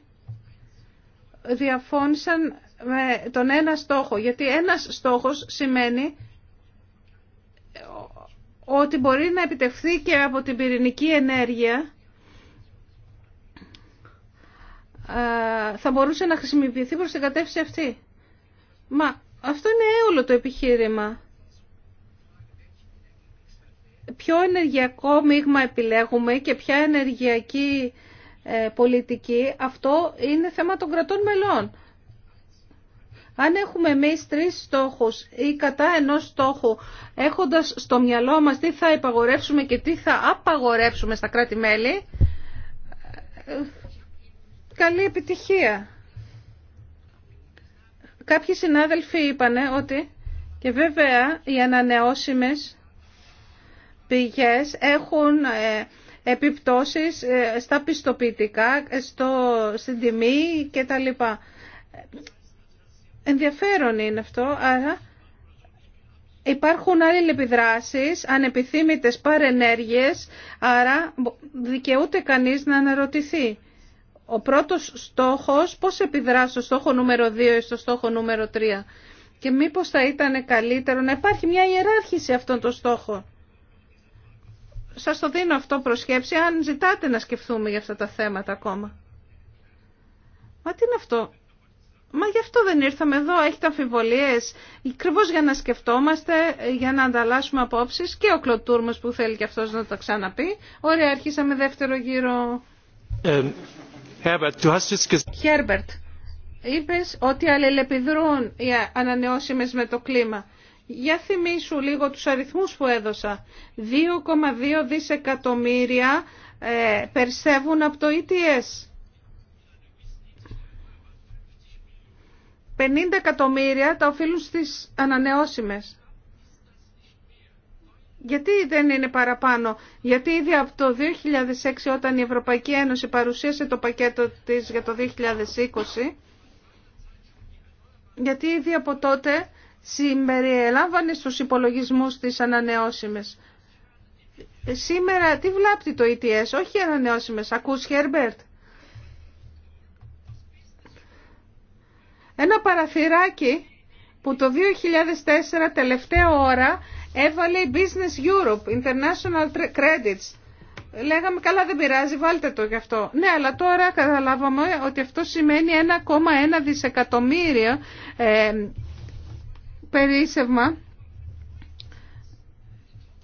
διαφώνησαν με τον ένα στόχο, γιατί ένας στόχος σημαίνει ότι μπορεί να επιτευχθεί και από την πυρηνική ενέργεια ε, θα μπορούσε να χρησιμοποιηθεί προς την κατεύθυνση αυτή. Μα αυτό είναι έολο το επιχείρημα ποιο ενεργειακό μείγμα επιλέγουμε και ποια ενεργειακή ε, πολιτική, αυτό είναι θέμα των κρατών μελών. Αν έχουμε εμεί τρεις στόχους ή κατά ενός στόχου, έχοντας στο μυαλό μας τι θα υπαγορεύσουμε και τι θα απαγορεύσουμε στα κράτη-μέλη, ε, καλή επιτυχία. Κάποιοι συνάδελφοι είπανε ότι και βέβαια οι ανανεώσιμες πηγές έχουν ε, επιπτώσεις ε, στα πιστοποιητικά, στο, στην τιμή και τα λοιπά. Ενδιαφέρον είναι αυτό, άρα υπάρχουν επιδράσεις, ανεπιθύμητες παρενέργειες, άρα δικαιούται κανείς να αναρωτηθεί. Ο πρώτος στόχος, πώς επιδρά στο στόχο νούμερο 2 ή στο στόχο νούμερο 3. Και μήπως θα ήταν καλύτερο να υπάρχει μια ιεράρχηση αυτών των στόχων σας το δίνω αυτό προσκέψη αν ζητάτε να σκεφτούμε για αυτά τα θέματα ακόμα. Μα τι είναι αυτό. Μα γι' αυτό δεν ήρθαμε εδώ, έχετε αμφιβολίες, ακριβώ για να σκεφτόμαστε, για να ανταλλάσσουμε απόψεις και ο Κλωτούρμος που θέλει και αυτός να τα ξαναπεί. Ωραία, αρχίσαμε δεύτερο γύρο. Χέρμπερτ, είπες ότι αλληλεπιδρούν οι ανανεώσιμες με το κλίμα. Για θυμίσου λίγο τους αριθμούς που έδωσα. 2,2 δισεκατομμύρια ε, από το ETS. 50 εκατομμύρια τα οφείλουν στις ανανεώσιμες. Γιατί δεν είναι παραπάνω. Γιατί ήδη από το 2006 όταν η Ευρωπαϊκή Ένωση παρουσίασε το πακέτο της για το 2020, γιατί ήδη από τότε συμπεριέλαμβανε στους υπολογισμούς τις ανανεώσιμες. Σήμερα τι βλάπτει το ETS, όχι οι ανανεώσιμες. Ακούς, Χέρμπερτ. Ένα παραθυράκι που το 2004 τελευταία ώρα έβαλε η Business Europe, International Credits. Λέγαμε καλά δεν πειράζει, βάλτε το γι' αυτό. Ναι, αλλά τώρα καταλάβαμε ότι αυτό σημαίνει 1,1 δισεκατομμύρια ε, περίσευμα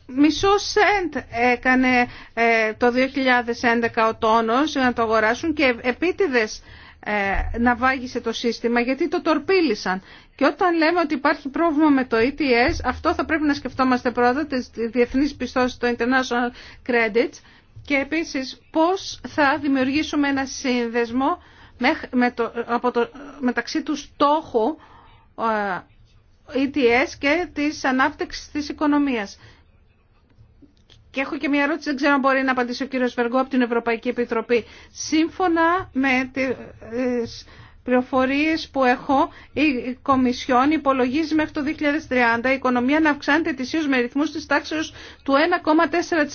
μισό σέντ έκανε ε, το 2011 ο τόνος για να το αγοράσουν και επίτηδες ε, να βάγισε το σύστημα γιατί το τορπίλησαν. Και όταν λέμε ότι υπάρχει πρόβλημα με το ETS, αυτό θα πρέπει να σκεφτόμαστε πρώτα, τις διεθνείς πιστώσεις, το International Credits και επίσης πώς θα δημιουργήσουμε ένα σύνδεσμο με το, μεταξύ του στόχου ε, ETS ε και της ανάπτυξης της οικονομίας. Και έχω και μια ερώτηση, δεν ξέρω αν μπορεί να απαντήσει ο κύριος Βεργό από την Ευρωπαϊκή Επιτροπή. Σύμφωνα με τις πληροφορίες που έχω, η Κομισιόν υπολογίζει μέχρι το 2030 η οικονομία να αυξάνεται ετησίως με ρυθμούς της τάξης του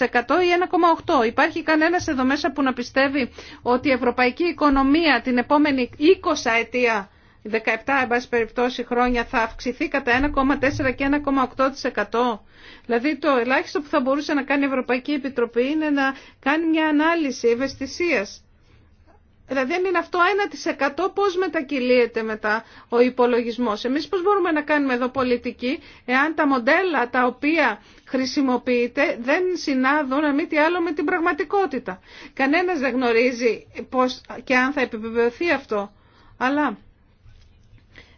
1,4% ή 1,8%. Υπάρχει κανένας εδώ μέσα που να πιστεύει ότι η ευρωπαϊκή οικονομία την επόμενη 20 ετία 17 εν πάση περιπτώσει χρόνια θα αυξηθεί κατά 1,4 και 1,8%. Δηλαδή το ελάχιστο που θα μπορούσε να κάνει η Ευρωπαϊκή Επιτροπή είναι να κάνει μια ανάλυση ευαισθησίας. Δηλαδή αν είναι αυτό 1% πώς μετακυλείεται μετά ο υπολογισμός. Εμείς πώς μπορούμε να κάνουμε εδώ πολιτική εάν τα μοντέλα τα οποία χρησιμοποιείται δεν συνάδουν αν μη τι άλλο με την πραγματικότητα. Κανένας δεν γνωρίζει πώς και αν θα επιβεβαιωθεί αυτό. Αλλά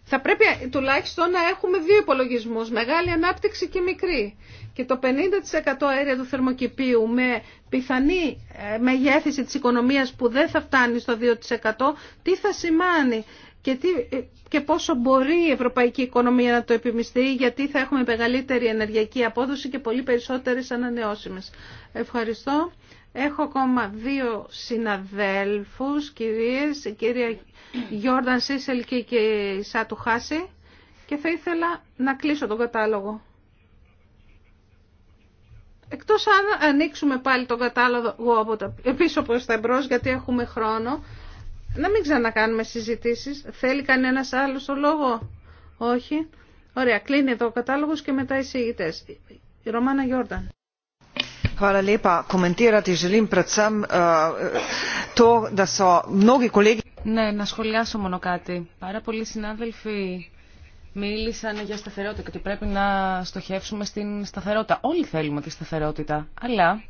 θα πρέπει τουλάχιστον να έχουμε δύο υπολογισμούς, μεγάλη ανάπτυξη και μικρή. Και το 50% αέρια του θερμοκηπίου με πιθανή ε, μεγέθηση της οικονομίας που δεν θα φτάνει στο 2%, τι θα σημάνει και, τι, ε, και πόσο μπορεί η ευρωπαϊκή οικονομία να το επιμειστεί, γιατί θα έχουμε μεγαλύτερη ενεργειακή απόδοση και πολύ περισσότερες ανανεώσιμες. Ευχαριστώ. Έχω ακόμα δύο συναδέλφους, κυρίες, η κυρία Γιόρνταν Σίσελ και η Σάτου Χάση και θα ήθελα να κλείσω τον κατάλογο. Εκτός αν ανοίξουμε πάλι τον κατάλογο από τα, πίσω προς τα εμπρός, γιατί έχουμε χρόνο, να μην ξανακάνουμε συζητήσεις. Θέλει κανένας άλλος το λόγο. Όχι. Ωραία, κλείνει εδώ ο κατάλογος και μετά οι συγητές. Η Ρωμάνα Γιόρνταν. Komentirati želim predvsem eh, to, da so mnogi kolegi... Ναι, να σχολιάσω μόνο κάτι. Πάρα πολλοί συνάδελφοι μίλησαν για σταθερότητα και ότι πρέπει να στοχεύσουμε στην σταθερότητα. Όλοι θέλουμε τη σταθερότητα, αλλά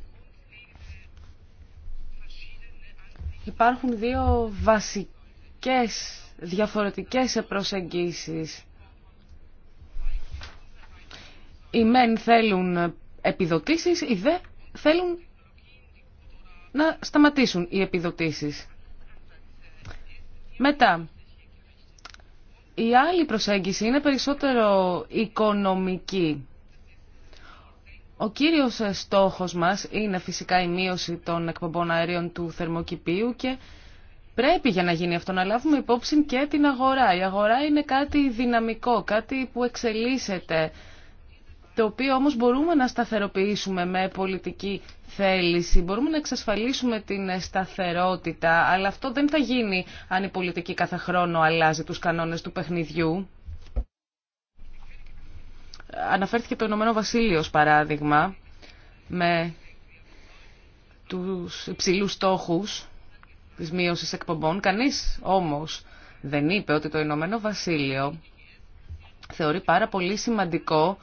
υπάρχουν δύο βασικές διαφορετικές προσεγγίσεις. Οι μεν θέλουν επιδοτήσεις, οι δε θέλουν να σταματήσουν οι επιδοτήσεις. Μετά, η άλλη προσέγγιση είναι περισσότερο οικονομική. Ο κύριος στόχος μας είναι φυσικά η μείωση των εκπομπών αερίων του θερμοκηπίου και πρέπει για να γίνει αυτό να λάβουμε υπόψη και την αγορά. Η αγορά είναι κάτι δυναμικό, κάτι που εξελίσσεται το οποίο όμως μπορούμε να σταθεροποιήσουμε με πολιτική θέληση. Μπορούμε να εξασφαλίσουμε την σταθερότητα, αλλά αυτό δεν θα γίνει αν η πολιτική κάθε χρόνο αλλάζει τους κανόνες του παιχνιδιού. Αναφέρθηκε το Ηνωμένο Βασίλειο ως παράδειγμα, με τους υψηλού στόχους της μείωσης εκπομπών. Κανείς όμως δεν είπε ότι το Ηνωμένο Βασίλειο θεωρεί πάρα πολύ σημαντικό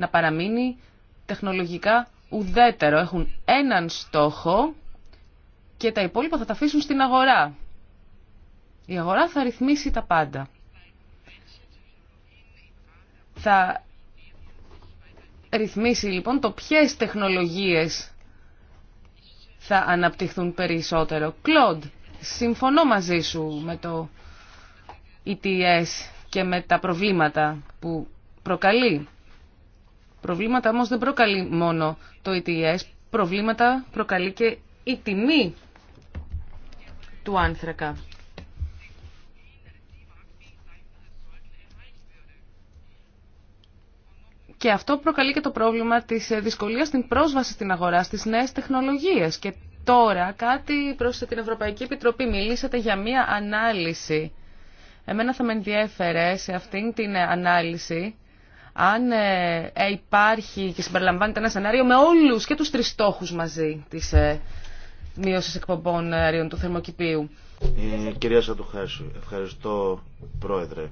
να παραμείνει τεχνολογικά ουδέτερο. Έχουν έναν στόχο και τα υπόλοιπα θα τα αφήσουν στην αγορά. Η αγορά θα ρυθμίσει τα πάντα. Θα ρυθμίσει λοιπόν το ποιες τεχνολογίες θα αναπτυχθούν περισσότερο. Κλοντ, συμφωνώ μαζί σου με το ETS και με τα προβλήματα που προκαλεί. Προβλήματα όμως δεν προκαλεί μόνο το ETS, προβλήματα προκαλεί και η τιμή του άνθρακα. Και αυτό προκαλεί και το πρόβλημα της δυσκολίας στην πρόσβαση στην αγορά, στις νέες τεχνολογίες. Και τώρα κάτι προς την Ευρωπαϊκή Επιτροπή. Μιλήσατε για μία ανάλυση. Εμένα θα με ενδιέφερε σε αυτήν την ανάλυση αν ε, ε, υπάρχει και συμπεριλαμβάνεται ένα σενάριο με όλους και τους τρεις στόχους μαζί της ε, μείωσης εκπομπών αερίων του θερμοκηπίου. Ε, κυρία Σατουχάση, ευχαριστώ πρόεδρε.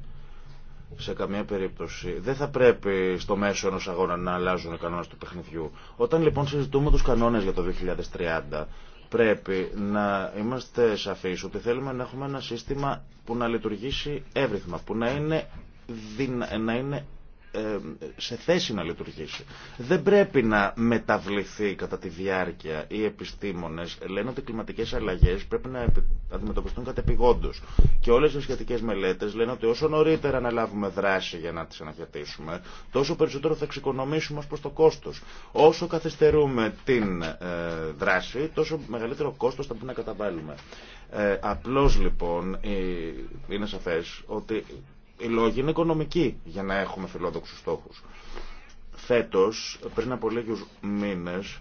Σε καμία περίπτωση. Δεν θα πρέπει στο μέσο ενός αγώνα να αλλάζουν οι κανόνες του παιχνιδιού. Όταν λοιπόν συζητούμε τους κανόνες για το 2030, πρέπει να είμαστε σαφείς ότι θέλουμε να έχουμε ένα σύστημα που να λειτουργήσει εύρυθμα, που να είναι, να είναι ε, σε θέση να λειτουργήσει. Δεν πρέπει να μεταβληθεί κατά τη διάρκεια. Οι επιστήμονες λένε ότι οι κλιματικές αλλαγές πρέπει να αντιμετωπιστούν κατεπηγόντως. Και όλες οι σχετικές μελέτες λένε ότι όσο νωρίτερα αναλάβουμε δράση για να τις αναχαιτήσουμε, τόσο περισσότερο θα εξοικονομήσουμε ως προς το κόστος. Όσο καθυστερούμε την ε, δράση, τόσο μεγαλύτερο κόστος θα πρέπει να καταβάλουμε. Ε, απλώς λοιπόν ε, είναι σαφές ότι οι λόγοι είναι οικονομικοί για να έχουμε φιλόδοξους στόχους. Φέτος, πριν από λίγους μήνες,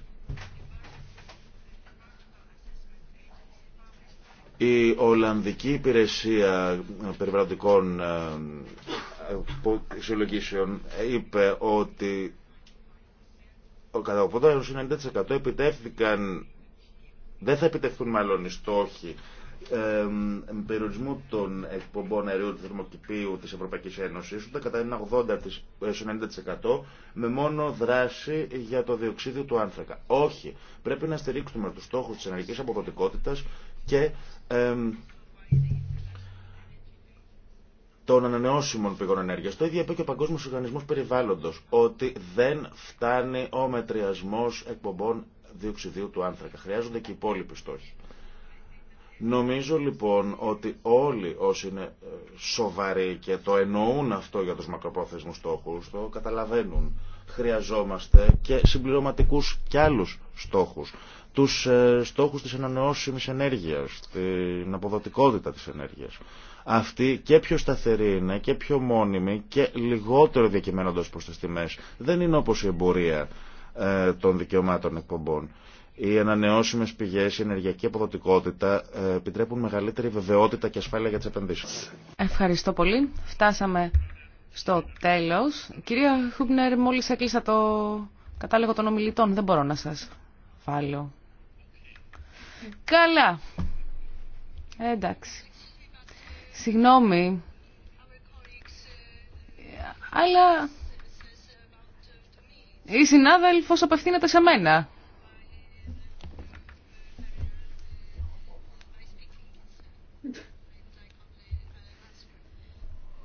η Ολλανδική Υπηρεσία Περιβαλλοντικών ε, ε, Συλλογήσεων είπε ότι κατά 80-90% επιτεύχθηκαν δεν θα επιτευχθούν μάλλον οι στόχοι περιορισμού των εκπομπών αερίου του θερμοκηπίου της Ευρωπαϊκής Ένωσης ούτε κατά ένα 80% ε, με μόνο δράση για το διοξίδιο του άνθρακα. Όχι. Πρέπει να στηρίξουμε τους στόχους της ενεργικής αποδοτικότητας και των ανανεώσιμων πηγών ενέργειας. Το ίδιο είπε και ο Παγκόσμιο Οργανισμό περιβάλλοντος ότι δεν φτάνει ο μετριασμός εκπομπών διοξιδίου του άνθρακα. Χρειάζονται και οι υπόλοιποι στόχοι. Νομίζω λοιπόν ότι όλοι όσοι είναι ε, σοβαροί και το εννοούν αυτό για τους μακροπρόθεσμους στόχους, το καταλαβαίνουν. Χρειαζόμαστε και συμπληρωματικούς κι άλλους στόχους. Τους ε, στόχους της ανανεώσιμης ενέργειας, την αποδοτικότητα της ενέργειας. Αυτή και πιο σταθερή είναι και πιο μόνιμη και λιγότερο διακειμένοντας προς τις τιμές. Δεν είναι όπως η εμπορία ε, των δικαιωμάτων εκπομπών. Οι ανανεώσιμε πηγέ, η ενεργειακή αποδοτικότητα ε, επιτρέπουν μεγαλύτερη βεβαιότητα και ασφάλεια για τι επενδύσει. Ευχαριστώ πολύ. Φτάσαμε στο τέλο. Κυρία Χούμπνερ, μόλι έκλεισα το κατάλογο των ομιλητών. Δεν μπορώ να σα βάλω. Καλά. Ε, εντάξει. Συγγνώμη. Αλλά η συνάδελφος απευθύνεται σε μένα.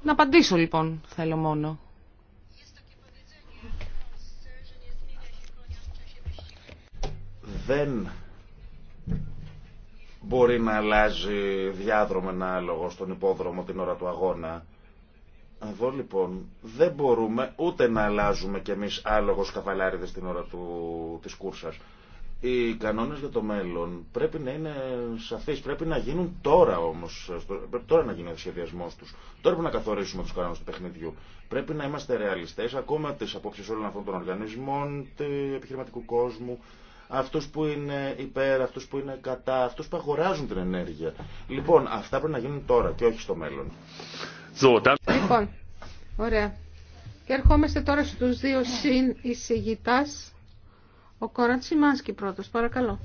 Να απαντήσω λοιπόν, θέλω μόνο. Δεν μπορεί να αλλάζει διάδρομο ένα άλογο στον υπόδρομο την ώρα του αγώνα. Εδώ λοιπόν δεν μπορούμε ούτε να αλλάζουμε κι εμείς άλογος καβαλάριδες την ώρα του, της κούρσας. Οι κανόνες για το μέλλον πρέπει να είναι σαφείς, πρέπει να γίνουν τώρα όμως, πρέπει τώρα να γίνει ο σχεδιασμός τους. Τώρα πρέπει να καθορίσουμε τους κανόνες του παιχνιδιού. Πρέπει να είμαστε ρεαλιστές, ακόμα τις απόψεις όλων αυτών των οργανισμών, του επιχειρηματικού κόσμου, αυτούς που είναι υπέρ, αυτούς που είναι κατά, αυτούς που αγοράζουν την ενέργεια. Λοιπόν, αυτά πρέπει να γίνουν τώρα και όχι στο μέλλον. Λοιπόν, ωραία. Και ερχόμαστε τώρα στους δύο συν ο Κόρατσι πρώτος, παρακαλώ.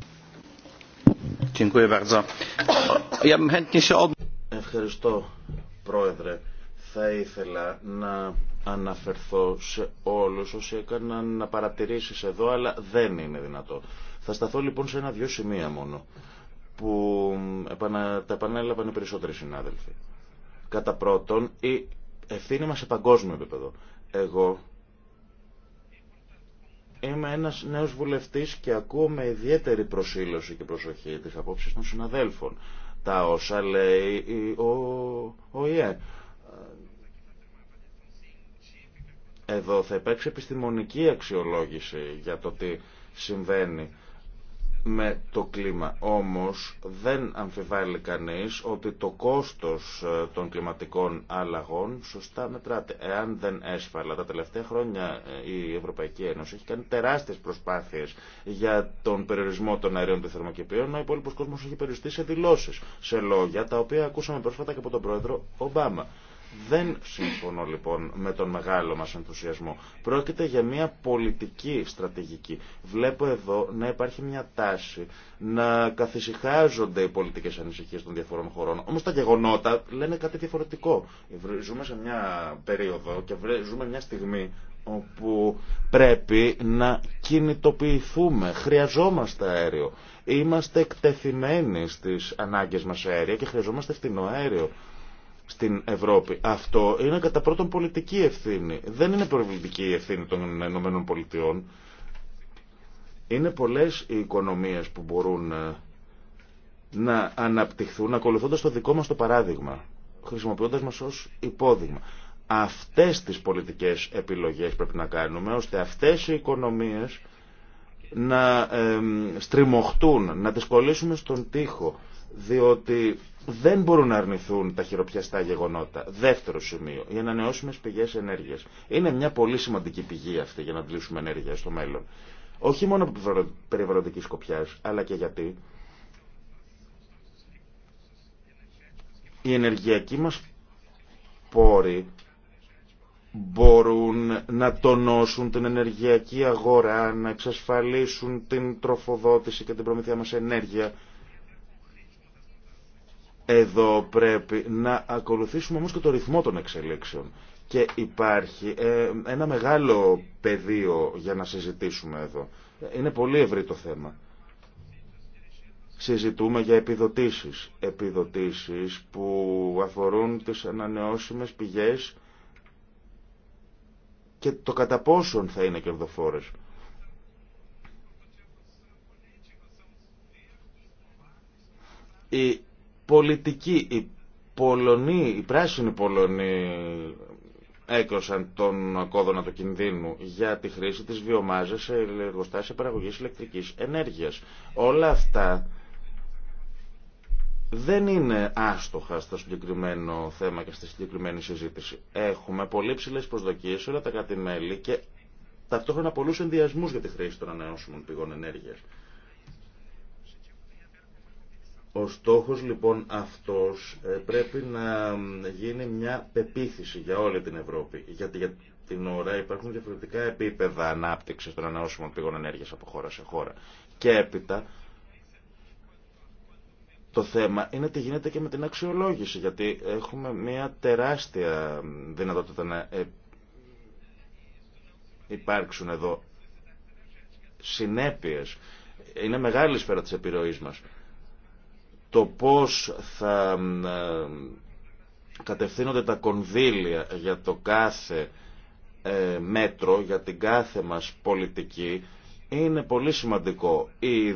Ευχαριστώ, Πρόεδρε. Θα ήθελα να αναφερθώ σε όλους όσοι έκαναν να παρατηρήσεις εδώ, αλλά δεν είναι δυνατό. Θα σταθώ λοιπόν σε ένα-δυο σημεία μόνο, που τα επανέλαβαν οι περισσότεροι συνάδελφοι. Κατά πρώτον, η ευθύνη μας σε παγκόσμιο επίπεδο. Εγώ Είμαι ένας νέος βουλευτής και ακούω με ιδιαίτερη προσήλωση και προσοχή τις απόψεις των συναδέλφων. Τα όσα λέει ο, ο ΙΕ. Εδώ θα υπάρξει επιστημονική αξιολόγηση για το τι συμβαίνει με το κλίμα. Όμως δεν αμφιβάλλει κανείς ότι το κόστος ε, των κλιματικών αλλαγών σωστά μετράται. Εάν δεν έσφαλα τα τελευταία χρόνια ε, η Ευρωπαϊκή Ένωση έχει κάνει τεράστιες προσπάθειες για τον περιορισμό των αερίων του θερμοκηπίων, ο υπόλοιπος κόσμος έχει περιοριστεί σε δηλώσεις, σε λόγια τα οποία ακούσαμε πρόσφατα και από τον πρόεδρο Ομπάμα. Δεν συμφωνώ λοιπόν με τον μεγάλο μας ενθουσιασμό. Πρόκειται για μια πολιτική στρατηγική. Βλέπω εδώ να υπάρχει μια τάση να καθησυχάζονται οι πολιτικές ανησυχίες των διαφορών χωρών. Όμως τα γεγονότα λένε κάτι διαφορετικό. Ζούμε σε μια περίοδο και ζούμε μια στιγμή όπου πρέπει να κινητοποιηθούμε. Χρειαζόμαστε αέριο. Είμαστε εκτεθειμένοι στις ανάγκες μας αέρια και χρειαζόμαστε φθηνό αέριο στην Ευρώπη. Αυτό είναι κατά πρώτον πολιτική ευθύνη. Δεν είναι προβλητική η ευθύνη των Ηνωμένων Πολιτειών. Είναι πολλές οι οικονομίες που μπορούν ε, να αναπτυχθούν ακολουθώντας το δικό μας το παράδειγμα, χρησιμοποιώντας μας ως υπόδειγμα. Αυτές τις πολιτικές επιλογές πρέπει να κάνουμε, ώστε αυτές οι οικονομίες να ε, στριμωχτούν, να τις κολλήσουμε στον τοίχο διότι δεν μπορούν να αρνηθούν τα χειροπιαστά γεγονότα. Δεύτερο σημείο, οι ανανεώσιμε πηγέ ενέργεια. Είναι μια πολύ σημαντική πηγή αυτή για να αντλήσουμε ενέργεια στο μέλλον. Όχι μόνο από περιβαλλοντική σκοπιά, αλλά και γιατί οι ενεργειακοί μας πόροι μπορούν να τονώσουν την ενεργειακή αγορά, να εξασφαλίσουν την τροφοδότηση και την προμηθεία μας ενέργεια εδώ πρέπει να ακολουθήσουμε όμως και το ρυθμό των εξελίξεων. Και υπάρχει ε, ένα μεγάλο πεδίο για να συζητήσουμε εδώ. Είναι πολύ ευρύ το θέμα. Συζητούμε για επιδοτήσεις. Επιδοτήσεις που αφορούν τις ανανεώσιμες πηγές και το κατά πόσον θα είναι κερδοφόρες. Η πολιτική. η Πολωνοί, η πράσινοι Πολωνοί έκρωσαν τον κόδωνα του κινδύνου για τη χρήση της βιομάζας σε εργοστάσια παραγωγής ηλεκτρικής ενέργειας. Όλα αυτά δεν είναι άστοχα στο συγκεκριμένο θέμα και στη συγκεκριμένη συζήτηση. Έχουμε πολύ ψηλέ προσδοκίε σε όλα τα κάτι μέλη και ταυτόχρονα πολλού ενδιασμού για τη χρήση των ανανεώσιμων πηγών ενέργειας. Ο στόχος λοιπόν αυτός ε, πρέπει να γίνει μια πεποίθηση για όλη την Ευρώπη. Γιατί για την ώρα υπάρχουν διαφορετικά επίπεδα ανάπτυξης των ανανεώσιμων πηγών ενέργειας από χώρα σε χώρα. Και έπειτα το θέμα είναι τι γίνεται και με την αξιολόγηση. Γιατί έχουμε μια τεράστια δυνατότητα να ε, υπάρξουν εδώ συνέπειες. Είναι μεγάλη σφαίρα της επιρροής μας το πώς θα ε, κατευθύνονται τα κονδύλια για το κάθε ε, μέτρο, για την κάθε μας πολιτική, είναι πολύ σημαντικό. Η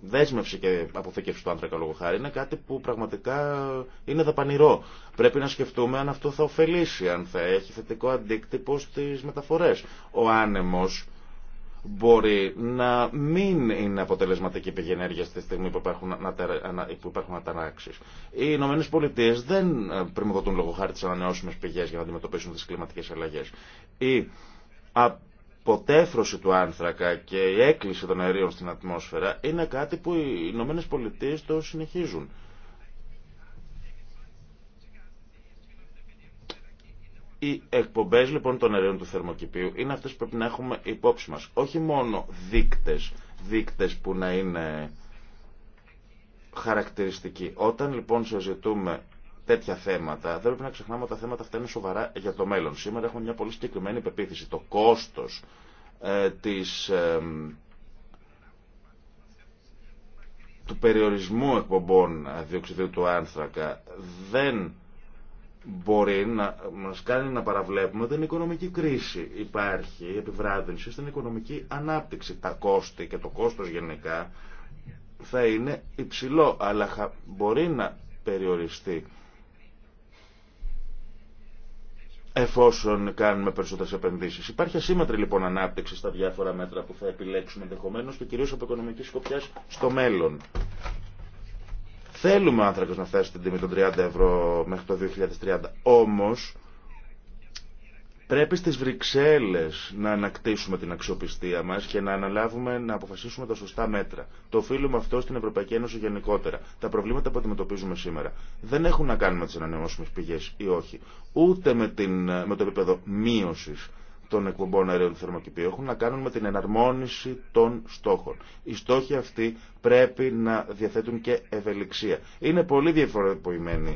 δέσμευση και αποθήκευση του άνθρακα λόγω χάρη είναι κάτι που πραγματικά είναι δαπανηρό. Πρέπει να σκεφτούμε αν αυτό θα ωφελήσει, αν θα έχει θετικό αντίκτυπο στις μεταφορές. Ο άνεμος μπορεί να μην είναι αποτελεσματική πηγή ενέργεια στη στιγμή που υπάρχουν, που υπάρχουν ατανάξει. Οι Ηνωμένε Πολιτείε δεν ε, πρημοδοτούν λόγω χάρη τι ανανεώσιμε πηγέ για να αντιμετωπίσουν τι κλιματικέ αλλαγέ. Η αποτέφρωση του άνθρακα και η έκκληση των αερίων στην ατμόσφαιρα είναι κάτι που οι Ηνωμένε Πολιτείε το συνεχίζουν. Οι εκπομπέ λοιπόν των αερίων του θερμοκηπίου είναι αυτέ που πρέπει να έχουμε υπόψη μα. Όχι μόνο δείκτε δείκτες που να είναι χαρακτηριστικοί. Όταν λοιπόν συζητούμε τέτοια θέματα, δεν πρέπει να ξεχνάμε ότι τα θέματα αυτά είναι σοβαρά για το μέλλον. Σήμερα έχουμε μια πολύ συγκεκριμένη πεποίθηση. Το κόστο ε, ε, του περιορισμού εκπομπών ε, διοξιδίου του άνθρακα δεν μπορεί να μας κάνει να παραβλέπουμε την οικονομική κρίση. Υπάρχει επιβράδυνση στην οικονομική ανάπτυξη. Τα κόστη και το κόστος γενικά θα είναι υψηλό, αλλά μπορεί να περιοριστεί εφόσον κάνουμε περισσότερες επενδύσεις. Υπάρχει ασύμμετρη λοιπόν ανάπτυξη στα διάφορα μέτρα που θα επιλέξουμε ενδεχομένω και κυρίως από οικονομική σκοπιά στο μέλλον. Θέλουμε ο να φτάσει στην τιμή των 30 ευρώ μέχρι το 2030. Όμως πρέπει στις Βρυξέλλες να ανακτήσουμε την αξιοπιστία μας και να αναλάβουμε να αποφασίσουμε τα σωστά μέτρα. Το οφείλουμε αυτό στην Ευρωπαϊκή Ένωση γενικότερα. Τα προβλήματα που αντιμετωπίζουμε σήμερα δεν έχουν να κάνουν με τις ανανεώσιμες πηγές ή όχι. Ούτε με, την, με το επίπεδο μείωσης των εκπομπών αερίων του θερμοκηπίου έχουν να κάνουν με την εναρμόνιση των στόχων. Οι στόχοι αυτοί πρέπει να διαθέτουν και ευελιξία. Είναι πολύ διαφορετική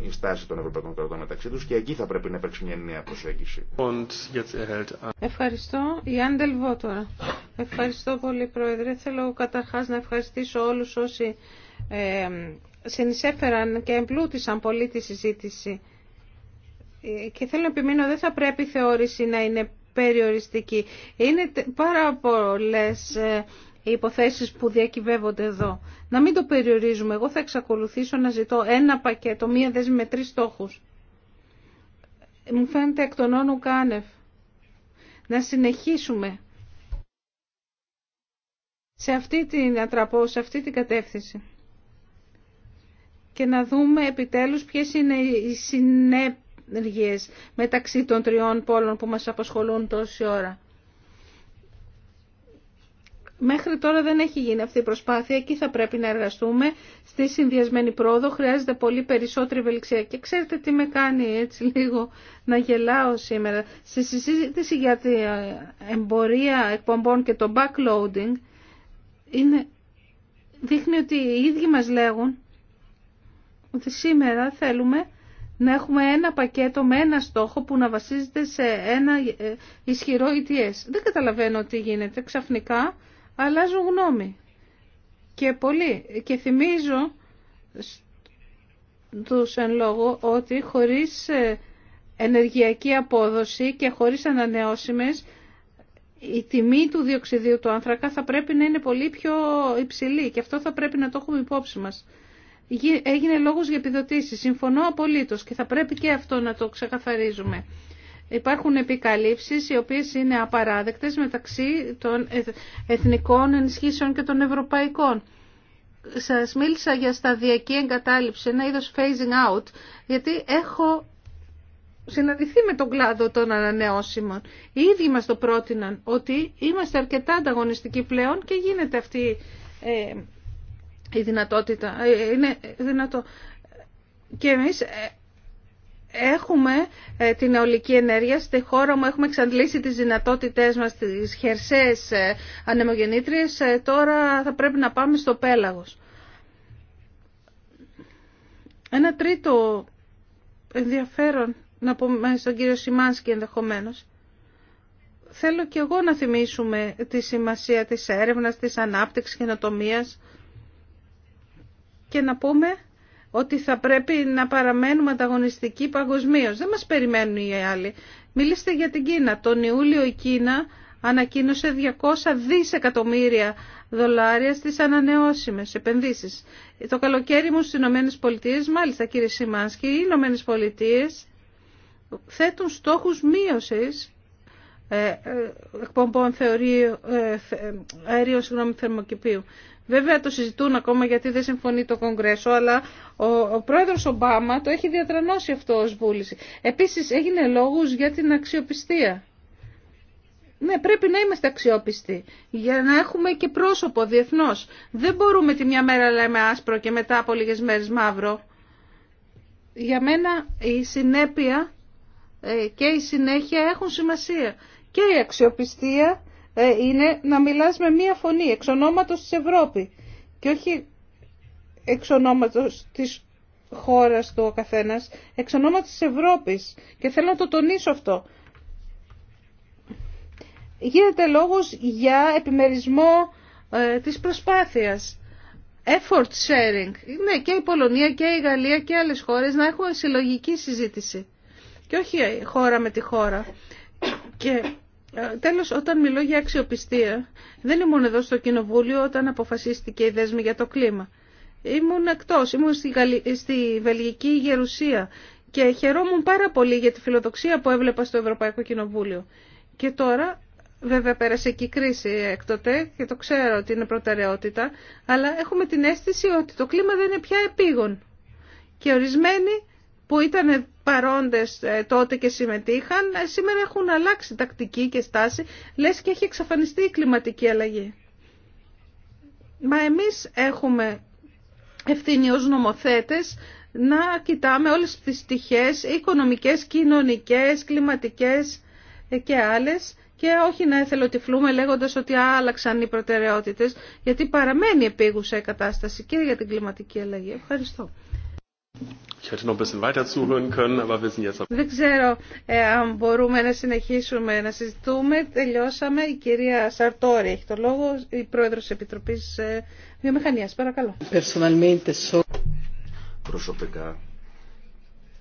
η στάση των ευρωπαϊκών κρατών μεταξύ του και εκεί θα πρέπει να υπάρξει μια νέα προσέγγιση. Ευχαριστώ. Η Άντελ τώρα. Ευχαριστώ πολύ, Πρόεδρε. Θέλω καταρχά να ευχαριστήσω όλου όσοι ε, συνεισέφεραν και εμπλούτησαν πολύ τη συζήτηση. Ε, και θέλω να επιμείνω, δεν θα πρέπει η θεώρηση να είναι περιοριστική. Είναι πάρα πολλέ οι ε, υποθέσεις που διακυβεύονται εδώ. Να μην το περιορίζουμε. Εγώ θα εξακολουθήσω να ζητώ ένα πακέτο, μία δέσμη με τρεις στόχους. Μου φαίνεται εκ των όνων κάνευ. Να συνεχίσουμε σε αυτή την ατραπό, σε αυτή την κατεύθυνση και να δούμε επιτέλους ποιες είναι οι συνέπειες ενεργείες μεταξύ των τριών πόλων που μας απασχολούν τόση ώρα. Μέχρι τώρα δεν έχει γίνει αυτή η προσπάθεια, εκεί θα πρέπει να εργαστούμε. Στη συνδυασμένη πρόοδο χρειάζεται πολύ περισσότερη βελξία. Και ξέρετε τι με κάνει έτσι λίγο να γελάω σήμερα. Στη συζήτηση για την ε, εμπορία εκπομπών και το backloading είναι... δείχνει ότι οι ίδιοι μας λέγουν ότι σήμερα θέλουμε να έχουμε ένα πακέτο με ένα στόχο που να βασίζεται σε ένα ε, ισχυρό ETS. Δεν καταλαβαίνω τι γίνεται. Ξαφνικά αλλάζουν γνώμη. Και πολύ. Και θυμίζω τους εν λόγω ότι χωρίς ε, ενεργειακή απόδοση και χωρίς ανανεώσιμες η τιμή του διοξιδίου του άνθρακα θα πρέπει να είναι πολύ πιο υψηλή και αυτό θα πρέπει να το έχουμε υπόψη μας έγινε λόγος για επιδοτήσεις. Συμφωνώ απολύτως και θα πρέπει και αυτό να το ξεκαθαρίζουμε. Υπάρχουν επικαλύψεις οι οποίες είναι απαράδεκτες μεταξύ των ε, εθνικών ενισχύσεων και των ευρωπαϊκών. Σας μίλησα για σταδιακή εγκατάλειψη, ένα είδος phasing out, γιατί έχω συναντηθεί με τον κλάδο των ανανεώσιμων. Οι ίδιοι μας το πρότειναν ότι είμαστε αρκετά ανταγωνιστικοί πλέον και γίνεται αυτή ε, η δυνατότητα. Ε, είναι δυνατό. Και εμείς ε, έχουμε ε, την αιωλική ενέργεια. Στη χώρα μου έχουμε εξαντλήσει τις δυνατότητές μας, τις χερσές ανεμογεννήτριες. Τώρα θα πρέπει να πάμε στο πέλαγος. Ένα τρίτο ενδιαφέρον να πούμε στον κύριο Σιμάνσκι ενδεχομένως. Θέλω και εγώ να θυμίσουμε τη σημασία της έρευνας, της ανάπτυξης και και να πούμε ότι θα πρέπει να παραμένουμε ανταγωνιστικοί παγκοσμίω. Δεν μας περιμένουν οι άλλοι. Μιλήστε για την Κίνα. Τον Ιούλιο η Κίνα ανακοίνωσε 200 δισεκατομμύρια δολάρια στις ανανεώσιμες επενδύσεις. Το καλοκαίρι μου στις Ηνωμένες Πολιτείες, μάλιστα κύριε Σιμάνσκι, οι Ηνωμένες Πολιτείες θέτουν στόχους μείωσης ε, ε, εκπομπών ε, αερίου συγγνώμη, θερμοκηπίου. Βέβαια το συζητούν ακόμα γιατί δεν συμφωνεί το Κογκρέσο, αλλά ο, ο πρόεδρος Ομπάμα το έχει διατρανώσει αυτό ως βούληση. Επίσης έγινε λόγους για την αξιοπιστία. Ναι, πρέπει να είμαστε αξιόπιστοι για να έχουμε και πρόσωπο διεθνώς. Δεν μπορούμε τη μια μέρα λέμε άσπρο και μετά από λίγες μέρες μαύρο. Για μένα η συνέπεια ε, και η συνέχεια έχουν σημασία. Και η αξιοπιστία ε, είναι να μιλάς με μία φωνή εξ ονόματος της Ευρώπη και όχι εξ ονόματος της χώρας του ο καθένας, εξ ονόματος της Ευρώπης και θέλω να το τονίσω αυτό. Γίνεται λόγος για επιμερισμό ε, της προσπάθειας. Effort sharing. Ναι, και η Πολωνία και η Γαλλία και άλλες χώρες να έχουν συλλογική συζήτηση. Και όχι χώρα με τη χώρα. Και ε, τέλος, όταν μιλώ για αξιοπιστία, δεν ήμουν εδώ στο Κοινοβούλιο όταν αποφασίστηκε η δέσμη για το κλίμα. Ήμουν εκτός, ήμουν στη, στη Βελγική Γερουσία και χαιρόμουν πάρα πολύ για τη φιλοδοξία που έβλεπα στο Ευρωπαϊκό Κοινοβούλιο. Και τώρα, βέβαια πέρασε και η κρίση έκτοτε και το ξέρω ότι είναι προτεραιότητα, αλλά έχουμε την αίσθηση ότι το κλίμα δεν είναι πια επίγον. Και ορισμένοι που ήταν παρόντες ε, τότε και συμμετείχαν, ε, σήμερα έχουν αλλάξει τακτική και στάση, λες και έχει εξαφανιστεί η κλιματική αλλαγή. Μα εμείς έχουμε ευθύνη ως νομοθέτες να κοιτάμε όλες τις τυχές οικονομικές, κοινωνικές, κλιματικές ε, και άλλες και όχι να εθελοτυφλούμε λέγοντας ότι άλλαξαν οι προτεραιότητες, γιατί παραμένει επίγουσα η κατάσταση και για την κλιματική αλλαγή. Ευχαριστώ. Δεν ξέρω ε, αν μπορούμε να συνεχίσουμε να συζητούμε. Τελειώσαμε. Η κυρία Σαρτόρη έχει το λόγο, η πρόεδρος της Επιτροπής ε, Βιομηχανία. Παρακαλώ. Προσωπικά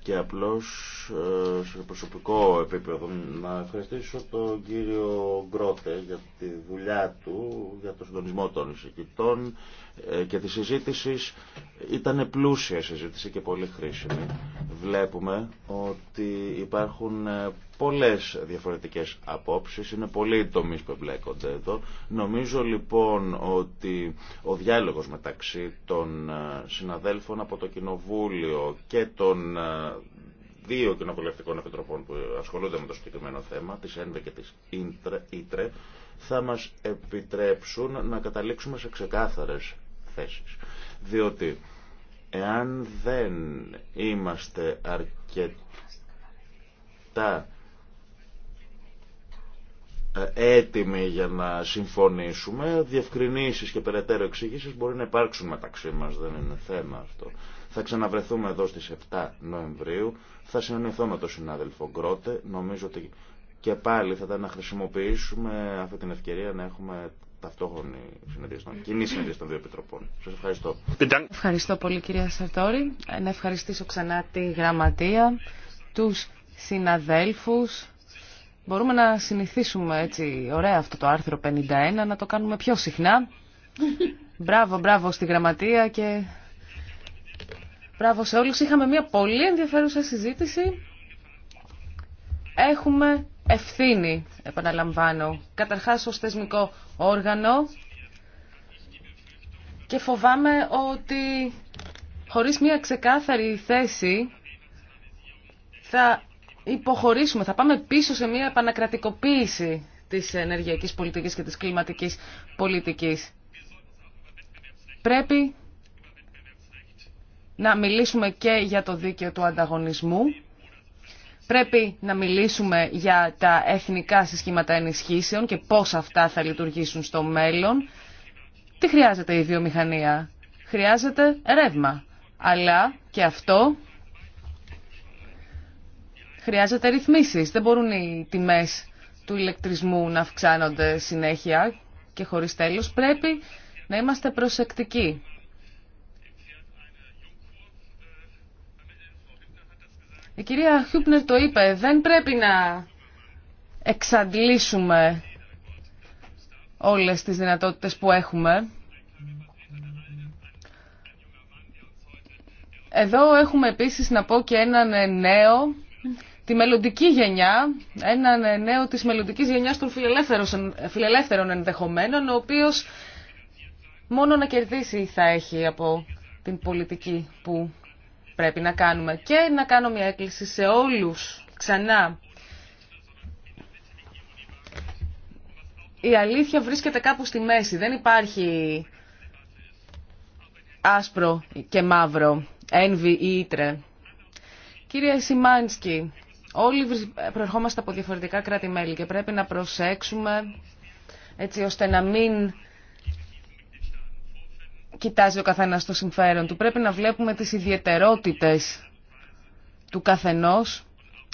και απλώς ε, σε προσωπικό επίπεδο να ευχαριστήσω τον κύριο Γκρότε για τη δουλειά του, για το συντονισμό των εισηγητών ε, και της συζήτησης ήταν πλούσια συζήτηση και πολύ χρήσιμη. Βλέπουμε ότι υπάρχουν ε, πολλές διαφορετικές απόψεις, είναι πολλοί οι τομείς που εμπλέκονται εδώ. Νομίζω λοιπόν ότι ο διάλογος μεταξύ των ε, συναδέλφων από το Κοινοβούλιο και των δύο κοινοβουλευτικών επιτροπών που ασχολούνται με το συγκεκριμένο θέμα, της ΕΝΒΕ και της ΙΤΡΕ, θα μας επιτρέψουν να καταλήξουμε σε ξεκάθαρες διότι εάν δεν είμαστε αρκετά ε, έτοιμοι για να συμφωνήσουμε, διευκρινήσεις και περαιτέρω εξηγήσεις μπορεί να υπάρξουν μεταξύ μας, δεν είναι θέμα αυτό. Θα ξαναβρεθούμε εδώ στις 7 Νοεμβρίου, θα συνεννοηθώ με τον συνάδελφο Γκρότε, νομίζω ότι και πάλι θα τα να χρησιμοποιήσουμε αυτή την ευκαιρία να έχουμε ταυτόχρονη συνεδρία, κοινή συνεδρία των δύο επιτροπών. Σα ευχαριστώ. Ευχαριστώ πολύ κυρία Σαρτόρη. Ε, να ευχαριστήσω ξανά τη γραμματεία, τους συναδέλφους. Μπορούμε να συνηθίσουμε έτσι ωραία αυτό το άρθρο 51, να το κάνουμε πιο συχνά. Μπράβο, μπράβο στη γραμματεία και μπράβο σε όλους. Είχαμε μια πολύ ενδιαφέρουσα συζήτηση. Έχουμε ευθύνη, επαναλαμβάνω, καταρχάς ως θεσμικό όργανο και φοβάμαι ότι χωρίς μια ξεκάθαρη θέση θα υποχωρήσουμε, θα πάμε πίσω σε μια επανακρατικοποίηση της ενεργειακής πολιτικής και της κλιματικής πολιτικής. Πρέπει να μιλήσουμε και για το δίκαιο του ανταγωνισμού Πρέπει να μιλήσουμε για τα εθνικά συσχήματα ενισχύσεων και πώς αυτά θα λειτουργήσουν στο μέλλον. Τι χρειάζεται η βιομηχανία. Χρειάζεται ρεύμα. Αλλά και αυτό χρειάζεται ρυθμίσεις. Δεν μπορούν οι τιμές του ηλεκτρισμού να αυξάνονται συνέχεια και χωρίς τέλος. Πρέπει να είμαστε προσεκτικοί. Η κυρία Χιούπνερ το είπε, δεν πρέπει να εξαντλήσουμε όλες τις δυνατότητες που έχουμε. Εδώ έχουμε επίσης να πω και έναν νέο, τη μελλοντική γενιά, έναν νέο της μελλοντική γενιάς των φιλελεύθερων, ενδεχομένων, ο οποίος μόνο να κερδίσει θα έχει από την πολιτική που πρέπει να κάνουμε. Και να κάνω μια έκκληση σε όλους ξανά. Η αλήθεια βρίσκεται κάπου στη μέση. Δεν υπάρχει άσπρο και μαύρο, ένβη ή ήτρε. Κύριε Σιμάνσκι, όλοι προερχόμαστε από διαφορετικά κράτη-μέλη και πρέπει να προσέξουμε έτσι ώστε να μην κοιτάζει ο καθένας το συμφέρον του. Πρέπει να βλέπουμε τις ιδιαιτερότητες του καθενός,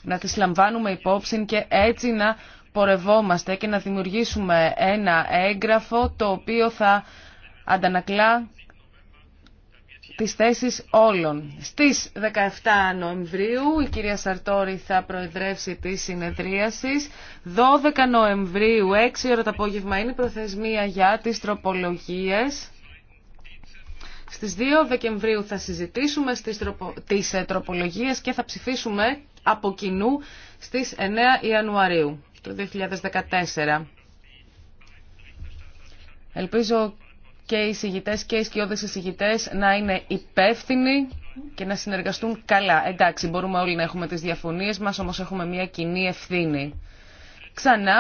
να τις λαμβάνουμε υπόψη και έτσι να πορευόμαστε και να δημιουργήσουμε ένα έγγραφο το οποίο θα αντανακλά τις θέσεις όλων. Στις 17 Νοεμβρίου η κυρία Σαρτόρη θα προεδρεύσει τη συνεδρίαση. 12 Νοεμβρίου, 6 ώρα το απόγευμα, είναι η προθεσμία για τις τροπολογίες. Στις 2 Δεκεμβρίου θα συζητήσουμε στις τροπο, ε, τροπολογίες και θα ψηφίσουμε από κοινού στις 9 Ιανουαρίου του 2014. Ελπίζω και οι συγητές και οι σκιώδες συγητές να είναι υπεύθυνοι και να συνεργαστούν καλά. Εντάξει, μπορούμε όλοι να έχουμε τις διαφωνίες μας, όμως έχουμε μια κοινή ευθύνη. Ξανά,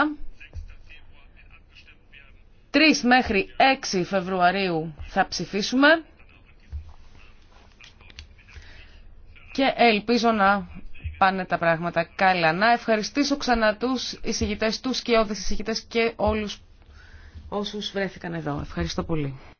3 μέχρι 6 Φεβρουαρίου θα ψηφίσουμε. και ελπίζω να πάνε τα πράγματα καλά. Να ευχαριστήσω ξανά τους εισηγητές, τους και εισηγητές και όλους όσους βρέθηκαν εδώ. Ευχαριστώ πολύ.